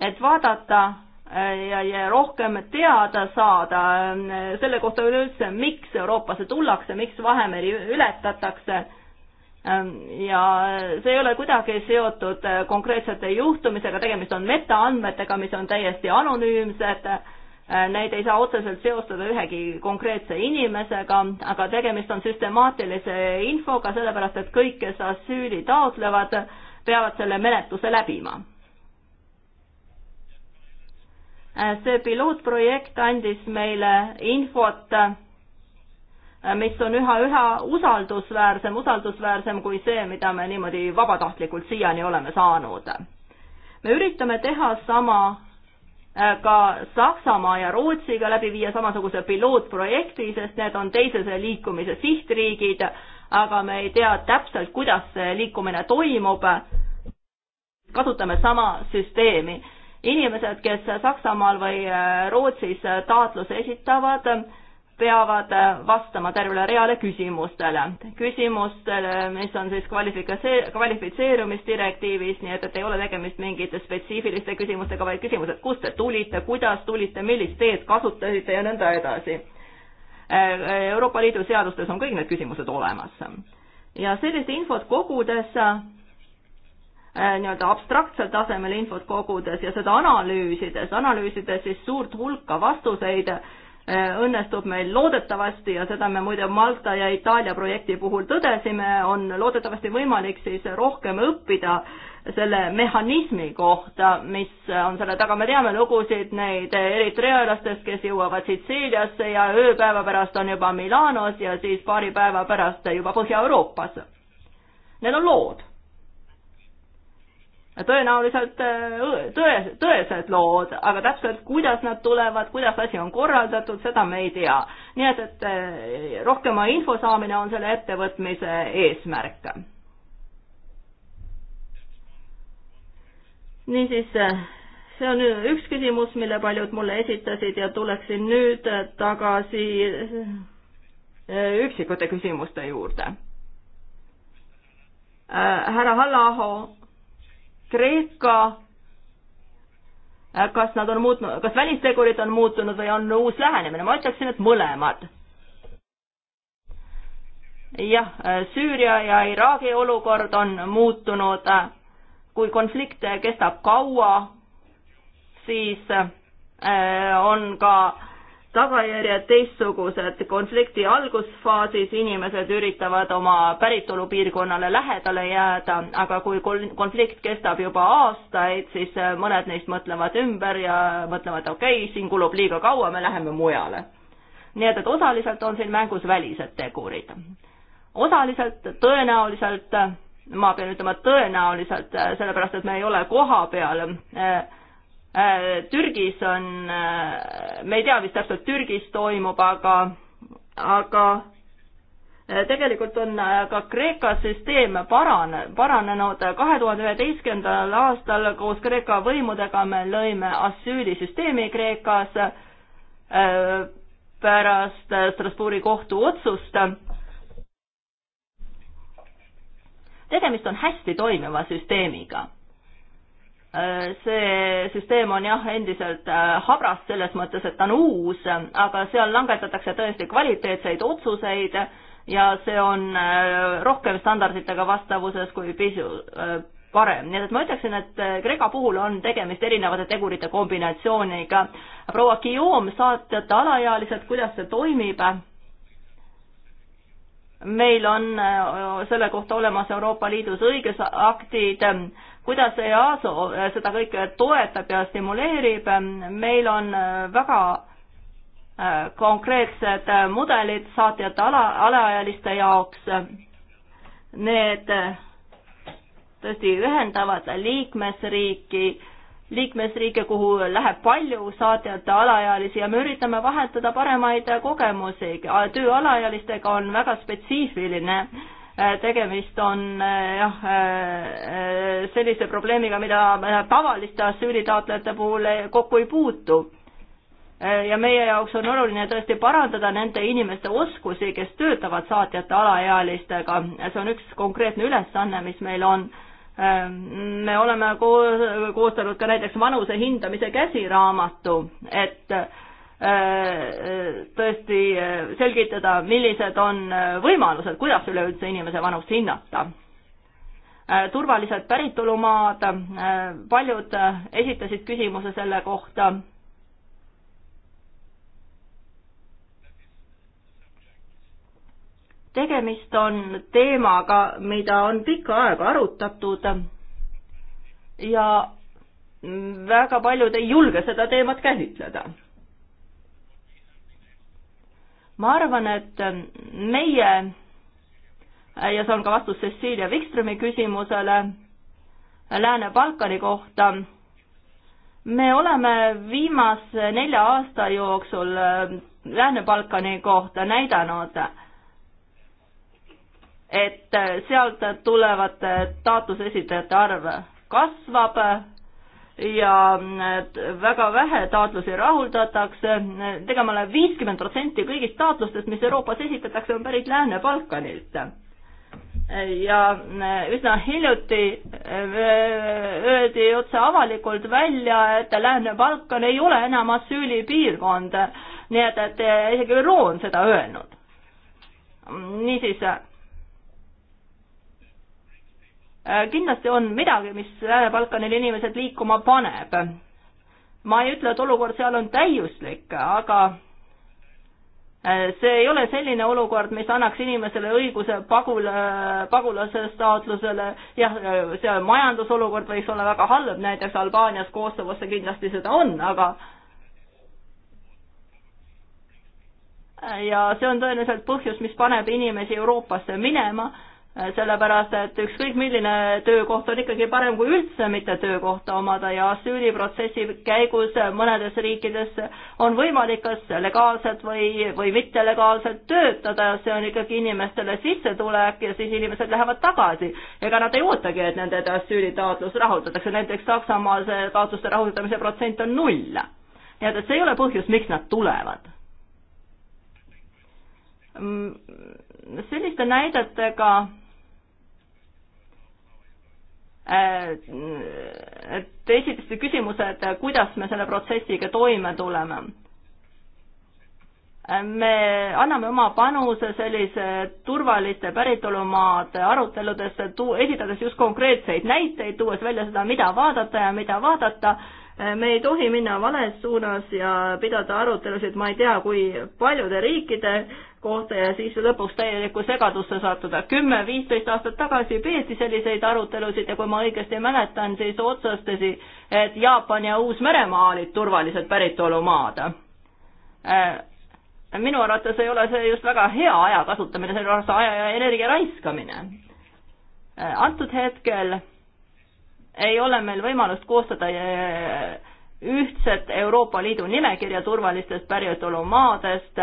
et vaadata äh, ja, ja rohkem teada saada äh, selle kohta üleüldse, miks Euroopasse tullakse, miks Vahemeri ületatakse Ähm, ja see ei ole kuidagi seotud äh, konkreetsete juhtumisega, tegemist on metaandmetega, mis on täiesti anonüümsed, äh, neid ei saa otseselt seostada ühegi konkreetse inimesega, aga tegemist on süstemaatilise infoga, sellepärast et kõik, kes asüüli taotlevad, peavad selle menetluse läbima. Äh, see pilootprojekt andis meile infot Äh, mis on üha, üha usaldusväärsem, usaldusväärsem kui see, mida me niimoodi vabatahtlikult siiani oleme saanud. me üritame teha sama äh, ka Saksamaa ja Rootsiga läbi viia samasuguse pilootprojekti, sest need on teisese liikumise sihtriigid, aga me ei tea täpselt, kuidas see liikumine toimub. kasutame sama süsteemi. inimesed, kes Saksamaal või äh, Rootsis taotluse esitavad, peavad äh, vastama tervele reale küsimustele. küsimustele, mis on siis kvalifikatse-, kvalifitseerumisdirektiivis, nii et, et ei ole tegemist mingite spetsiifiliste küsimustega, vaid küsimused, kust te tulite, kuidas tulite, millist teed kasutasite ja nõnda edasi. Äh, Euroopa Liidu seadustes on kõik need küsimused olemas. ja sellist infot kogudes äh, nii-öelda abstraktsel tasemel infot kogudes ja seda analüüsides, analüüsides siis suurt hulka vastuseid, Äh, õnnestub meil loodetavasti ja seda me muide Malta ja Itaalia projekti puhul tõdesime, on loodetavasti võimalik siis rohkem õppida selle mehhanismi kohta, mis on selle taga, me teame lugusid neid eritrealastest, kes jõuavad Sitsiiliasse ja ööpäeva pärast on juba Milanos ja siis paari päeva pärast juba Põhja-Euroopas. Need on lood tõenäoliselt äh, tõe, tõesed lood, aga täpselt, kuidas nad tulevad, kuidas asi on korraldatud, seda me ei tea. nii et, et äh, rohkema info saamine on selle ettevõtmise eesmärk. niisiis, äh, see on üks küsimus, mille paljud mulle esitasid ja tuleksin nüüd tagasi üksikute küsimuste juurde. härra Hallaho Kreeka, äh, kas nad on muutnud, kas välistegurid on muutunud või on uus lähenemine, ma ütleksin, et mõlemad. jah, äh, Süüria ja Iraagi olukord on muutunud, kui konflikt äh, kestab kaua, siis on ka tagajärjed teistsugused. konflikti algusfaasis inimesed üritavad oma päritolupiirkonnale lähedale jääda, aga kui konflikt kestab juba aastaid, siis mõned neist mõtlevad ümber ja mõtlevad, okei okay,, siin kulub liiga kaua, me läheme mujale. nii et, et osaliselt on siin mängus välised tegurid. osaliselt, tõenäoliselt, ma pean ütlema tõenäoliselt, sellepärast et me ei ole koha peal äh, Äh, Türgis on, äh, me ei tea, mis täpselt Türgis toimub, aga, aga äh, tegelikult on ka Kreeka süsteem parane, paranenud. kahe tuhande üheteistkümnendal aastal koos Kreeka võimudega me lõime asüülisüsteemi Kreekas pärast Strasbourgi kohtu otsust. tegemist on hästi toimiva süsteemiga Äh, see süsteem on jah, endiselt äh, habras selles mõttes, et ta on uus, aga seal langetatakse tõesti kvaliteetseid otsuseid ja see on äh, rohkem standarditega vastavuses kui pisu-, parem, nii et ma ütleksin, et Kreeka puhul on tegemist erinevate tegurite kombinatsiooniga. proua Guillaume, saatjate alaealised, kuidas see toimib? meil on selle kohta olemas Euroopa Liidus õigusaktid kuidas EASO äh, seda kõike toetab ja stimuleerib, meil on äh, väga äh, konkreetsed mudelid saatjate ala, alaealiste jaoks. Need tõesti ühendavad liikmesriiki, liikmesriike, kuhu läheb palju saatjate alaealisi ja me üritame vahetada paremaid kogemusi. töö alaealistega on väga spetsiifiline Äh, tegemist on äh, jah, äh, sellise probleemiga, mida tavaliste asüülitaotlejate puhul kokku ei puutu. ja meie jaoks on oluline tõesti parandada nende inimeste oskusi, kes töötavad saatjate alaealistega, see on üks konkreetne ülesanne, mis meil on ähm, me oleme koos, koostanud ka näiteks vanuse hindamise käsiraamatu, et äh, tõesti äh, selgitada, millised on äh, võimalused, kuidas üleüldse inimese vanust hinnata. Äh, turvalised päritolumaad, paljud esitasid küsimuse selle kohta. tegemist on teemaga, mida on pikka aega arutatud ja väga paljud ei julge seda teemat käsitleda ma arvan, et ähm, meie äh, ja see on ka vastus Cecilia Wikströmi küsimusele äh, Lääne-Balkani kohta, me oleme viimase nelja aasta jooksul ähm, Lääne-Balkani kohta näidanud, et äh, sealt tulevate taotluse esitajate arv kasvab ja väga vähe taotlusi rahuldatakse, ligemale viiskümmend protsenti kõigist taotlustest, mis Euroopas esitatakse, on pärit Lääne-Balkanilt. ja üsna hiljuti äh, öeldi otse avalikult välja, et Lääne-Balkan ei ole enam asüülipiirkond, nii et, et isegi ÜRO on seda öelnud. niisiis Äh, kindlasti on midagi, mis Lääne-Balkanil inimesed liikuma paneb. ma ei ütle, et olukord seal on täiuslik, aga äh, see ei ole selline olukord, mis annaks inimesele õiguse pagul-, pagulase staatusele, jah, äh, see majandusolukord võiks olla väga halb, näiteks Albaanias, Kosovos see kindlasti seda on, aga ja see on tõenäoliselt põhjus, mis paneb inimesi Euroopasse minema Äh, sellepärast et ükskõik milline töökoht on ikkagi parem kui üldse mitte töökohta omada ja asüüliprotsessi käigus mõnedes riikides on võimalik kas legaalselt või, või mittelegaalselt töötada ja see on ikkagi inimestele sissetulek ja siis inimesed lähevad tagasi. ega nad ei ootagi, et nende asüülitaotlus rahuldatakse, näiteks Saksamaal see taotluste rahuldamise protsent on null. nii et, et see ei ole põhjus, miks nad tulevad mm, selliste näidetega Äh, te esitasite küsimuse, et kuidas me selle protsessiga toime tuleme. Äh, me anname oma panuse sellise turvaliste päritolumaade aruteludesse, esitades just konkreetseid näiteid, tuues välja seda, mida vaadata ja mida vaadata äh, me ei tohi minna vales suunas ja pidada arutelusid, ma ei tea, kui paljude riikide kohta ja siis lõpuks täielikku segadusse sattuda. kümme, viisteist aastat tagasi peeti selliseid arutelusid ja kui ma õigesti mäletan, siis otsustati, et Jaapan ja Uus-Meremaa olid turvalised päritolumaad. Äh, minu arvates ei ole see just väga hea aja kasutamine, see on lausa aja ja energia raiskamine. Äh, antud hetkel ei ole meil võimalust koostada äh, ühtset Euroopa Liidu nimekirja turvalistest päritolumaadest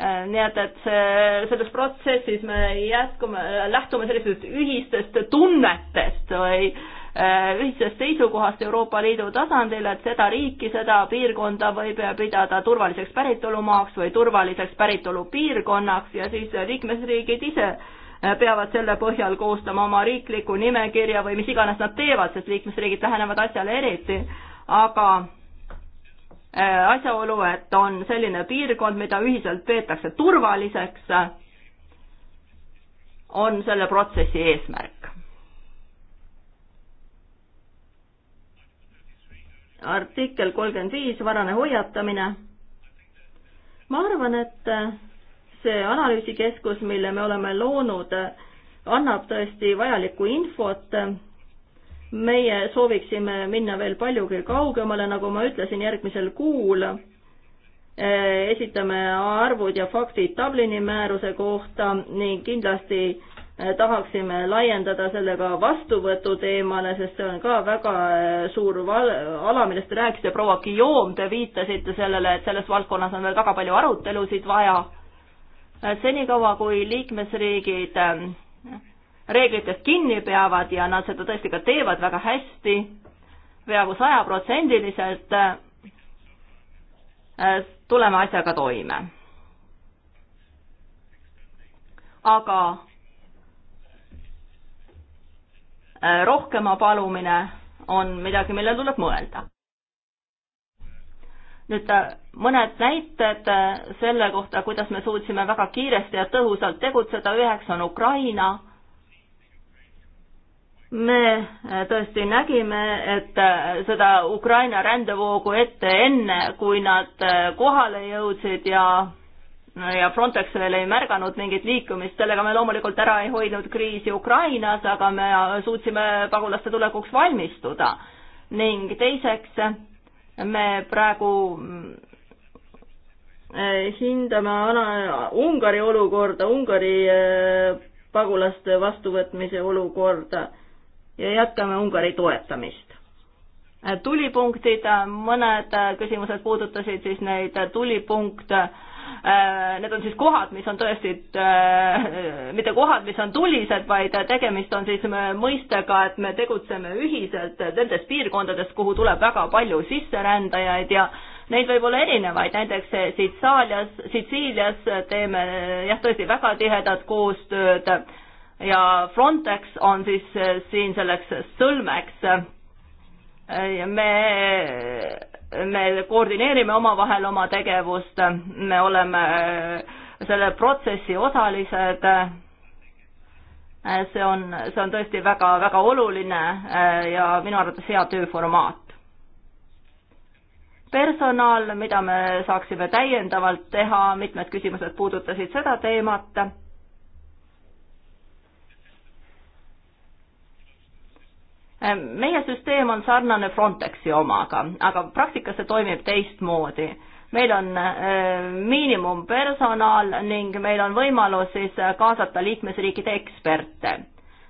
Äh, nii et, et see, selles protsessis me jätkume, äh, lähtume sellistest ühistest tunnetest või äh, ühisest seisukohast Euroopa Liidu tasandil, et seda riiki, seda piirkonda võib pidada turvaliseks päritolumaaks või turvaliseks päritolupiirkonnaks ja siis liikmesriigid ise peavad selle põhjal koostama oma riikliku nimekirja või mis iganes nad teevad, sest liikmesriigid lähenevad asjale eriti, aga Äh, asjaolu, et on selline piirkond, mida ühiselt peetakse turvaliseks, on selle protsessi eesmärk. artikkel kolmkümmend viis, varane hoiatamine. ma arvan, et see analüüsikeskus, mille me oleme loonud, annab tõesti vajalikku infot meie sooviksime minna veel paljugi kaugemale, nagu ma ütlesin, järgmisel kuul eh, esitame arvud ja faktid Dublini määruse kohta ning kindlasti eh, tahaksime laiendada selle ka vastuvõtu teemale, sest see on ka väga eh, suur ala, millest te rääkisite, proua Guillaume, te viitasite sellele, et selles valdkonnas on veel väga palju arutelusid vaja. senikaua, kui liikmesriigid reeglitest kinni peavad ja nad seda tõesti ka teevad väga hästi, peaaegu sajaprotsendiliselt äh, tuleme asjaga toime. aga äh, rohkema palumine on midagi, millele tuleb mõelda. nüüd äh, mõned näited selle kohta, kuidas me suutsime väga kiiresti ja tõhusalt tegutseda, üheks on Ukraina me äh, tõesti nägime, et äh, seda Ukraina rändevoogu ette enne, kui nad äh, kohale jõudsid ja ja Frontex veel ei märganud mingit liikumist, sellega me loomulikult ära ei hoidnud kriisi Ukrainas, aga me suutsime pagulaste tulekuks valmistuda. ning teiseks, me praegu mm, hindame ana-, Ungari olukorda, Ungari pagulaste vastuvõtmise olukorda ja jätkame Ungari toetamist. tulipunktid, mõned küsimused puudutasid siis neid tulipunkte äh, need on siis kohad, mis on tõesti, äh, mitte kohad, mis on tulised, vaid tegemist on siis mõistega, et me tegutseme ühiselt nendes piirkondades, kuhu tuleb väga palju sisserändajaid ja neid võib olla erinevaid, näiteks Sitsiilias, Sitsiilias teeme jah, tõesti väga tihedat koostööd ja Frontex on siis eh, siin selleks sõlmeks. Eh, me, me koordineerime omavahel oma tegevust, me oleme eh, selle protsessi osalised. see on, see on tõesti väga-väga oluline ja minu arvates hea tööformaat personal, mida me saaksime täiendavalt teha, mitmed küsimused puudutasid seda teemat Äh, meie süsteem on sarnane Frontexi omaga, aga praktikas see toimib teistmoodi. meil on äh, miinimumpersonal ning meil on võimalus siis äh, kaasata liikmesriikide eksperte.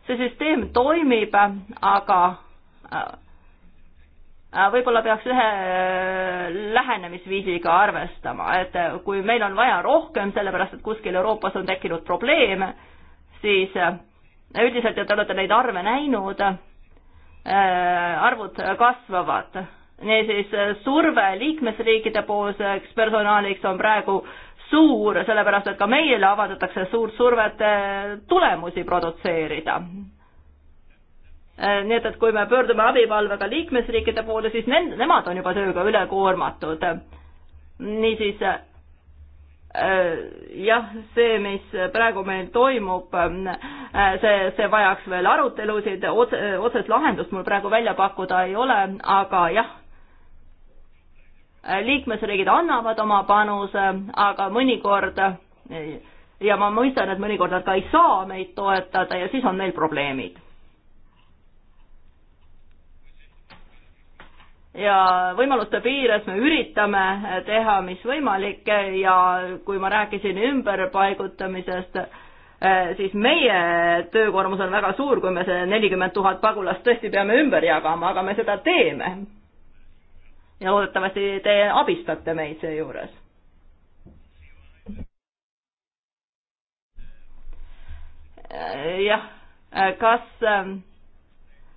see süsteem toimib, aga võib-olla peaks ühe lähenemisviisiga arvestama, et kui meil on vaja rohkem, sellepärast et kuskil Euroopas on tekkinud probleeme, siis üldiselt ju te olete neid arve näinud Äh, arvud kasvavad. niisiis äh, surve liikmesriikide poolseks personaliks on praegu suur, sellepärast et ka meile avaldatakse suurt survet äh, tulemusi produtseerida. nii et, et kui me pöördume abipalvega liikmesriikide poole, siis nend-, nemad on juba tööga üle koormatud. niisiis Äh, jah, see, mis praegu meil toimub, äh, see, see vajaks veel arutelusid, otse, otsest lahendust mul praegu välja pakkuda ei ole, aga jah, äh, liikmesriigid annavad oma panuse, aga mõnikord ja ma mõistan, et mõnikord nad ka ei saa meid toetada ja siis on meil probleemid ja võimaluste piires me üritame teha, mis võimalik ja kui ma rääkisin ümberpaigutamisest, eh, siis meie töökoormus on väga suur, kui me see nelikümmend tuhat pagulast tõesti peame ümber jagama, aga me seda teeme. ja loodetavasti te abistate meid seejuures. Eh, jah, kas eh,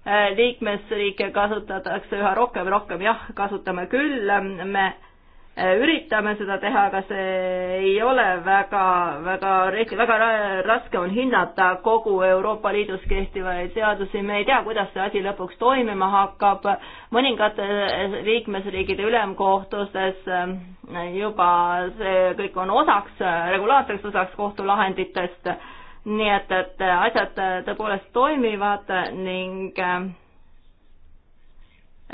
Äh, liikmesriike kasutatakse üha rohkem, rohkem jah, kasutame küll, me äh, üritame seda teha, aga see ei ole väga, väga, väga raske on hinnata kogu Euroopa Liidus kehtivaid seadusi, me ei tea, kuidas see asi lõpuks toimima hakkab, mõningate äh, liikmesriigide ülemkohtustes juba see kõik on osaks, regulaarseks osaks kohtulahenditest nii et, et asjad äh, tõepoolest toimivad ning äh,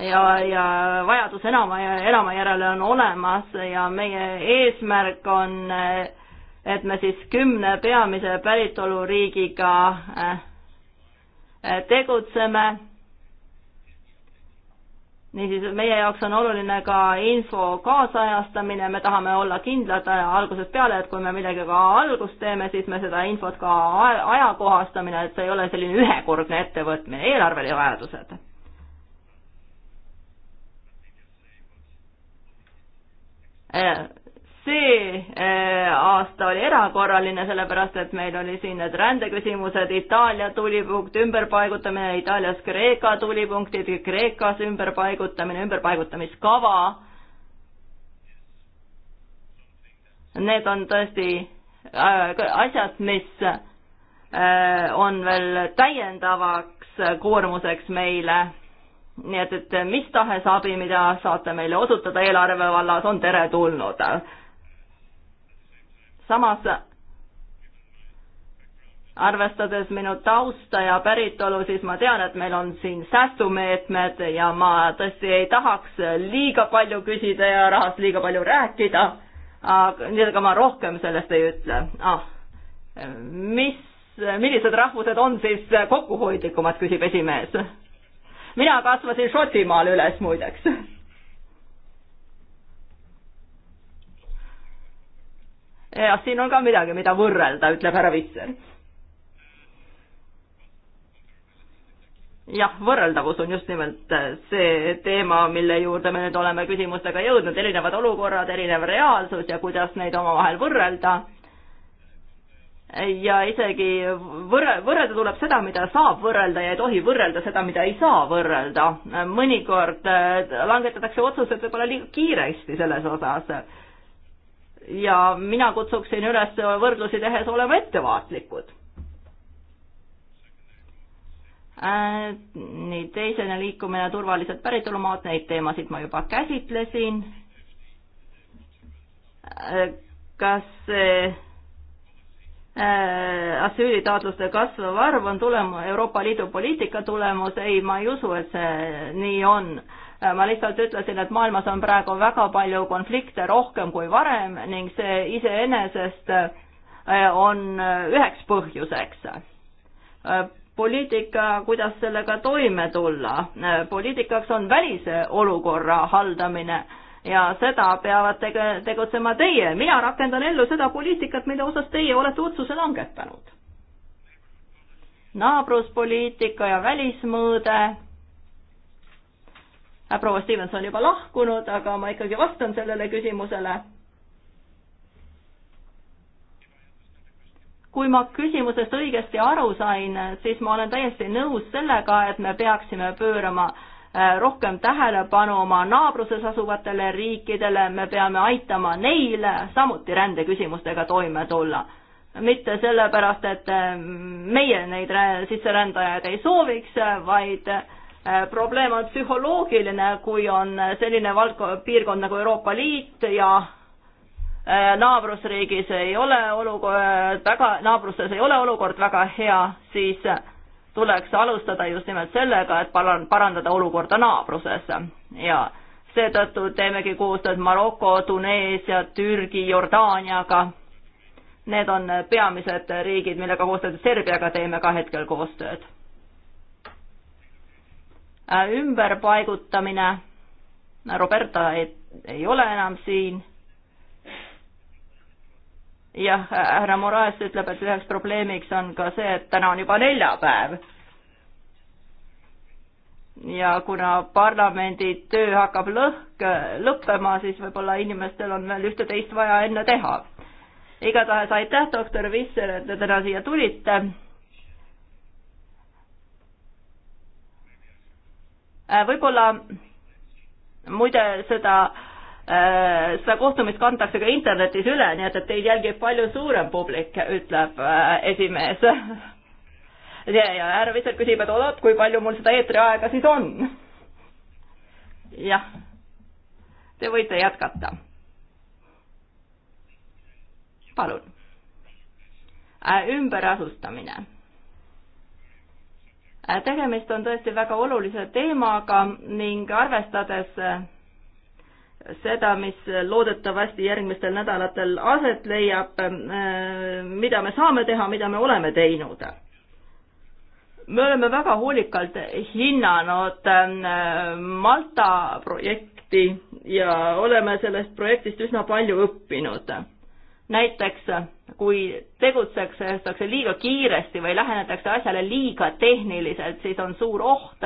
ja, ja vajadus elama, elama järele on olemas ja meie eesmärk on, äh, et me siis kümne peamise päritoluriigiga tegutseme niisiis, meie jaoks on oluline ka info kaasajastamine, me tahame olla kindlad algusest peale, et kui me millegagi algust teeme, siis me seda infot ka ajakohastamine, et see ei ole selline ühekordne ettevõtmine, eelarvel ja vajadused. Yeah see äh, aasta oli erakorraline, sellepärast et meil oli siin need rändeküsimused, Itaalia tulipunkt, ümberpaigutamine, Itaalias Kreeka tulipunktid, Kreekas ümberpaigutamine, ümberpaigutamiskava. Need on tõesti äh, asjad, mis äh, on veel täiendavaks koormuseks meile nii et, et mis tahes abi, mida saate meile osutada eelarve vallas, on teretulnud samas arvestades minu tausta ja päritolu, siis ma tean, et meil on siin säästumeetmed ja ma tõesti ei tahaks liiga palju küsida ja rahast liiga palju rääkida, nii et ega ma rohkem sellest ei ütle ah,. mis, millised rahvused on siis kokkuhoidlikumad, küsib esimees. mina kasvasin Šotimaal üles muideks jah, siin on ka midagi, mida võrrelda, ütleb härra Vitser. jah, võrreldavus on just nimelt äh, see teema, mille juurde me nüüd oleme küsimustega jõudnud, erinevad olukorrad, erinev reaalsus ja kuidas neid omavahel võrrelda ja isegi võrre-, võrrelda tuleb seda, mida saab võrrelda ja ei tohi võrrelda seda, mida ei saa võrrelda. mõnikord äh, langetatakse otsused võib-olla liiga kiiresti selles osas ja mina kutsuksin üles võrdlusi tehes olema ettevaatlikud. Äh, nii, teisene liikumine, turvalised päritolumaad, neid teemasid ma juba käsitlesin. Äh, kas see äh, asüülitaotluste kasvav arv on tulema Euroopa Liidu poliitika tulemus, ei, ma ei usu, et see nii on Äh, ma lihtsalt ütlesin, et maailmas on praegu väga palju konflikte rohkem kui varem ning see iseenesest äh, on äh, üheks põhjuseks. poliitika, kuidas sellega toime tulla, poliitikaks on välise olukorra haldamine ja seda peavad tege-, tegutsema teie, mina rakendan ellu seda poliitikat, mille osas teie olete otsuse langetanud. naabruspoliitika ja välismõõde Äh, proua Stevenson juba lahkunud, aga ma ikkagi vastan sellele küsimusele. kui ma küsimusest õigesti aru sain, siis ma olen täiesti nõus sellega, et me peaksime pöörama äh, rohkem tähelepanu oma naabruses asuvatele riikidele, me peame aitama neile samuti rändeküsimustega toime tulla. mitte sellepärast, et äh, meie neid sisserändajaid ei sooviks, vaid äh, Äh, probleem on psühholoogiline, kui on selline valdko-, piirkond nagu Euroopa Liit ja äh, naabrusriigis ei ole olukord äh, väga, naabruses ei ole olukord väga hea, siis tuleks alustada just nimelt sellega, et parandada olukorda naabruses ja seetõttu teemegi koostööd Maroko, Tuneesia, Türgi, Jordaaniaga. Need on peamised riigid, millega koostööd Serbiaga teeme ka hetkel koostööd Äh, ümberpaigutamine. Roberta ei, ei ole enam siin. jah, härra Moraes ütleb, et üheks probleemiks on ka see, et täna on juba neljapäev. ja kuna parlamendi töö hakkab lõhk, lõppema, siis võib-olla inimestel on veel ühte-teist vaja enne teha. igatahes aitäh, doktor Visser, et te täna siia tulite Äh, võib-olla muide seda, äh, seda kohtumist kantakse ka internetis üle, nii et, et teid jälgib palju suurem publik, ütleb äh, esimees. ja, ja härra Vitsel küsib, et oot, kui palju mul seda eetriaega siis on? jah, te võite jätkata. palun. ümberasustamine Äh, tegemist on tõesti väga olulise teemaga ning arvestades äh, seda, mis loodetavasti järgmistel nädalatel aset leiab, äh, mida me saame teha, mida me oleme teinud. me oleme väga hoolikalt hinnanud Malta projekti ja oleme sellest projektist üsna palju õppinud näiteks kui tegutsetakse liiga kiiresti või lähenetakse asjale liiga tehniliselt, siis on suur oht,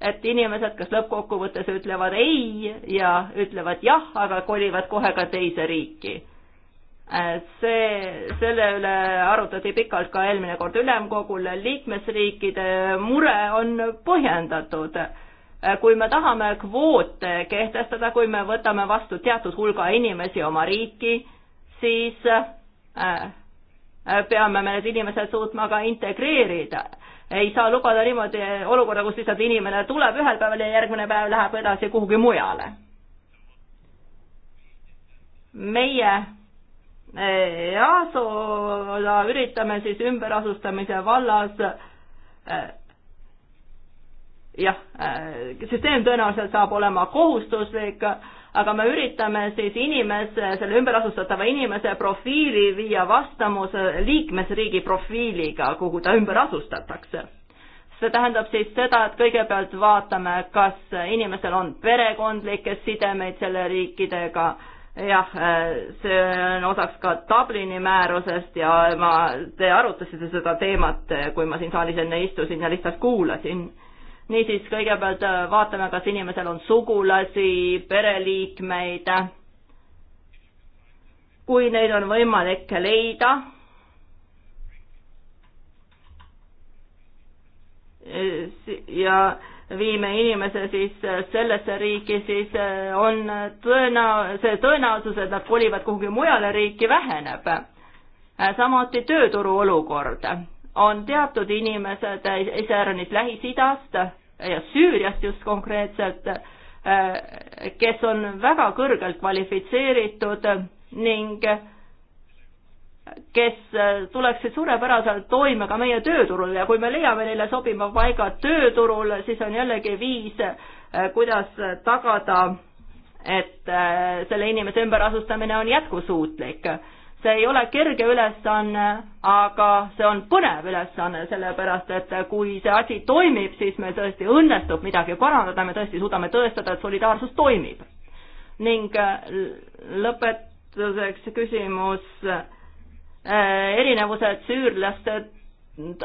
et inimesed, kes lõppkokkuvõttes ütlevad ei ja ütlevad jah, aga kolivad kohe ka teise riiki. see, selle üle arutati pikalt ka eelmine kord ülemkogul, liikmesriikide mure on põhjendatud kui me tahame kvoote kehtestada, kui me võtame vastu teatud hulga inimesi oma riiki, siis äh, äh, peame me need inimesed suutma ka integreerida. ei saa lubada niimoodi olukorda, kus lihtsalt inimene tuleb ühel päeval ja järgmine päev läheb edasi kuhugi mujale. meie EASO-na äh, üritame siis ümberasustamise vallas jah, süsteem tõenäoliselt saab olema kohustuslik, aga me üritame siis inimese, selle ümberasustatava inimese profiili viia vastamuse liikmesriigi profiiliga, kuhu ta ümber asustatakse. see tähendab siis seda, et kõigepealt vaatame, kas inimesel on perekondlikke sidemeid selle riikidega, jah, see on osaks ka Dublini määrusest ja ma, te arutasite seda teemat, kui ma siin saalis enne istusin ja lihtsalt kuulasin niisiis, kõigepealt äh, vaatame, kas inimesel on sugulasi, pereliikmeid. kui neid on võimalik leida, äh, ja viime inimese siis äh, sellesse riiki, siis on tõenäo-, see tõenäosus, et nad kolivad kuhugi mujale riiki, väheneb. samuti tööturu olukord on teatud inimesed iseäranis Lähis-Idast ja Süüriast just konkreetselt, eh, kes on väga kõrgelt kvalifitseeritud ning kes tuleksid suurepäraselt toime ka meie tööturul ja kui me leiame neile sobiva paiga tööturul, siis on jällegi viis, eh, kuidas tagada, et eh, selle inimese ümberasustamine on jätkusuutlik see ei ole kerge ülesanne, aga see on põnev ülesanne, sellepärast et kui see asi toimib, siis meil tõesti õnnestub midagi parandada, me tõesti suudame tõestada, et solidaarsus toimib. ning äh, lõpetuseks küsimus, äh, erinevused süürlaste,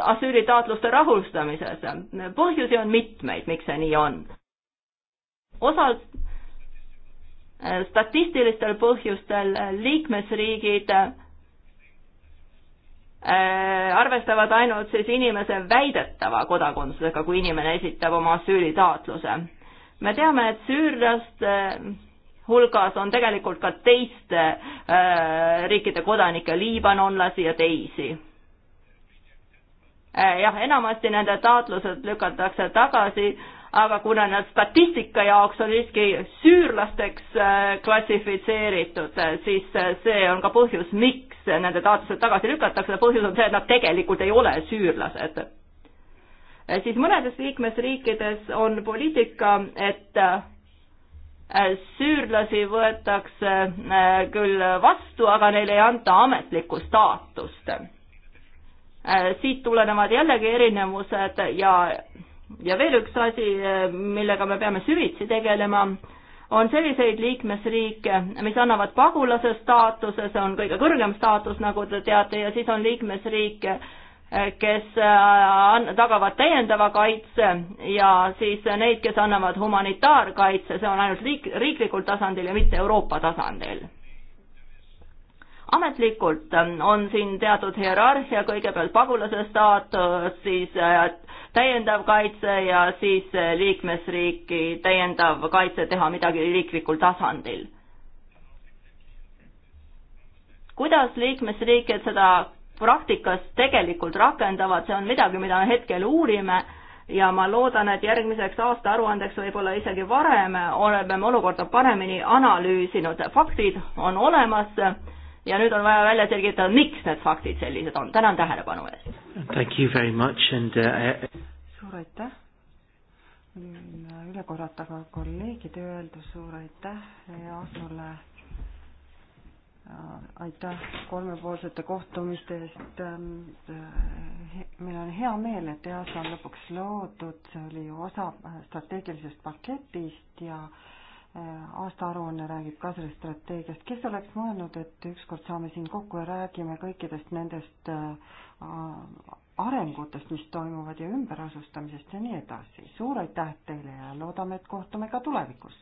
asüülitaotluste rahustamises. põhjusi on mitmeid, miks see nii on. osalt Äh, statistilistel põhjustel äh, liikmesriigid äh, arvestavad ainult siis inimese väidetava kodakondsusega, kui inimene esitab oma asüülitaotluse. me teame, et süürlaste hulgas on tegelikult ka teiste riikide kodanikke, liibanonlasi ja teisi. jah, enamasti nende taotlused lükatakse tagasi aga kuna nad statistika jaoks on siiski süürlasteks äh, klassifitseeritud, äh, siis äh, see on ka põhjus, miks nende taotlused tagasi lükatakse, põhjus on see, et nad tegelikult ei ole süürlased. siis mõnedes liikmesriikides on poliitika, et süürlasi võetakse küll vastu, aga neile ei anta ametlikku staatust. siit tulenevad jällegi erinevused ja ja veel üks asi, eh, millega me peame süvitsi tegelema, on selliseid liikmesriike, mis annavad pagulase staatuse, see on kõige kõrgem staatus, nagu te teate, ja siis on liikmesriike, eh, kes eh, tagavad täiendava kaitse ja siis neid, kes annavad humanitaarkaitse, see on ainult riik, riiklikul tasandil ja mitte Euroopa tasandil. ametlikult on siin teatud hierarhia, kõigepealt pagulase staatus, siis täiendav kaitse ja siis eh, liikmesriiki täiendav kaitse teha midagi riiklikul tasandil. kuidas liikmesriigid seda praktikas tegelikult rakendavad, see on midagi, mida me hetkel uurime ja ma loodan, et järgmiseks aastaaruandeks, võib-olla isegi varem, oleme olukorda paremini analüüsinud, faktid on olemas ja nüüd on vaja välja selgitada, miks need faktid sellised on. tänan tähelepanu eest. Thank you very much and uh, suur aitäh. Äh, üle korrata ka kolleegide öeldu, suur aitäh Aasule. Äh, aitäh kolmepoolsete kohtumiste eest. Ähm, äh, meil on hea meel, et EASA on lõpuks loodud, see oli ju osa strateegilisest paketist ja äh, Äh, aastaaruanne räägib ka sellest strateegiast. kes oleks mõelnud, et ükskord saame siin kokku ja räägime kõikidest nendest äh, arengutest, mis toimuvad ja ümberasustamisest ja nii edasi. suur aitäh teile ja loodame, et kohtume ka tulevikus.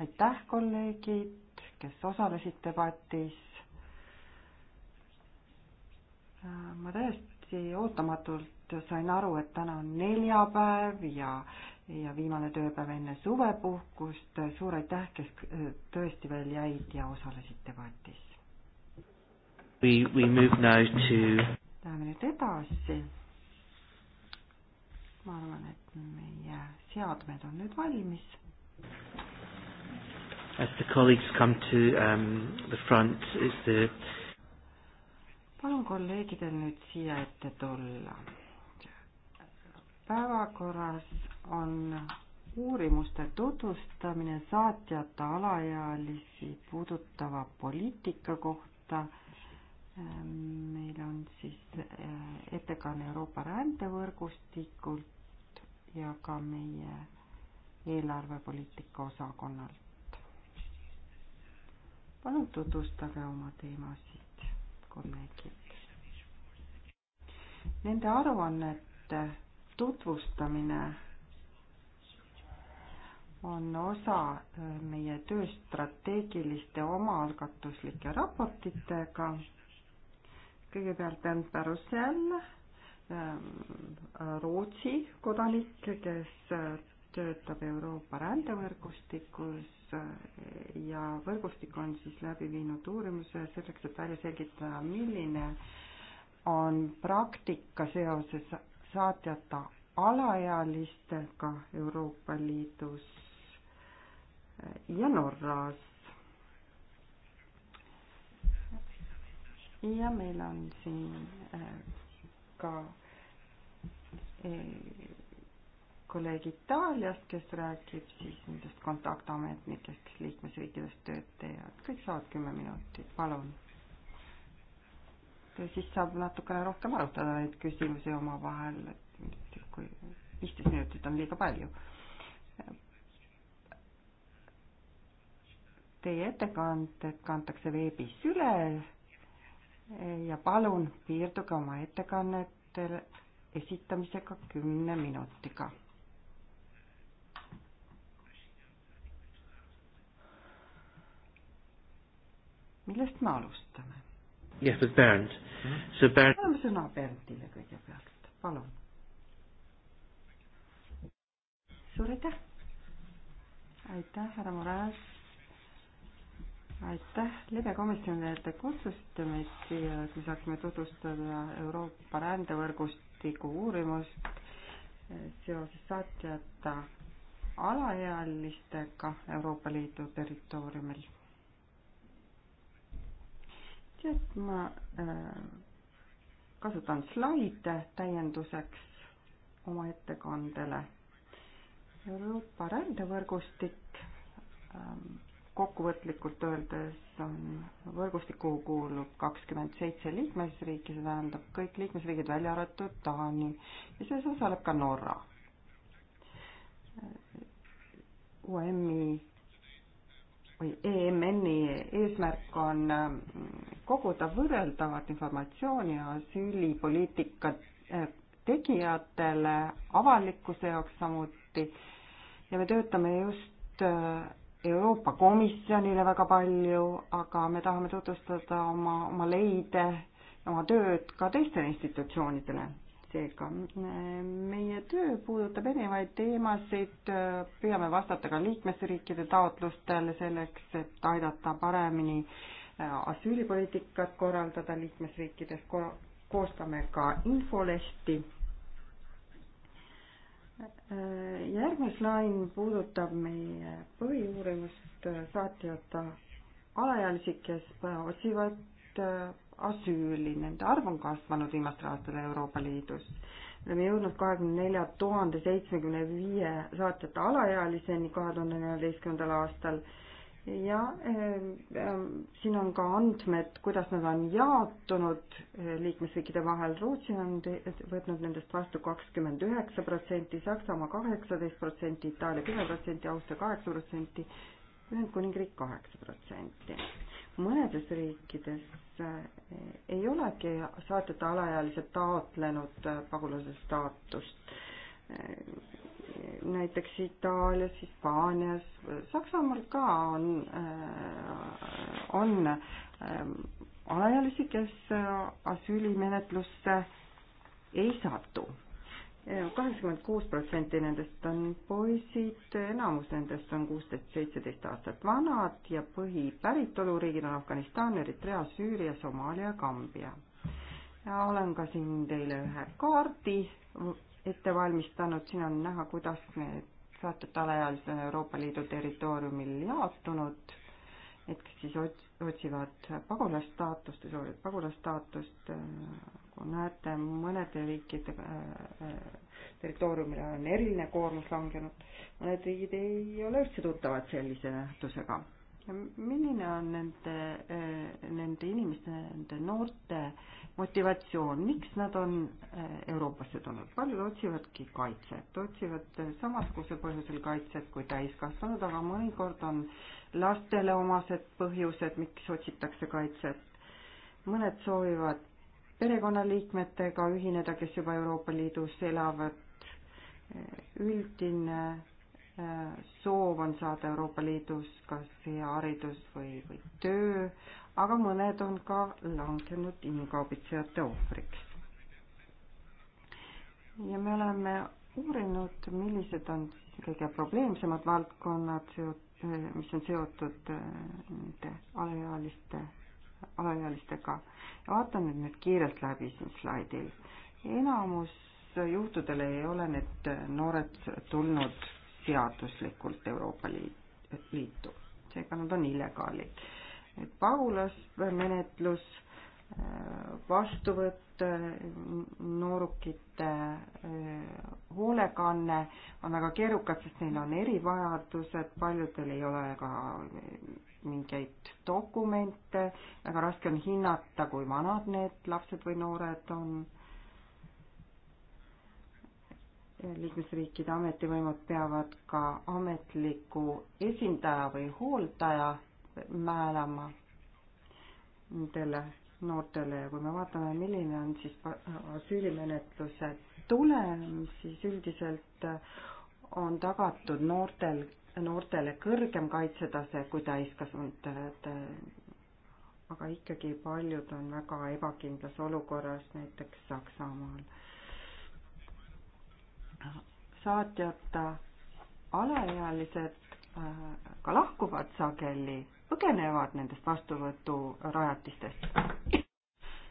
aitäh, kolleegid, kes osalesid debatis. Äh, ma täiesti ootamatult sain aru, et täna on neljapäev ja äh, ja viimane tööpäev enne suvepuhkust. suur aitäh, kes äh, tõesti veel jäid ja osalesid debatis. We, we move now to Läheme nüüd edasi. ma arvan, et meie seadmed on nüüd valmis. As the colleagues come to um, the front is the palun kolleegidel nüüd siia ette tulla. päevakorras on uurimuste tutvustamine saatjata alaealisi puudutava poliitika kohta. meil on siis eh, ettekanne Euroopa rändevõrgustikult ja ka meie eelarvepoliitika osakonnalt. palun tutvustage oma teemasid, kolleegid. Nende aruannete tutvustamine on osa äh, meie tööst strateegiliste omaalgatuslike raportitega. kõigepealt Bernd Pärusel, ähm, Rootsi kodanik, kes äh, töötab Euroopa rändevõrgustikus äh, ja võrgustik on siis läbi viinud uurimuse selleks, et välja selgitada, milline on praktika seoses saatjata alaealistega Euroopa Liidus ja Norras. ja meil on siin äh, ka äh, kolleeg Itaaliast, kes räägib siis nendest kontaktametnikest, kes liikmesriikides tööd teevad, kõik saavad kümme minutit, palun. siis saab natukene rohkem arutada neid küsimusi omavahel, et kui viisteist minutit on liiga palju Teie ettekanded kantakse veebis üle ja palun piirduge oma ettekannete esitamisega kümne minutiga. millest me alustame? jah, see Bernd, see Bernd. anname sõna Berndile kõigepealt, palun. suur aitäh. aitäh, härra Moraes aitäh libekomisjonile, et te kutsusite meid siia, et me saaksime tutvustada Euroopa rändevõrgustiku uurimust seoses saatjata alaealistega Euroopa Liidu territooriumil. tead, ma äh, kasutan slaide täienduseks oma ettekandele. Euroopa rändevõrgustik ähm, kokkuvõtlikult öeldes on võrgustikku kuulub kakskümmend seitse liikmesriiki, see tähendab kõik liikmesriigid välja arvatud Taani ja selles osaleb ka Norra. UM-i e või EMN-i eesmärk on mm, koguda võrreldavat informatsiooni asüülipoliitika eh, tegijatele, avalikkuse jaoks samuti ja me töötame just eh, Euroopa Komisjonile väga palju, aga me tahame tutvustada oma, oma leide, oma tööd ka teistele institutsioonidele. seega meie töö puudutab erinevaid teemasid, püüame vastata ka liikmesriikide taotlustele selleks, et aidata paremini äh, asüülipoliitikat korraldada liikmesriikides, koostame ka infolehti järgmine slaid puudutab meie põhiuurimust saatjata alaealisi, kes otsivad äh, asüüli, nende arv on kasvanud viimastel aastatel Euroopa Liidus. me oleme jõudnud kahekümne nelja tuhande seitsmekümne viie saatjata alaealiseni kahe tuhande neljateistkümnendal aastal ja eh, eh, siin on ka andmed, kuidas nad on jaotunud eh, liikmesriikide vahel. Rootsi on võtnud nendest vastu kakskümmend üheksa protsenti, Saksamaa kaheksateist protsenti, Itaalia kümme protsenti, Austria kaheksa protsenti, Ühendkuningriik kaheksa protsenti. mõnedes riikides ei olegi saatjate alaealised taotlenud pagulase staatust näiteks Itaalias, Hispaanias, Saksamaal ka on, äh, on äh, alaealisi, kes äh, asüülimenetlusse ei satu. kaheksakümmend kuus protsenti nendest on poisid, enamus nendest on kuusteist, seitseteist aastat vanad ja põhipäritoluriigid on Afganistan, Eritrea, Süüria, Somaalia, Kambja. ja olen ka siin teile ühe kaardi ette valmistanud, siin on näha, kuidas need saatud alaealised on Euroopa Liidu territooriumil jaotunud, et kes siis otsivad pagulasstaatust või soovivad pagulasstaatust, kui nagu näete, mõnede riikide territooriumile on eriline koormus langenud, mõned riigid ei ole üldse tuttavad sellise nähtusega. milline on nende, nende inimeste, nende noorte äh, motivatsioon, miks nad on äh, Euroopasse tulnud, paljud otsivadki kaitset, otsivad äh, samasugusel põhjusel kaitset kui täiskasvanud, aga mõnikord on lastele omased põhjused, miks otsitakse kaitset. mõned soovivad perekonnaliikmetega ühineda, kes juba Euroopa Liidus elavad. Äh, üldine soov on saada Euroopa Liidus kas hea haridus või, või töö, aga mõned on ka langenud inimkaubitsejate ohvriks. ja me oleme uurinud, millised on kõige probleemsemad valdkonnad, mis on seotud äh, nende alaealiste, alaealistega. vaatan nüüd need kiirelt läbi siin slaidil. enamus juhtudel ei ole need noored tulnud seaduslikult Euroopa Liitu, seega nad on illegaalid. nüüd Paulas menetlus, äh, vastuvõtt, äh, noorukite äh, hoolekanne on väga keerukad, sest neil on erivajadused, paljudel ei ole ka mingeid dokumente, väga raske on hinnata, kui vanad need lapsed või noored on liikmesriikide ametivõimud peavad ka ametliku esindaja või hooldaja määrama nendele noortele ja kui me vaatame, milline on siis asüülimenetluse tulem, siis üldiselt on tagatud noortel, noortele kõrgem kaitsetase kui täiskasvanutele, et aga ikkagi paljud on väga ebakindlas olukorras, näiteks Saksamaal saatjata alaealised äh, ka lahkuvad sageli, põgenevad nendest vastuvõturajatistest.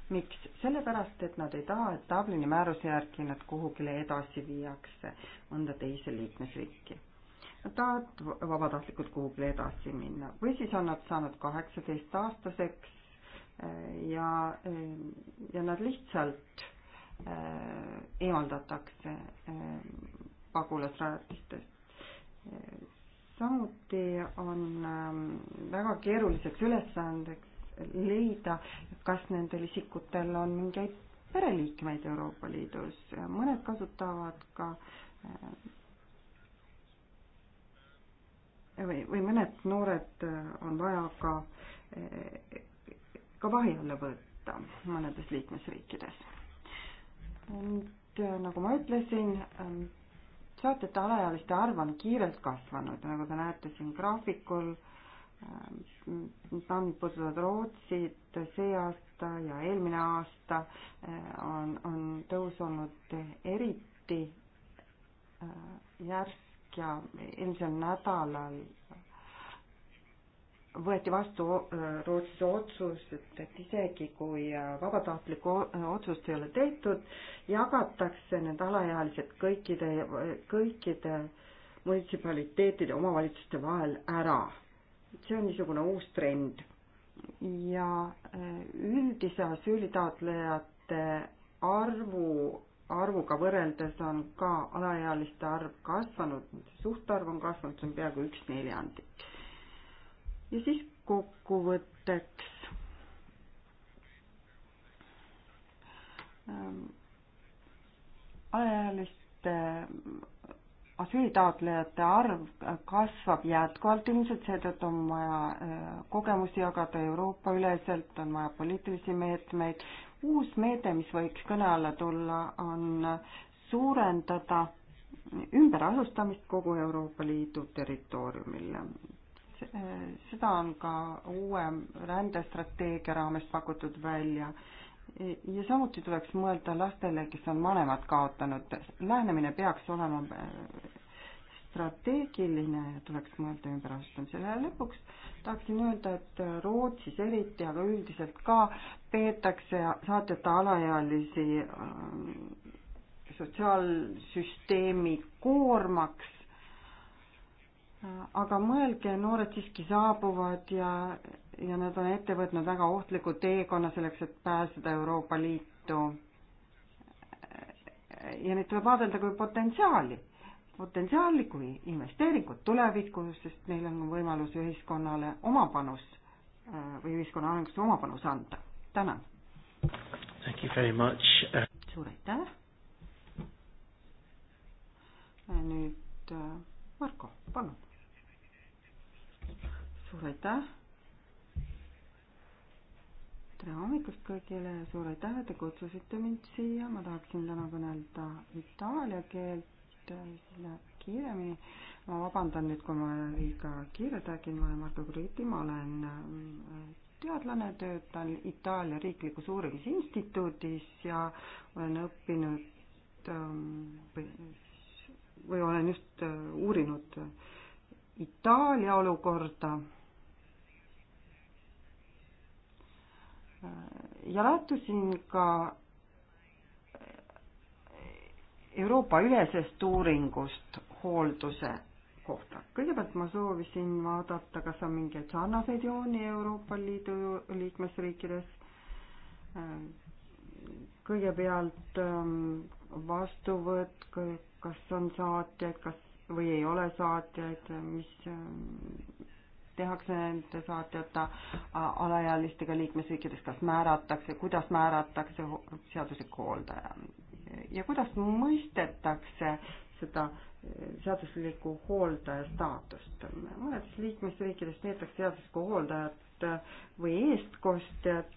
miks? sellepärast, et nad ei taha, et Dublini määruse järgi nad kuhugile edasi viiakse mõnda teise liikmesriiki. Nad tahavad vabatahtlikult kuhugile edasi minna või siis on nad saanud kaheksateist aastaseks äh, ja, ja nad lihtsalt Äh, eemaldatakse äh, pagulasrajatistest. samuti on ähm, väga keeruliseks ülesandeks leida, kas nendel isikutel on mingeid pereliikmeid Euroopa Liidus, mõned kasutavad ka äh, või, või mõned noored on vaja ka, ka vahi alla võtta mõnedes liikmesriikides nüüd äh, nagu ma ütlesin, ähm, saatjate alaealiste arv on kiirelt kasvanud, nagu te näete siin graafikul. andmed ähm, puudutavad Rootsit see aasta ja eelmine aasta äh, on, on tõus olnud eriti äh, järsk ja eelmisel nädalal võeti vastu äh, Rootsis otsus, et, et isegi kui äh, vabatahtlikku äh, otsust ei ole tehtud, jagatakse need alaealised kõikide, kõikide munitsipaliteetide, omavalitsuste vahel ära. see on niisugune uus trend ja üldise asüülitaotlejate arvu, arvuga võrreldes on ka alaealiste arv kasvanud, suhtarv on kasvanud, see on peaaegu üks neljandik ja siis kokkuvõtteks. Ähm, alaealiste äh, asüülitaotlejate arv kasvab jätkuvalt ilmselt, seetõttu on vaja äh, kogemusi jagada Euroopa üleselt, on vaja poliitilisi meetmeid. uus meede, mis võiks kõne alla tulla, on äh, suurendada ümberasustamist kogu Euroopa Liidu territooriumil seda on ka uue rändestrateegia raames pakutud välja. ja samuti tuleks mõelda lastele, kes on vanemad kaotanud. lähenemine peaks olema äh, strateegiline ja tuleks mõelda ümberasustamisele ja lõpuks tahaksin öelda, et Rootsis eriti, aga üldiselt ka peetakse saatjate alaealisi äh, sotsiaalsüsteemi koormaks aga mõelge, noored siiski saabuvad ja, ja nad on ette võtnud väga ohtliku teekonna selleks, et pääseda Euroopa Liitu. ja neid tuleb vaadelda kui potentsiaali, potentsiaali kui investeeringut tulevikku, sest neil on võimalus ühiskonnale oma panus või ühiskonna arengusse oma panus anda. tänan. suur aitäh. nüüd äh, Marko, palun suur aitäh. tere hommikust kõigile ja suur aitäh, et te kutsusite mind siia, ma tahaksin täna kõnelda itaalia keelt, äh, selle kiiremini. ma vabandan nüüd, kui ma liiga kiirelt räägin, ma olen Margo Grüüti, ma olen äh, teadlane, töötan Itaalia Riiklikus Uurimisinstituudis ja olen õppinud ähm, või, või olen just äh, uurinud Itaalia olukorda Äh, ja lähtusin ka Euroopa ülesest uuringust hoolduse kohta. kõigepealt ma soovisin vaadata, kas on mingeid sarnaseid jooni Euroopa Liidu liikmesriikides. Äh, kõigepealt ähm, vastuvõtt, kas on saatjaid, kas või ei ole saatjaid, mis ähm, tehakse nende saatjata äh, alaealistega liikmesriikides, kas määratakse, kuidas määratakse seaduslikku hooldaja ja kuidas mõistetakse seda äh, seadusliku hooldaja staatust. mõnedes liikmesriikides peetakse seaduslikku hooldajat äh, või eestkostjat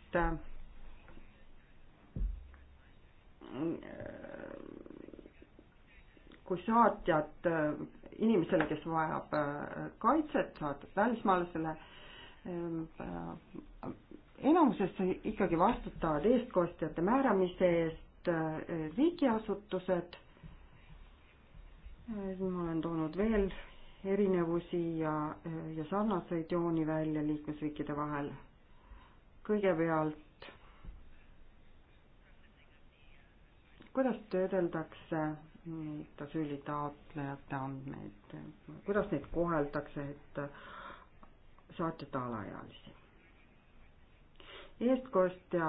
kui saatjat inimesele, kes vajab äh, kaitset, saadetud välismaalasele. Ähm, äh, enamuses ikkagi vastutavad eestkostjate määramise eest äh, riigiasutused. ma olen toonud veel erinevusi ja, ja sarnaseid jooni välja liikmesriikide vahel. kõigepealt, kuidas töödeldakse et asüülitaotlejate andmeid, kuidas neid koheldakse, et saatjate alaealisi. eestkostja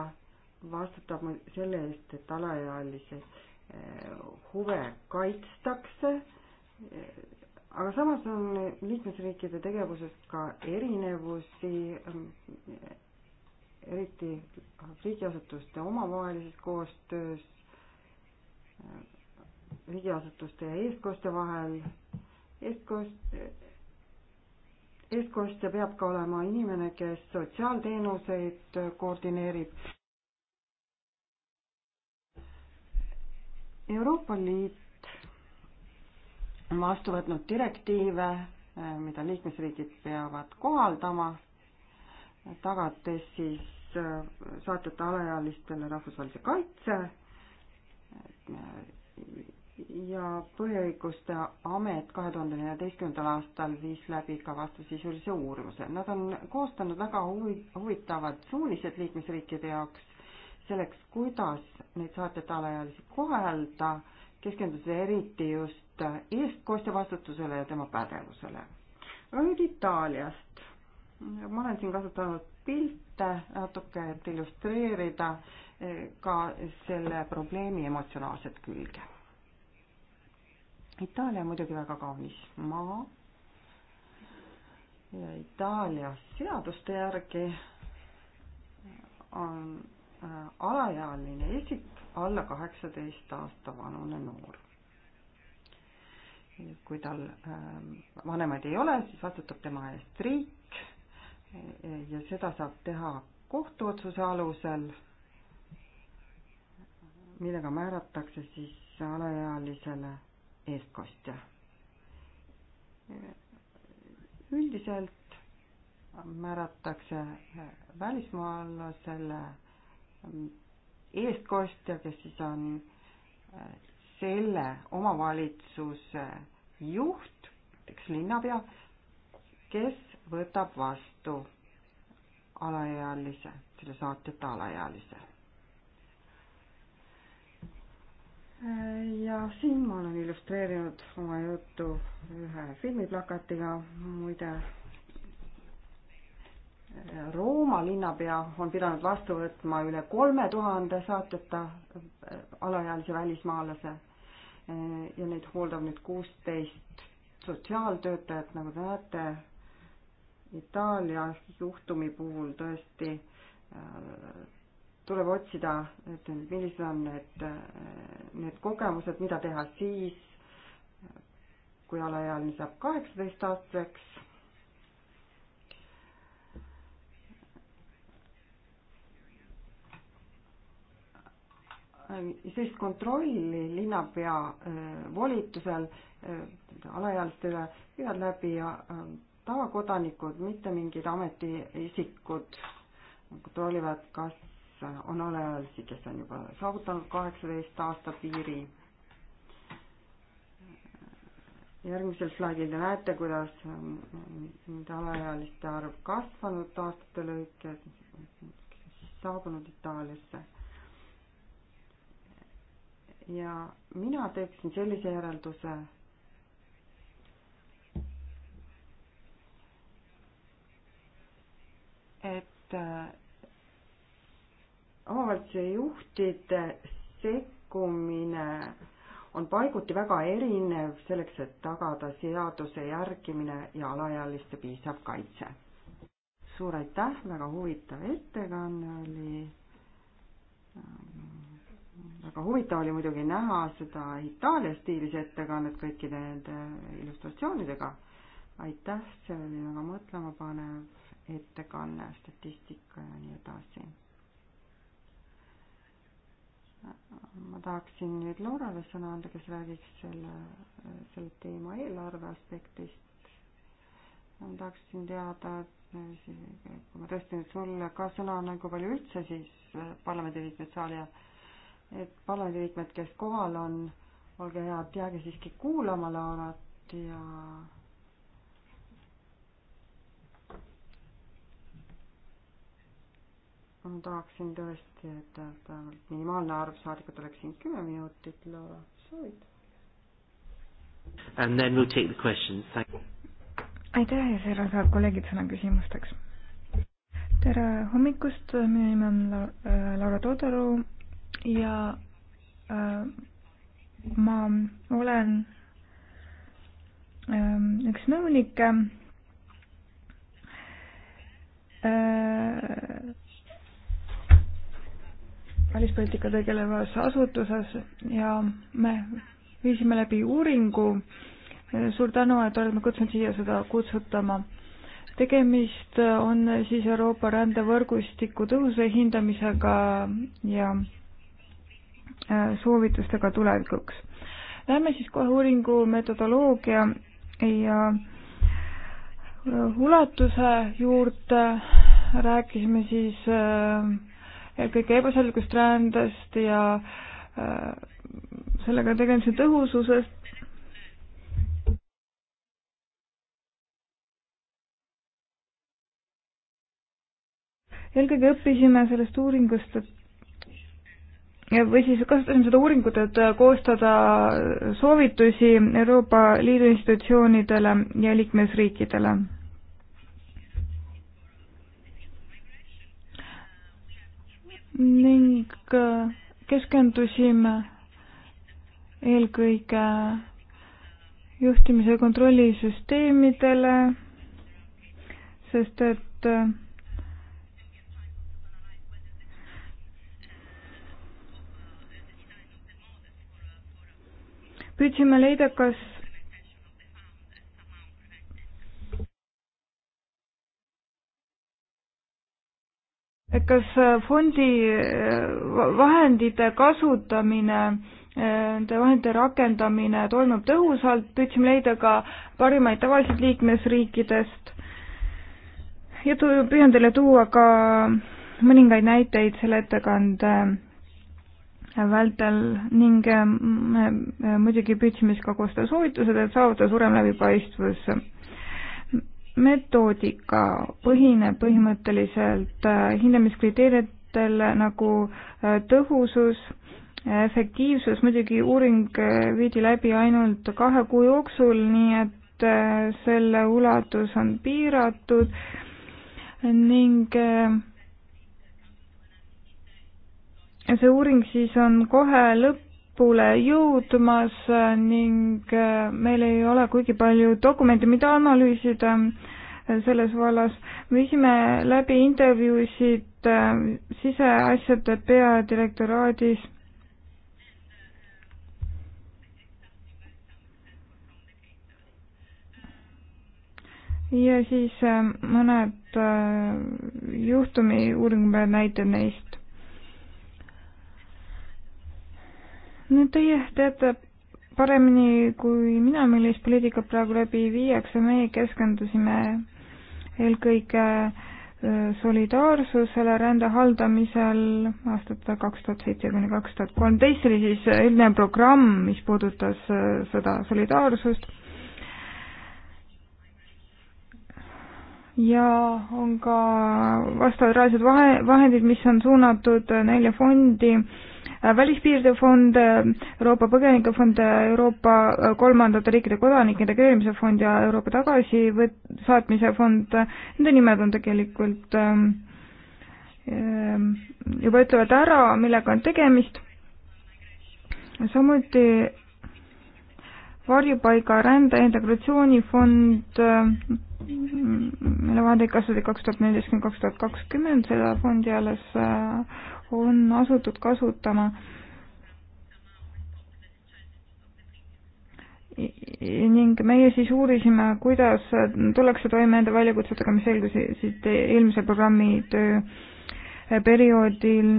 vastutab selle eest, et alaealise eh, huve kaitstakse, eh, aga samas on liikmesriikide tegevuses ka erinevusi, eh, eriti riigiasutuste omavahelises koostöös riigiasutuste ja eestkostja vahel. eestkost, eestkostja peab ka olema inimene, kes sotsiaalteenuseid koordineerib. Euroopa Liit on vastu võtnud direktiive, mida liikmesriigid peavad kohaldama, tagades siis äh, saatjate alaealistele rahvusvahelise kaitse äh, ja Põhiõiguste Amet kahe tuhande neljateistkümnendal aastal viis läbi ka vastusisulise uurimuse. Nad on koostanud väga huvi, huvitavad suunised liikmesriikide jaoks selleks, kuidas neid saatjate alaealisi kohelda, keskendudes eriti just eestkostja vastutusele ja tema pädevusele. nüüd Itaaliast. ma olen siin kasutanud pilte natuke, et illustreerida eh, ka selle probleemi emotsionaalset külge Itaalia on muidugi väga kaunis maa ja Itaalia seaduste järgi on äh, alaealine isik alla kaheksateist aasta vanune noor. kui tal ähm, vanemaid ei ole, siis vastutab tema eest riik ja seda saab teha kohtuotsuse alusel, millega määratakse siis alaealisele eestkostja. üldiselt määratakse välismaalasele eestkostja, kes siis on selle omavalitsuse juht, näiteks linnapea, kes võtab vastu alaealise, selle saatjata alaealise ja siin ma olen illustreerinud oma juttu ühe filmiplakatiga, muide Rooma linnapea on pidanud vastu võtma üle kolme tuhande saatjata alaealise välismaalase ja neid hooldab nüüd kuusteist sotsiaaltöötajat, nagu te näete, Itaalia juhtumi puhul tõesti äh, tuleb otsida, et millised on need, need kogemused, mida teha siis, kui alaealine saab kaheksateist aastaseks. sellist kontrolli linnapea äh, volitusel äh, alaealiste üle viivad läbi äh, tavakodanikud, mitte mingid ametiisikud kontrollivad, kas on alaealisi, kes on juba saavutanud kaheksateist aasta piiri. järgmisel slaidil te näete, kuidas ähm, nende alaealiste arv kasvanud aastate lõikes, saabunud Itaaliasse. ja mina teeksin sellise järelduse et äh, omavalitsuse juhtide sekkumine on paiguti väga erinev selleks, et tagada seaduse järgimine ja alaealiste piisav kaitse. suur aitäh, väga huvitav ettekanne oli. väga huvitav oli muidugi näha seda Itaalia stiilis ettekannet kõikide nende illustratsioonidega. aitäh, see oli väga mõtlemapanev ettekanne, statistika ja nii edasi ma tahaksin nüüd Laurale sõna anda, kes räägiks selle, selle teema eelarve aspektist. ma tahaksin teada, et kui ma tõesti nüüd sulle ka sõna annan, kui palju üldse siis äh, parlamendiliikmed saali jääb, et parlamendiliikmed, kes kohal on, olge head, jääge siiski kuulama Laurat ja ma tahaksin tõesti, et vähemalt minimaalne arv saadikud oleks siin kümme minutit, Laura, soovid? And then we'll take the questions, thank you. aitäh ja seejärel saavad kolleegid sõna küsimusteks. tere hommikust, minu nimi on äh, Laura Toodaru ja äh, ma olen ähm, äh, üks nõunik äh, välispoliitika tegelevas asutuses ja me viisime läbi uuringu. suur tänu, et olete kutsunud siia seda kutsutama. tegemist on siis Euroopa rändevõrgustiku tõhuse hindamisega ja äh, soovitustega tulevikuks. Lähme siis kohe uuringu metodoloogia ja äh, ulatuse juurde rääkisime siis äh, eelkõige ebaselgust rändest ja äh, sellega tegemise tõhususest. eelkõige õppisime sellest uuringust, et või siis kasutasime seda uuringut, et äh, koostada soovitusi Euroopa Liidu institutsioonidele ja liikmesriikidele ning äh, keskendusime eelkõige juhtimise ja kontrollisüsteemidele, sest et äh, püüdsime leida, kas kas äh, fondi äh, vahendite kasutamine, äh, nende vahendite rakendamine toimub tõhusalt, püüdsime leida ka parimaid tavaliselt liikmesriikidest ja tu-, püüan teile tuua ka mõningaid näiteid selle ettekande vältel ning me muidugi püüdsime siis ka koostada soovitused, et saavutada suurem läbipaistvus metoodika põhineb põhimõtteliselt äh, hindamiskriteeriumitel nagu äh, tõhusus, efektiivsus, muidugi uuring äh, viidi läbi ainult kahe kuu jooksul, nii et selle ulatus on piiratud ning see uuring siis on kohe lõpp lõpule jõudmas ning äh, meil ei ole kuigi palju dokumente, mida analüüsida äh, selles vallas. me viisime läbi intervjuusid äh, siseasjade peadirektoraadis ja siis mõned juhtumi uuringupead näited neist. no teie teate paremini kui mina, millist poliitikat praegu läbi viiakse, meie keskendusime eelkõige äh, solidaarsusele rände haldamisel aastate kaks tuhat seitse kuni kaks tuhat kolmteist, see oli siis üldine programm, mis puudutas äh, seda solidaarsust. ja on ka vastavad rahalised vahe, vahendid, mis on suunatud äh, nelja fondi äh, Äh, välispiiride fond, äh, Euroopa põgenikefond, äh, Euroopa kolmandate riikide kodanike integreerimise fond ja Euroopa tagasisaatmise fond, nende nimed on tegelikult ähm, ähm, juba ütlevad ära, millega on tegemist. samuti varjupaiga rände integratsioonifond, mille vahendeid kasutati kaks tuhat neliteist kuni kaks tuhat kakskümmend, seda fondi alles äh, on asutud kasutama ning meie siis uurisime, kuidas tullakse toime nende väljakutsetega, mis selgusid eelmise programmi töö perioodil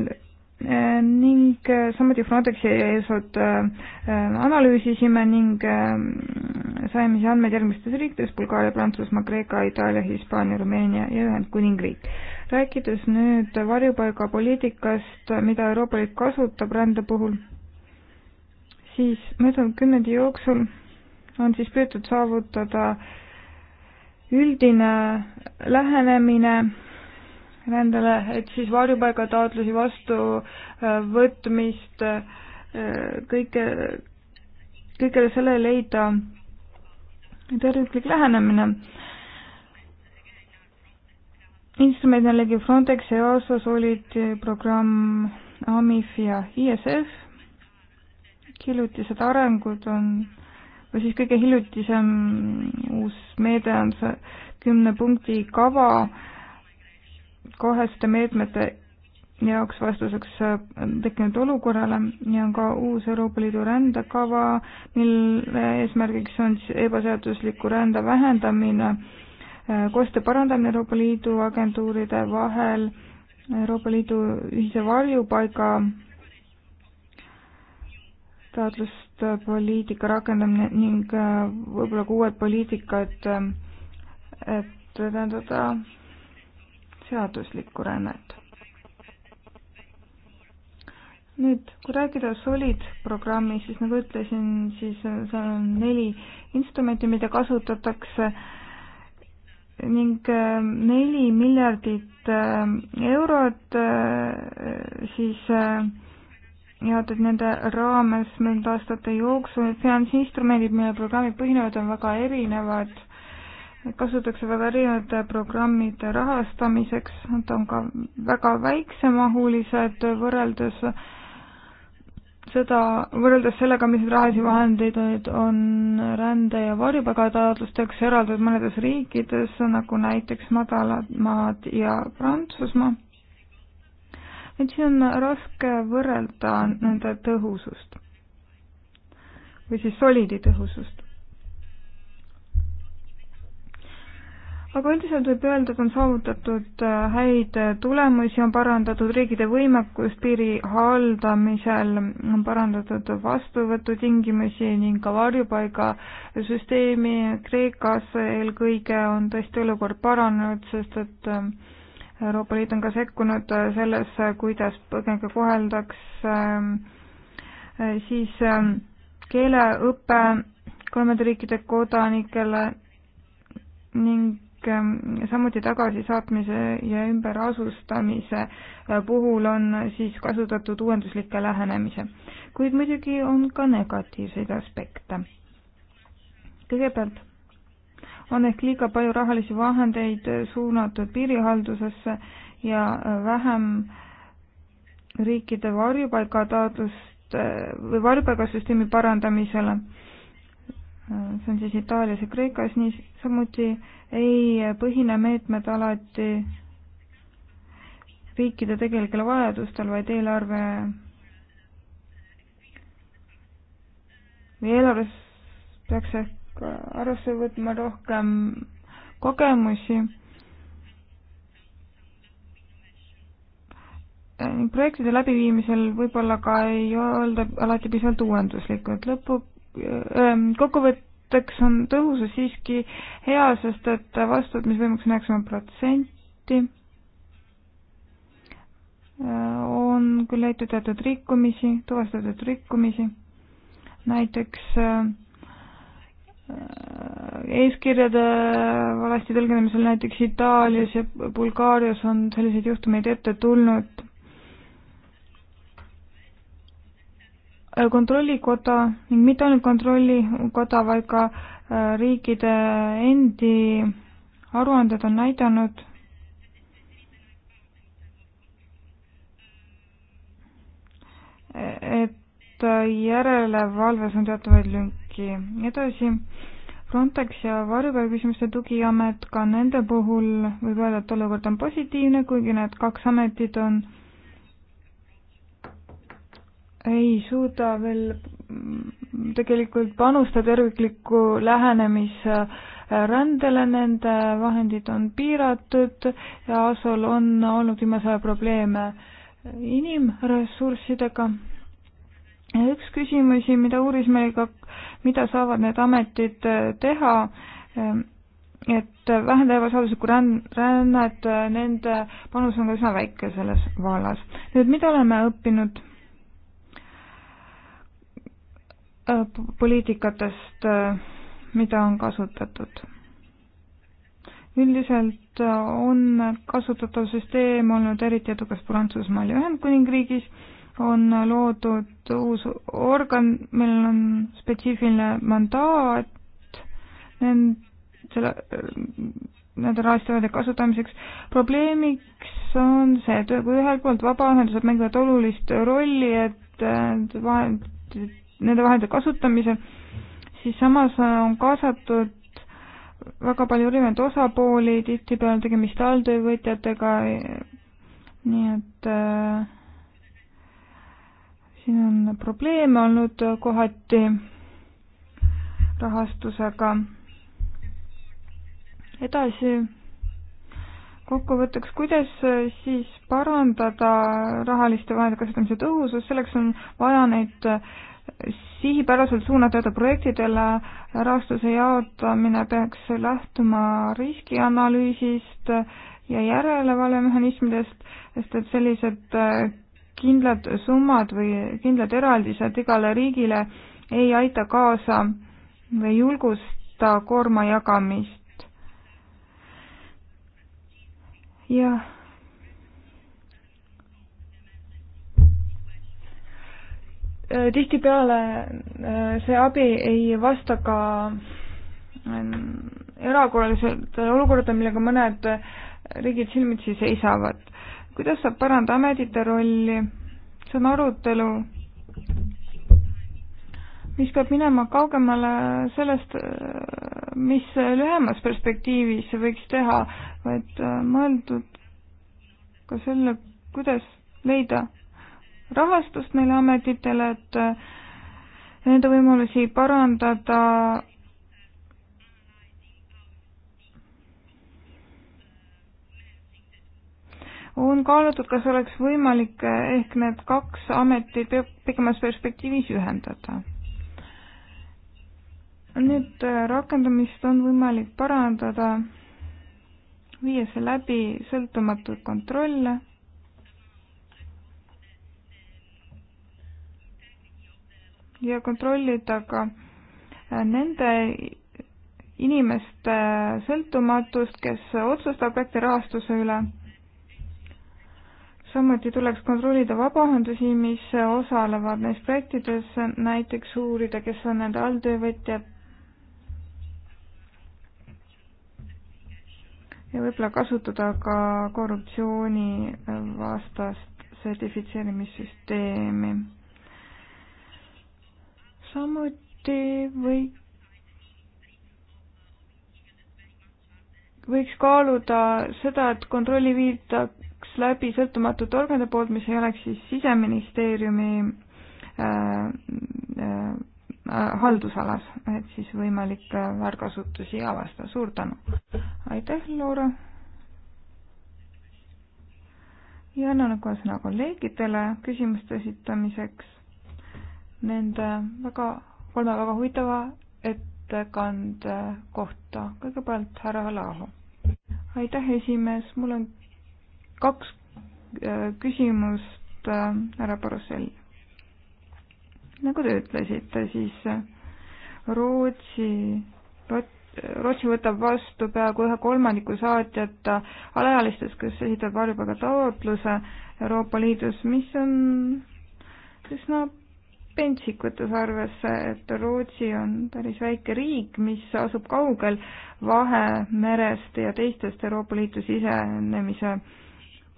Eh, ning eh, samuti Frontexi eesot eh, analüüsisime ning saime siis andmeid järgmistes riikides Bulgaaria, Prantsusmaa, Kreeka, Itaalia, Hispaania, Rumeenia ja Ühendkuningriik. rääkides nüüd varjupaigapoliitikast, mida Euroopa Liit kasutab rände puhul, siis möödunud kümnendi jooksul on siis püütud saavutada üldine lähenemine nendele, et siis varjupaigataotlusi vastuvõtmist, äh, äh, kõike, kõigele sellele leida terviklik lähenemine. instrumendid on ligi Frontex, EASO, Solid, programm AMIF ja ISF. hiljutised arengud on, või siis kõige hiljutisem uus meede on see kümne punkti kava koheste meetmete jaoks vastuseks äh, tekkinud olukorrale ja on ka uus Euroopa Liidu rändekava, mille eesmärgiks on siis ebaseadusliku rände vähendamine, äh, koostöö parandamine Euroopa Liidu agentuuride vahel, Euroopa Liidu ühise varjupaiga taotlust äh, poliitika rakendamine ning võib-olla ka uued poliitikad, et, et tähendada seaduslikku rännet. nüüd, kui rääkida Solid programmi, siis nagu ütlesin, siis seal on neli instrumenti, mida kasutatakse ning äh, neli miljardit äh, eurot äh, siis jaotatud nende raames möödunud aastate jooksul. finantsinstrumendid, mille programmid põhinevad, on väga erinevad kasutatakse väga erinevate programmide rahastamiseks, nad on ka väga väiksemahulised võrreldes seda, võrreldes sellega, mis rahalisi vahendeid on rände- ja varjupaigataotlusteks eraldatud mõnedes riikides, nagu näiteks Madalamad ja Prantsusmaa. et siin on raske võrrelda nende tõhusust või siis soliidi tõhusust aga üldiselt võib öelda, et on saavutatud äh, häid äh, tulemusi, on parandatud riikide võimekust piiri haldamisel, on parandatud vastuvõtutingimusi ning ka varjupaigasüsteemi Kreekas eelkõige on tõesti olukord paranenud, sest et äh, Euroopa Liit on ka sekkunud sellesse, kuidas põgenikke koheldakse, siis keeleõpe kolmandate riikide kodanikele ning Ähm, samuti tagasisaatmise ja ümberasustamise äh, puhul on siis kasutatud uuenduslikke lähenemise. kuid muidugi on ka negatiivseid aspekte. kõigepealt on ehk liiga palju rahalisi vahendeid suunatud piirihaldusesse ja äh, vähem riikide varjupaigataotlust äh, või varjupaigasüsteemi parandamisele see on siis Itaalias ja Kreekas, nii samuti ei põhine meetmed alati riikide tegelikel vajadustel, vaid eelarve või eelarves peaks ehk arvesse võtma rohkem kogemusi projektide läbiviimisel võib-olla ka ei olda alati piisavalt uuenduslikud. lõpuks kokkuvõtteks on tõhusus siiski hea, sest et vastuvõtmisvõimekus on üheksakümmend protsenti. on küll leitud teatud rikkumisi, tuvastatud rikkumisi, näiteks eeskirjade valesti tõlgendamisel näiteks Itaalias ja Bulgaarias on selliseid juhtumeid ette tulnud Äh, kontrollikoda ning mitte ainult kontrollikoda, vaid ka äh, riikide endi aruanded on näidanud, et äh, järelevalves on teatavaid lünki. edasi, Frontex ja varjupaigaküsimuste tugiamet, ka nende puhul võib öelda, et olukord on positiivne, kuigi need kaks ametit on äh, ei suuda veel tegelikult panustada terviklikku lähenemisse rändele, nende vahendid on piiratud ja ASO-l on olnud viimasel ajal probleeme inimressurssidega. üks küsimusi, mida uuris meil ka, mida saavad need ametid teha, et vähendada ebaseaduslikku rännet, nende panus on ka üsna väike selles vallas. nüüd, mida oleme õppinud Äh, poliitikatest, äh, mida on kasutatud. üldiselt äh, on kasutatav süsteem olnud eriti edukas Prantsusmaal ja Ühendkuningriigis, on loodud uus organ, millel on spetsiifiline mandaat selle, nende rahastavaide kasutamiseks. probleemiks on see, et kui ühelt poolt vabaühendused mängivad olulist rolli, et vahendid nende vahendite kasutamise, siis samas äh, on kaasatud väga palju erinevaid osapooli, tihtipeale on tegemist alltöövõtjatega, eh, nii et äh, siin on probleeme olnud kohati rahastusega. edasi kokkuvõtteks, kuidas äh, siis parandada rahaliste vahendite kasutamise tõhusust, selleks on vaja neid äh, sihipäraselt suunatud projektidele rahastuse jaotamine peaks lähtuma riskianalüüsist ja järelevalvemehhanismidest, sest et sellised äh, kindlad summad või kindlad eraldised igale riigile ei aita kaasa või julgusta koorma jagamist. jah tihtipeale äh, see abi ei vasta ka ähm, erakorraliselt olukorda, millega mõned riigid silmitsi seisavad. kuidas saab parandada ametite rolli? see on arutelu, mis peab minema kaugemale sellest, äh, mis lühemas perspektiivis võiks teha, vaid äh, mõeldud ka selle, kuidas leida rahastust neile ametitele, et äh, nende võimalusi parandada. on kaalutud, kas oleks võimalik äh, ehk need kaks ametit pikemas perspektiivis ühendada. nüüd äh, rakendamist on võimalik parandada, viia see läbi sõltumatuid kontrolle ja kontrollida ka äh, nende inimeste sõltumatust, kes otsustab projekti rahastuse üle. samuti tuleks kontrollida vabaühendusi, mis osalevad neis projektides, näiteks uurida, kes on nende alltöövõtjad. ja võib-olla kasutada ka korruptsioonivastast sertifitseerimissüsteemi samuti või võiks kaaluda seda, et kontrolli viidaks läbi sõltumatute organide poolt, mis ei oleks siis siseministeeriumi äh, äh, haldusalas, et siis võimalikke äh, väärkasutusi ei avasta. suur tänu. aitäh, Laura. ja annan kohe sõna kolleegidele küsimuste esitamiseks nende väga, kolme väga huvitava ettekande kohta. kõigepealt härra Alaho. aitäh, esimees, mul on kaks äh, küsimust äh, härra Barussell. nagu te ütlesite, siis Rootsi, Rootsi võtab vastu peaaegu ühe kolmandiku saatjata alaealistest, kes esitab varjupaiga taotluse Euroopa Liidus, mis on üsna no, pentsik, võttes arvesse, et Rootsi on päris väike riik, mis asub kaugel Vahemerest ja teistest Euroopa Liitu sisenemise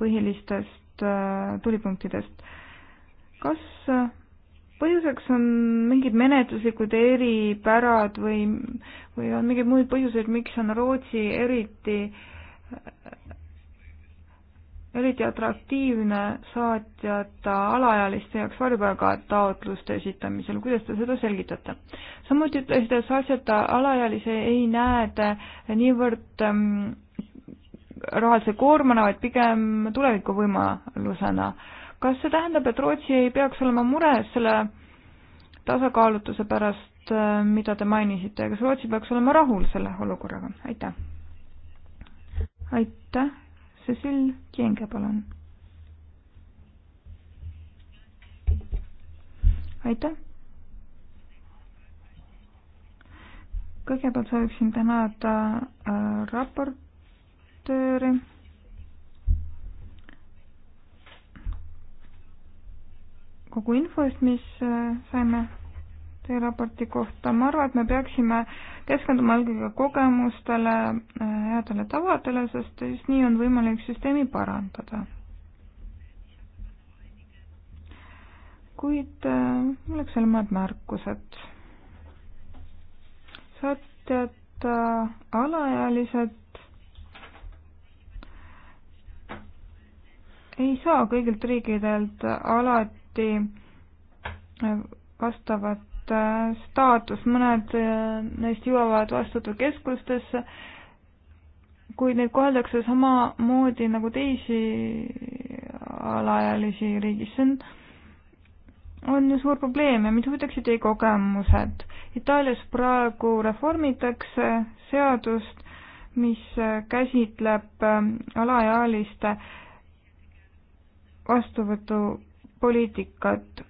põhilistest äh, tulipunktidest. kas äh, põhjuseks on mingid menetluslikud eripärad või, või on mingeid muid põhjuseid, miks on Rootsi eriti eriti atraktiivne saatjata alaealiste jaoks varjupaiga taotluste esitamisel, kuidas te seda selgitate? samuti ütlesite, et saatjata alaealisi ei näe niivõrd ähm, rahalise koormana, vaid pigem tulevikuvõimalusena. kas see tähendab, et Rootsi ei peaks olema mures selle tasakaalutuse pärast, äh, mida te mainisite, kas Rootsi peaks olema rahul selle olukorraga? aitäh! aitäh! Cecil Kienge, palun. aitäh. kõigepealt sooviksin tänada äh, raportööri. kogu info eest, mis äh, saime teie raporti kohta. ma arvan, et me peaksime keskenduma eelkõige kogemustele, äh, headele tavadele, sest just nii on võimalik süsteemi parandada. kuid mul äh, oleks veel mõned märkused. saatjad, äh, alaealised ei saa kõigilt riikidelt alati vastavat Äh, staatus, mõned äh, neist jõuavad vastutukeskustesse, kuid neid koheldakse samamoodi nagu teisi alaealisi riigis, see on, on ju suur probleem ja mind huvitaksid teie kogemused. Itaalias praegu reformitakse seadust, mis käsitleb ähm, alaealiste vastuvõtupoliitikat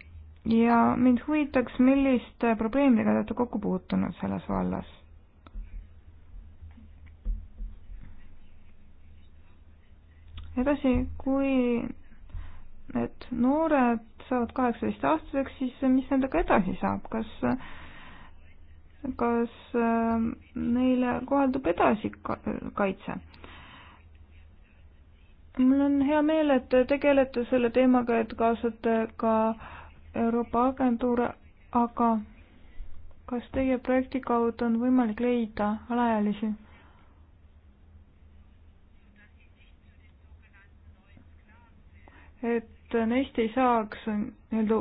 ja mind huvitaks, milliste probleemidega te olete kokku puutunud selles vallas? edasi, kui need noored saavad kaheksateist-aastaseks, siis mis nendega edasi saab, kas, kas ähm, neile kohaldub edasi kaitse? mul on hea meel, et te tegelete selle teemaga, et kaasate ka äh, Euroopa agentuur, aga kas teie projekti kaudu on võimalik leida alaealisi? et neist ei saaks nii-öelda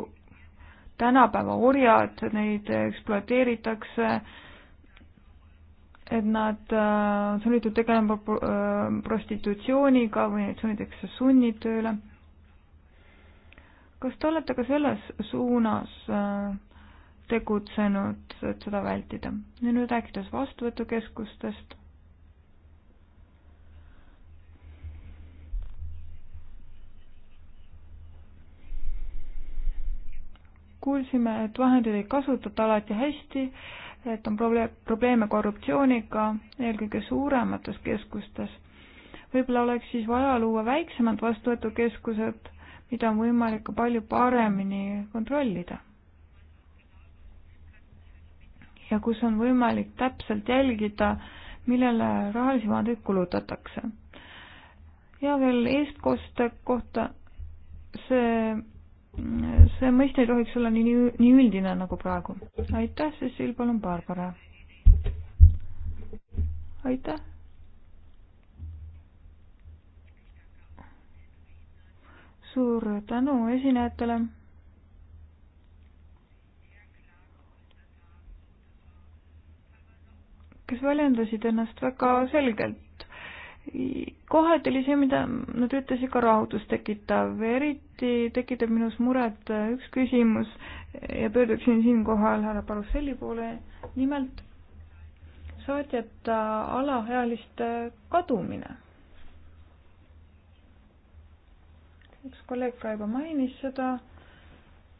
tänapäeva orjad, neid ekspluateeritakse, et nad on äh, sunnitud tegelema äh, prostitutsiooniga või neid sunnitakse sunnitööle kas te olete ka selles suunas äh, tegutsenud, et seda vältida? ja nüüd rääkides vastuvõtukeskustest. kuulsime, et vahendeid ei kasutata alati hästi, et on probleem, probleeme korruptsiooniga, eelkõige suuremates keskustes. võib-olla oleks siis vaja luua väiksemad vastuvõtukeskused mida on võimalik ka palju paremini kontrollida. ja kus on võimalik täpselt jälgida, millele rahalisi vahendeid kulutatakse. ja veel eestkoste kohta, see, see mõiste ei tohiks olla nii, nii üldine nagu praegu. aitäh, Cecil, palun, Barbara. aitäh suur tänu esinejatele. kes väljendasid ennast väga selgelt. kohati oli see, mida nad ütlesid, ka rahuldust tekitav, eriti tekitab minus muret üks küsimus ja pöörduksin siinkohal härra Barusselli poole, nimelt saatjata alaealiste kadumine üks kolleeg ka juba mainis seda.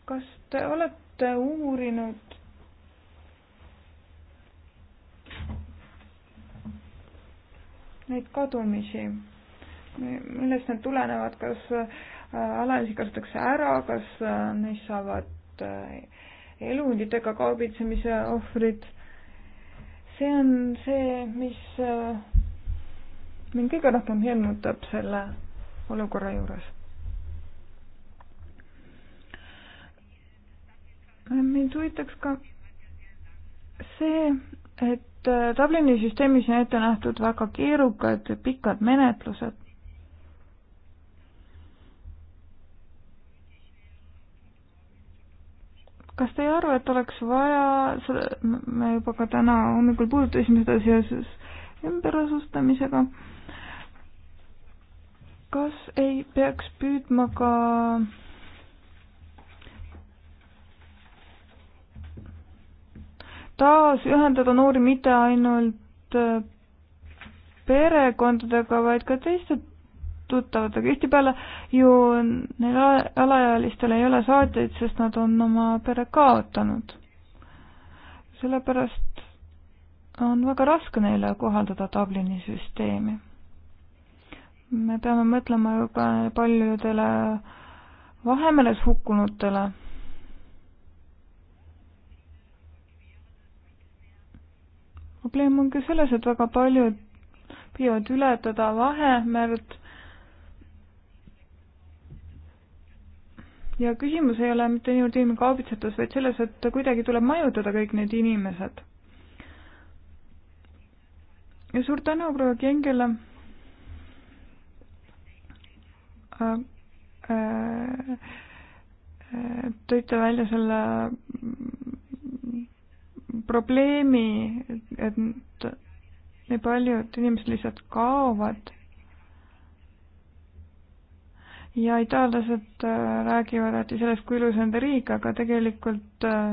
kas te olete uurinud neid kadumisi, millest need tulenevad, kas äh, alalisi kasutatakse ära, kas äh, neist saavad äh, elunditega kaubitsemise ohvrid. see on see, mis mind kõige rohkem hirmutab selle olukorra juures. Äh, mind huvitaks ka see, et äh, Dublini süsteemis on ette nähtud väga keerukad ja pikad menetlused. kas te ei arva, et oleks vaja, seda me juba ka täna hommikul puudutasime seda seoses ümberasustamisega, kas ei peaks püüdma ka taas ühendada noori mitte ainult äh, perekondadega, vaid ka teiste tuttavatega, tihtipeale ju neil alaealistel ei ole saatjaid, sest nad on oma pere kaotanud. sellepärast on väga raske neile kohaldada Dublini süsteemi. me peame mõtlema ju ka paljudele Vahemeres hukkunutele probleem on ka selles, et väga paljud püüavad ületada vahemärd. ja küsimus ei ole mitte niivõrd inimkaubitsetus, vaid selles, et kuidagi tuleb majutada kõik need inimesed. ja suur tänu proua Kengele äh,. Äh, tõite välja selle probleemi, et nii paljud inimesed lihtsalt kaovad. ja itaallased äh, räägivad alati sellest, kui ilus nende riik, aga tegelikult äh,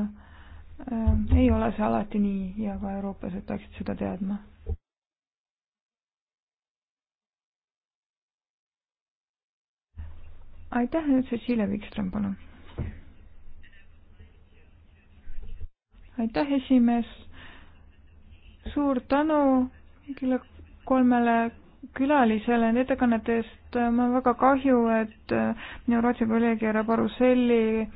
äh, ei ole see alati nii ja ka eurooplased peaksid seda teadma. aitäh, nüüd Cecilia Wikström, palun aitäh, esimees. suur tänu kella kolmele külalisele nende ettekannete eest. mul on väga kahju, et äh, minu Rootsi kolleeg härra Baruselli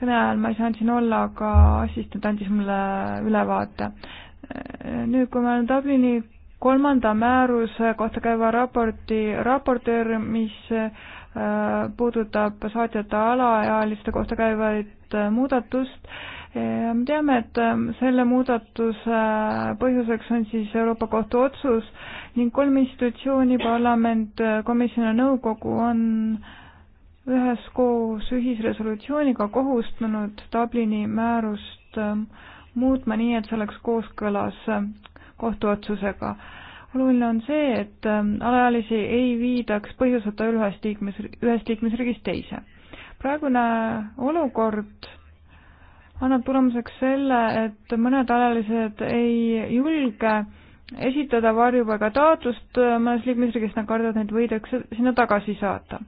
kõne ajal ma ei saanud siin olla, aga assistent andis mulle ülevaate. Äh, nüüd, kui ma olen Dublini kolmanda määruse kohta käiva raporti raportöör, mis äh, puudutab saatjate alaealiste kohta käivaid muudatust, me ehm, teame, et ehm, selle muudatuse põhjuseks on siis Euroopa Kohtu otsus ning kolm institutsiooni, parlament, komisjon ja nõukogu on üheskoos ühisresolutsiooniga kohustanud Dublini määrust ehm, muutma nii, et see oleks kooskõlas kohtuotsusega. oluline on see, et alaealisi ei viidaks põhjuseta ühest liikmes, ühest liikmesriigist teise. praegune olukord annab tulemuseks selle, et mõned alalised ei julge esitada varjupaiga taotlust mõnes liikmesriigis, nad kardavad, neid võidakse sinna tagasi saata.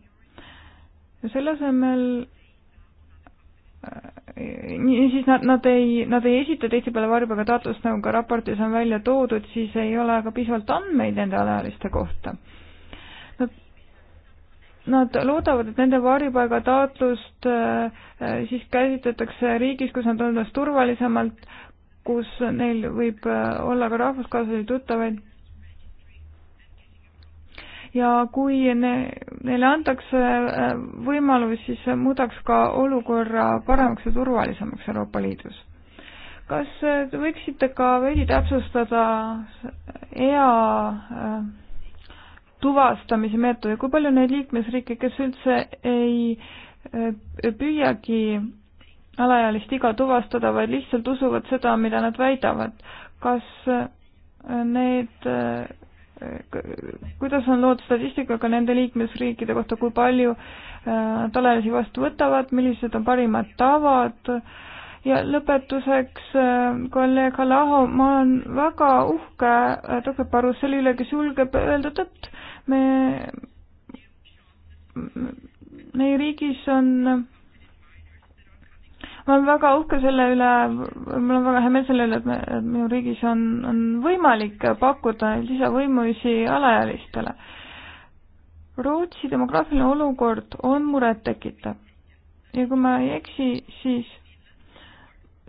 ja selle asemel äh, niisiis nad, nad ei, nad ei esita tihtipeale varjupaiga taotlust, nagu ka raportis on välja toodud, siis ei ole ka piisavalt andmeid nende alaealiste kohta Nad loodavad, et nende varjupaigataotlust äh, äh, siis käsitletakse riigis, kus nad on ennast turvalisemalt, kus neil võib äh, olla ka rahvuskaaslasi tuttavaid. ja kui ne, neile antakse võimalus, siis muudaks ka olukorra paremaks ja turvalisemaks Euroopa Liidus. kas te võiksite ka veidi täpsustada EA tuvastamise meetodi, kui palju neid liikmesriike, kes üldse ei eh, püüagi alaealist iga tuvastada, vaid lihtsalt usuvad seda, mida nad väidavad. kas eh, need, eh, kuidas on lood statistikaga nende liikmesriikide kohta, kui palju nad alaealisi vastu võtavad, millised on parimad tavad ja lõpetuseks kolleeg Alaho, ma olen väga uhke doktor Baruseli üle, kes julgeb öelda tõtt me, meie riigis on, ma olen väga uhke selle üle, mul on väga hea meel selle üle, et me, et minu riigis on, on võimalik pakkuda lisavõimusi alaealistele. Rootsi demograafiline olukord on murettekitav ja kui ma ei eksi, siis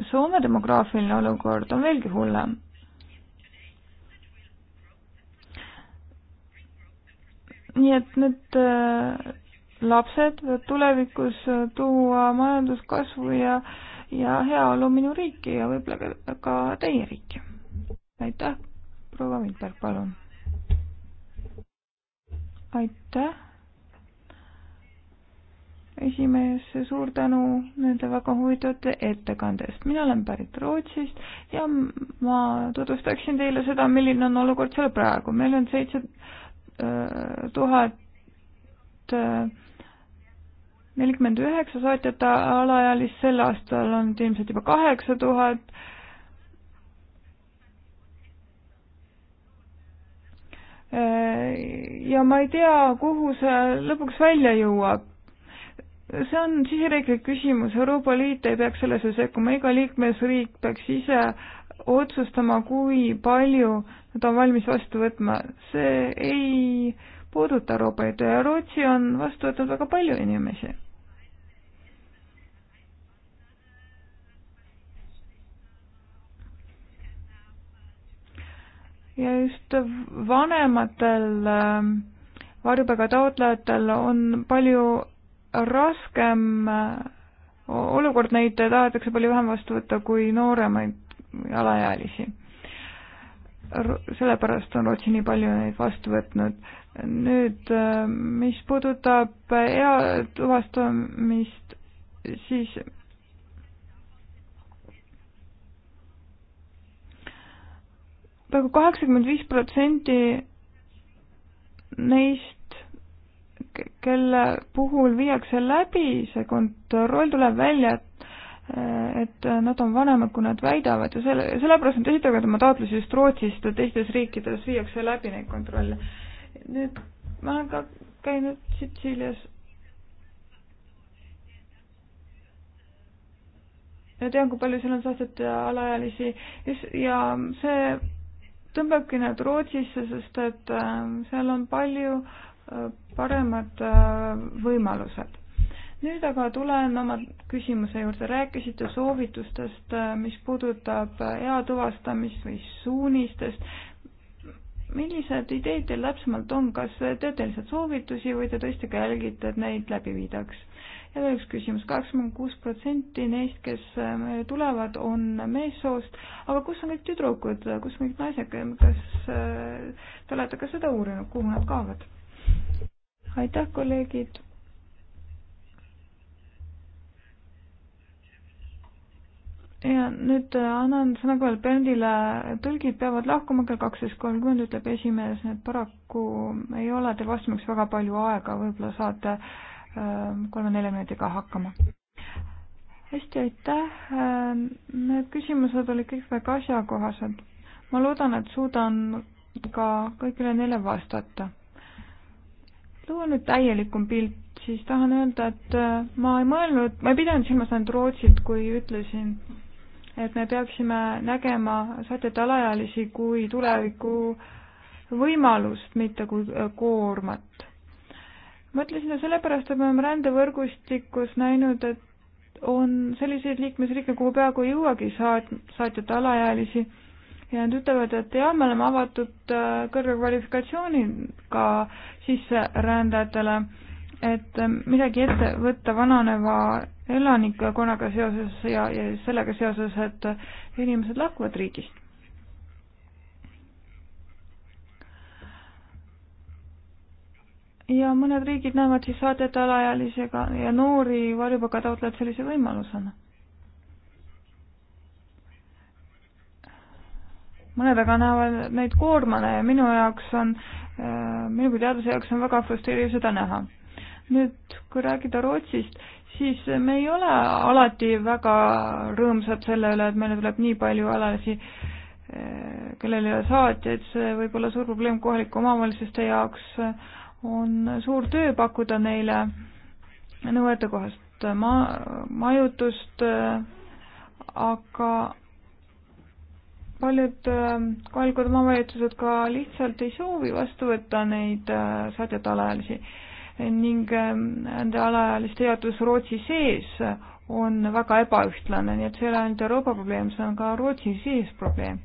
Soome demograafiline olukord on veelgi hullem nii et need äh, lapsed võivad tulevikus äh, tuua majanduskasvu ja, ja heaolu minu riiki ja võib-olla ka, ka teie riiki. aitäh, proua Vinter, palun. aitäh, esimees, suur tänu nende väga huvitavate ettekande eest. mina olen pärit Rootsist ja ma tutvustaksin teile seda, milline on olukord seal praegu. meil on seitse 7 tuhat äh, äh, nelikümmend üheksa saatjate alaealist, sel aastal on neid ilmselt juba kaheksa tuhat. Äh, ja ma ei tea, kuhu see lõpuks välja jõuab see on siseriiklik küsimus, Euroopa Liit ei peaks sellesse sekkuma, iga liikmesriik peaks ise otsustama, kui palju nad on valmis vastu võtma. see ei puuduta Euroopa Liitu ja Rootsi on vastu võtnud väga palju inimesi ja just vanematel ähm, varjupaiga taotlejatel on palju raskem äh, olukord, neid tahetakse palju vähem vastu võtta kui nooremaid alaealisi. sellepärast on Rootsi nii palju neid vastu võtnud. nüüd, äh, mis puudutab ea tuvastamist, siis peaaegu kaheksakümmend viis protsenti neist, kelle puhul viiakse läbi see kontroll, tuleb välja, et Äh, et äh, nad on vanemad, kui nad väidavad ja selle, sellepärast nad esitavad oma taotlusi just Rootsist ja teistes riikides viiakse läbi neid kontrolle. nüüd ma olen ka käinud Sitsiilias. ja tean, kui palju seal on sahtlit ja alaealisi ja see tõmbabki nad Rootsisse, sest et äh, seal on palju paremad võimalused nüüd aga tulen oma küsimuse juurde. rääkisite soovitustest, äh, mis puudutab äh, ea tuvastamist või suunistest. millised ideed teil täpsemalt on, kas teete lihtsalt soovitusi või te tõesti ka jälgite, et neid läbi viidaks? ja veel üks küsimus, kaheksakümmend kuus protsenti neist, kes meile äh, tulevad, on meessoost, aga kus on kõik tüdrukud, kus on kõik naised, kas te olete ka seda uurinud, kuhu nad kaovad? aitäh, kolleegid ja nüüd äh, annan sõna kõigepealt Berndile, tõlgid peavad lahkuma kell kaksteist kolmkümmend, ütleb esimees, et paraku ei ole teil vastamiseks väga palju aega, võib-olla saate äh, kolme-nelja minutiga hakkama. hästi, aitäh. Äh, need küsimused olid kõik väga asjakohased. ma loodan, et suudan ka kõigile neile vastata. luua nüüd täielikum pilt siis tahan öelda, et ma ei mõelnud, ma ei pidanud silmas ainult Rootsit, kui ütlesin et me peaksime nägema sätet alaealisi kui tuleviku võimalust, mitte kui äh, koormat. ma ütlesin seda sellepärast, et me oleme rändevõrgustikus näinud, et on selliseid liikmesriike, kuhu peaaegu ei jõuagi saat-, saatjate alaealisi ja nad ütlevad, et jah, me oleme avatud äh, kõrge kvalifikatsiooniga sisserändajatele et ähm, midagi ette võtta vananeva elanikkonnaga seoses ja, ja sellega seoses, et äh, inimesed lahkuvad riigist. ja mõned riigid näevad siis saatjate alaealisega ja noori varjupaiga taotlejad sellise võimalusena. mõned aga näevad neid koormana ja minu jaoks on, äh, minu kui teadlase jaoks on väga frustreeriv seda näha nüüd kui rääkida Rootsist, siis me ei ole alati väga rõõmsad selle üle, et meile tuleb nii palju alalisi, eh, kellel ei ole saatjaid, see võib olla suur probleem kohalike omavalitsuste jaoks, on suur töö pakkuda neile nõuetekohast ma-, majutust, eh, aga paljud eh, kohalikud omavalitsused ka lihtsalt ei soovi vastu võtta neid saatjate alaealisi ning ähm, nende alaealiste jaotus Rootsi sees on väga ebaühtlane, nii et see ei ole ainult Euroopa probleem, see on ka Rootsi sees probleem.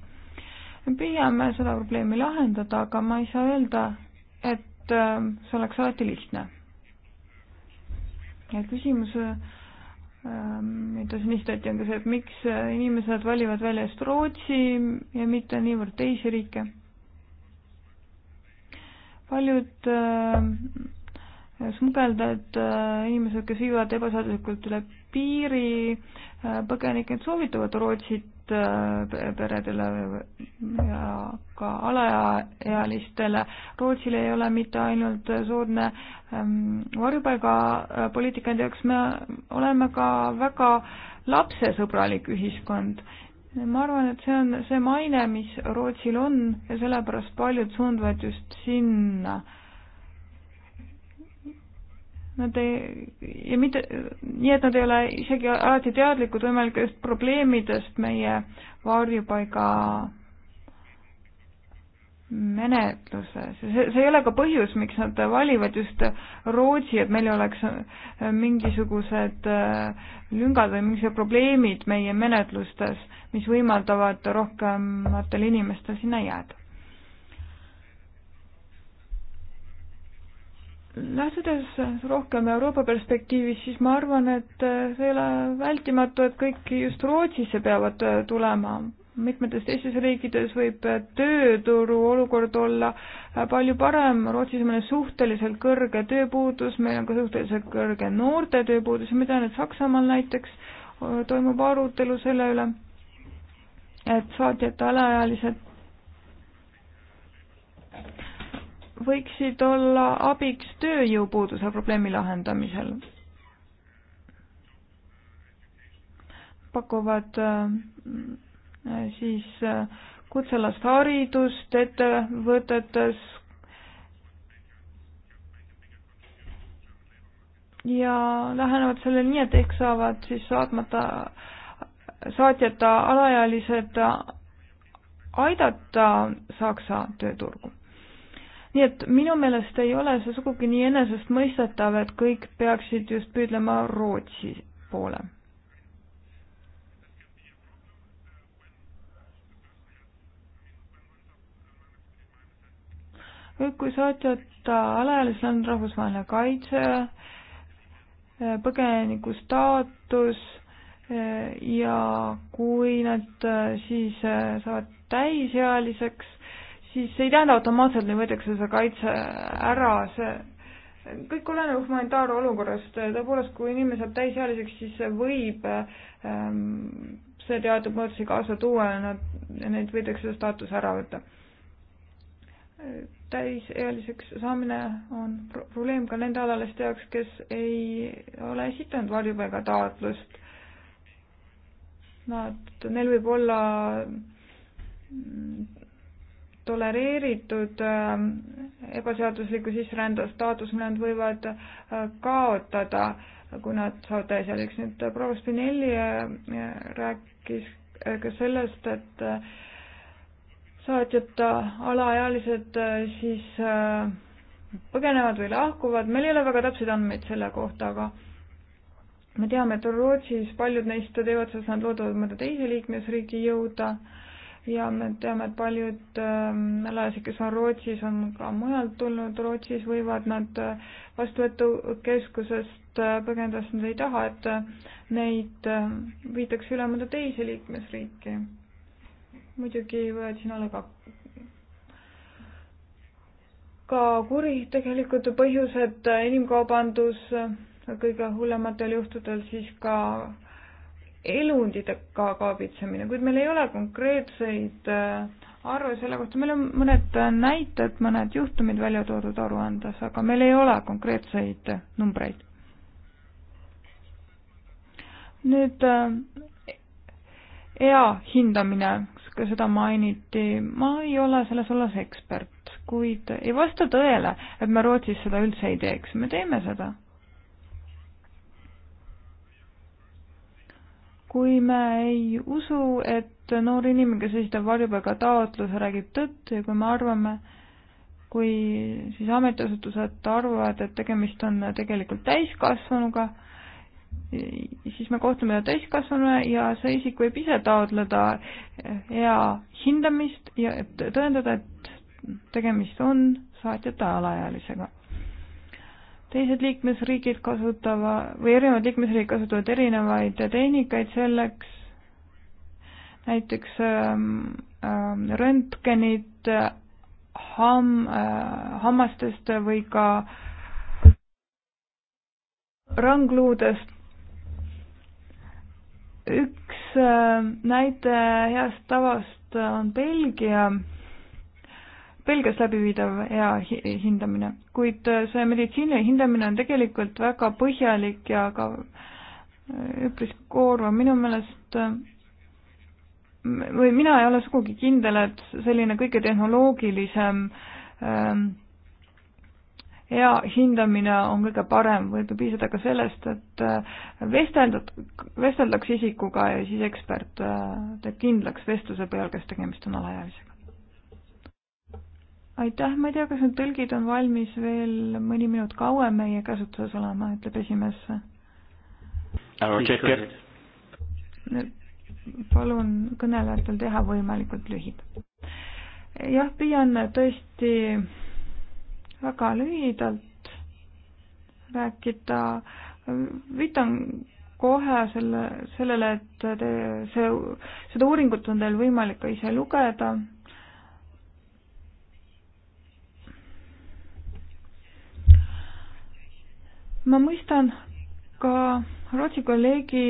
me püüame seda probleemi lahendada, aga ma ei saa öelda, et ähm, see oleks alati lihtne. ja küsimus, äh, mida siin esitati, on ka see, et miks äh, inimesed valivad välja just Rootsi ja mitte niivõrd teisi riike. paljud äh, smugeldajad, äh, inimesed, kes viivad ebaseaduslikult üle piiri, äh, põgenikud soovitavad Rootsit äh, peredele ja ka alaealistele. Rootsil ei ole mitte ainult soodne ähm, varjupaigapoliitika enda jaoks, me oleme ka väga lapsesõbralik ühiskond ma arvan, et see on see maine, mis Rootsil on ja sellepärast paljud suunduvad just sinna Nad ei, ja mitte, nii et nad ei ole isegi alati teadlikud võimalikest probleemidest meie varjupaiga menetluses. see, see ei ole ka põhjus, miks nad valivad just Rootsi, et meil oleks mingisugused äh, lüngad või mingisugused probleemid meie menetlustes, mis võimaldavad rohkematel inimestel sinna jääda. Lähtudes rohkem Euroopa perspektiivist, siis ma arvan, et see ei ole vältimatu, et kõik just Rootsisse peavad tulema. mitmetes teistes riikides võib tööturu olukord olla palju parem, Rootsis on meil suhteliselt kõrge tööpuudus, meil on ka suhteliselt kõrge noorte tööpuudus ja ma tean, et Saksamaal näiteks toimub arutelu selle üle, et saatjate alaealised võiksid olla abiks tööjõupuuduse probleemi lahendamisel. pakuvad äh, siis äh, kutsealast haridust ettevõtetes ja lähenevad sellele nii, et ehk saavad siis saatmata, saatjata alaealised aidata Saksa tööturgu nii et minu meelest ei ole see sugugi nii enesestmõistetav, et kõik peaksid just püüdlema Rootsi poole. kui saatjata alaealisel on rahvusvaheline kaitse, põgeniku staatus ja kui nad siis saavad täisealiseks, siis ei tähenda automaatselt, neil võetakse see kaitse ära, see kõik oleneb humanitaarolukorrast, tõepoolest, kui inimene saab täisealiseks, siis võib ähm, see teatud mõõtsi kaasa tuua ja nad, neid võidakse staatus ära võtta. täisealiseks saamine on probleem ka nende alaliste jaoks, kes ei ole esitanud varjupaigataotlust. Nad, neil võib olla tolereeritud ähm, ebaseadusliku sisserände staatus, nad võivad äh, kaotada, kui nad saavad täisealiseks. nüüd äh, proua Spinelli äh, rääkis ka sellest, et saatjata alaealised siis põgenevad või lahkuvad, meil ei ole väga täpseid andmeid selle kohta, aga me teame, et Rootsis paljud neist teevad seda, nad loodavad mõnda teise liikmesriiki jõuda ja me teame, et paljud alaealised, ähm, kes on Rootsis, on ka mujalt tulnud Rootsis, võivad nad äh, vastuvõtukeskusest äh, põgeneda, sest nad ei taha, et äh, neid viidakse üle mõnda teise liikmesriiki. muidugi võivad siin olla ka ka kuritegelikud põhjused, inimkaubandus, kõige hullematel juhtudel siis ka äh, elunditega kaabitsemine, kuid meil ei ole konkreetseid äh, arve selle kohta, meil on mõned äh, näited, mõned juhtumid välja toodud aruandes, aga meil ei ole konkreetseid äh, numbreid. nüüd ea hindamine, ka seda mainiti, ma ei ole selles olles ekspert, kuid ei vasta tõele, et me Rootsis seda üldse ei teeks, me teeme seda kui me ei usu, et noor inimene, kes esitab varjupaigataotluse, räägib tõtt ja kui me arvame, kui siis ametiasutused arvavad, et tegemist on tegelikult täiskasvanuga, siis me kohtleme teda täiskasvanuna ja see isik võib ise taotleda ea hindamist ja tõendada, et tegemist on saatjate alaealisega teised liikmesriigid kasutava või erinevad liikmesriigid kasutavad erinevaid tehnikaid selleks, näiteks ähm, ähm, röntgenid hamm äh,, hammastest või ka rangluudest. üks äh, näide heast tavast on Belgia äh, Belgias läbiviidav hea hindamine, kuid äh, see meditsiiniline hindamine on tegelikult väga põhjalik ja ka äh, üpris koormav, minu meelest äh, või mina ei ole sugugi kindel, et selline kõige tehnoloogilisem ähm, hea hindamine on kõige parem, võib ju piisada ka sellest, et vesteldad, vesteldakse isikuga ja siis ekspert teeb kindlaks vestluse peal, kas tegemist on alaealisega aitäh, ma ei tea, kas need tõlgid on valmis veel mõni minut kauem meie käsutuses olema, ütleb esimees. palun kõnelejatel teha võimalikult lühid. jah, püüan tõesti väga lühidalt rääkida, viitan kohe selle, sellele, et te, see, seda uuringut on teil võimalik ka ise lugeda ma mõistan ka Rootsi kolleegi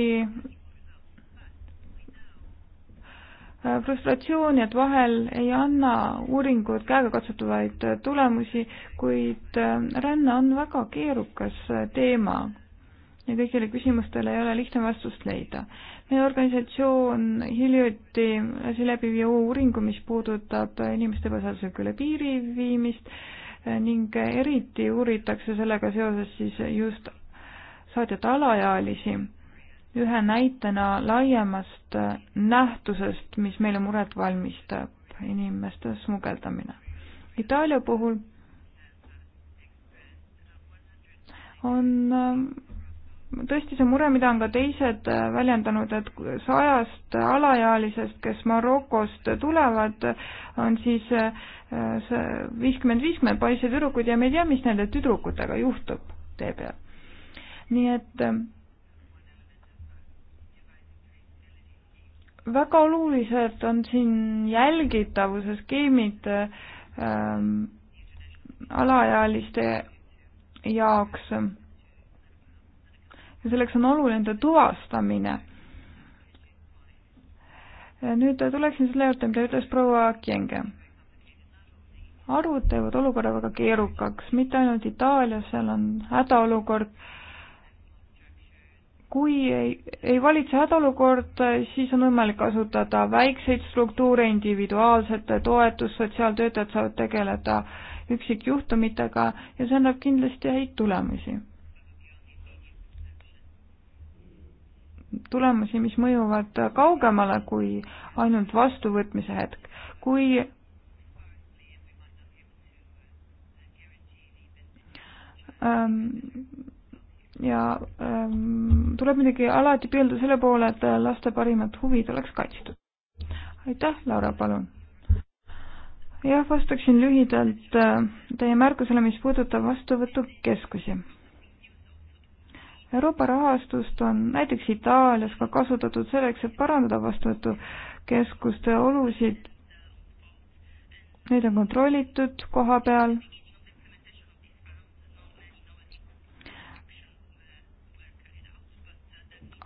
äh, frustratsiooni, et vahel ei anna uuringud käegakatsutavaid äh, tulemusi, kuid äh, ränne on väga keerukas teema ja kõigile küsimustele ei ole lihtne vastust leida. meie organisatsioon hiljuti lasi läbi viia uuringu, mis puudutab inimeste ebaseaduslikku üle piiri viimist ning eriti uuritakse sellega seoses siis just saatjate alaealisi ühe näitena laiemast nähtusest, mis meile muret valmistab, inimeste smugeldamine. Itaalia puhul on tõesti see mure, mida on ka teised äh, väljendanud, et sajast alaealisest, kes Marokost tulevad, on siis äh, viiskümmend, viiskümmend poisse tüdrukuid ja me ei tea, mis nende tüdrukutega juhtub tee peal. nii et äh, väga olulised on siin jälgitavuse skeemid ähm, alaealiste jaoks ja selleks on oluline ta tuvastamine. nüüd tuleksin selle juurde, mida ütles proua Kienge. arvud teevad olukorra väga keerukaks, mitte ainult Itaalias, seal on hädaolukord kui ei, ei valitse hädaolukord, siis on võimalik kasutada väikseid struktuure, individuaalsete toetust, sotsiaaltöötajad saavad tegeleda üksikjuhtumitega ja see annab kindlasti häid tulemusi. tulemusi, mis mõjuvad kaugemale kui ainult vastuvõtmise hetk. kui ähm, ja ähm, tuleb muidugi alati püüelda selle poole, et laste parimad huvid oleks kaitstud. aitäh, Laura, palun. jah, vastaksin lühidalt äh, teie märkusele, mis puudutab vastuvõtukeskusi Euroopa rahastust on näiteks Itaalias ka kasutatud selleks, et parandada vastuvõtukeskuste olusid. Neid on kontrollitud koha peal.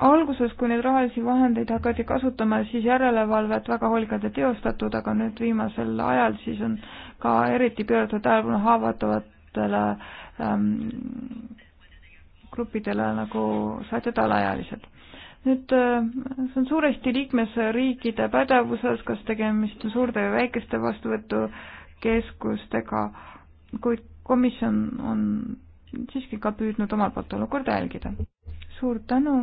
alguses, kui neid rahalisi vahendeid hakati kasutama, siis järelevalvet väga hoolikalt ei teostatud, aga nüüd viimasel ajal siis on ka eriti pööratud tähelepanu haavatavatele ähm, gruppidele nagu saatjad alaealised. nüüd äh, see on suuresti liikmesriikide pädevuses, kas tegemist on suurte või väikeste vastuvõtukeskustega, kuid komisjon on siiski ka püüdnud omalt poolt olukorda jälgida. suur tänu!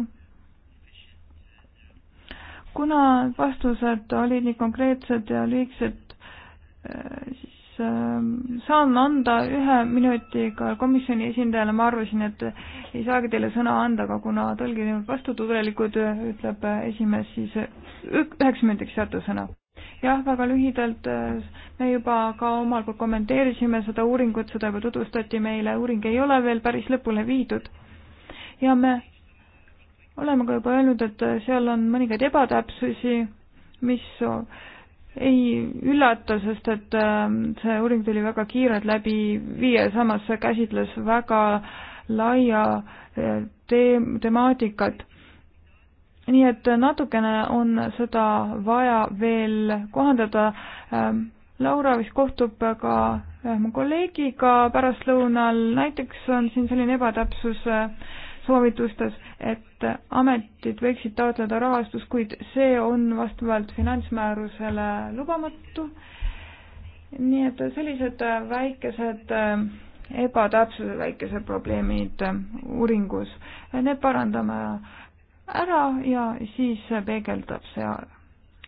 kuna vastused olid nii konkreetsed ja lühikesed, äh, siis Ähm, saan anda ühe minutiga komisjoni esindajale, ma arvasin, et ei saagi teile sõna anda, aga kuna tõlgid on vastutulelikud, ütleb esimees, siis üheks minutiks saate sõna. jah, väga lühidalt, äh, me juba ka omalt poolt kommenteerisime seda uuringut, seda juba tutvustati meile, uuring ei ole veel päris lõpule viidud ja me oleme ka juba öelnud, et seal on mõningaid ebatäpsusi, mis ei üllata, sest et ähm, see uuring tuli väga kiirelt läbi viia, samas see käsitles väga laia äh, teem-, temaatikat. nii et natukene on seda vaja veel kohandada. Ähm, Laura vist kohtub ka äh, mu kolleegiga pärastlõunal, näiteks on siin selline ebatäpsus äh, soovitustes, et ametid võiksid taotleda rahastust, kuid see on vastavalt finantsmäärusele lubamatu. nii et sellised väikesed eh, ebatäpsused, väikesed probleemid eh, uuringus, eh, need parandame ära ja siis peegeldab see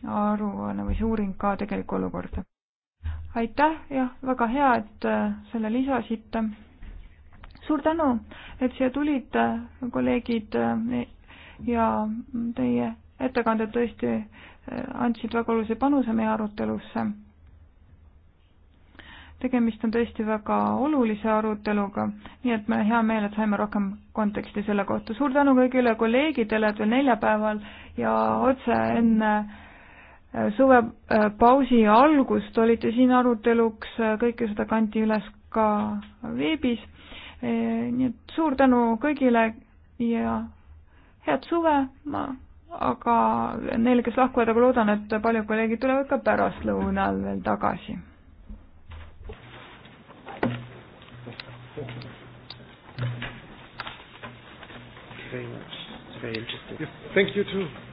aruanne või see uuring ka tegelikku olukorda. aitäh, jah, väga hea, et selle lisasite suur tänu, et siia tulite, äh, kolleegid äh, ja teie ettekanded tõesti äh, andsid väga olulise panuse meie arutelusse. tegemist on tõesti väga olulise aruteluga, nii et meil on hea meel, et saime rohkem konteksti selle kohta. suur tänu kõigile kolleegidele, et veel neljapäeval ja otse enne suvepausi algust olite siin aruteluks, kõike seda kanti üles ka veebis Eh, nii et suur tänu kõigile ja head suve, ma aga neile, kes lahkuvad, aga loodan, et paljud kolleegid tulevad ka pärastlõunal veel tagasi. Very much, very interesting. Thank you too.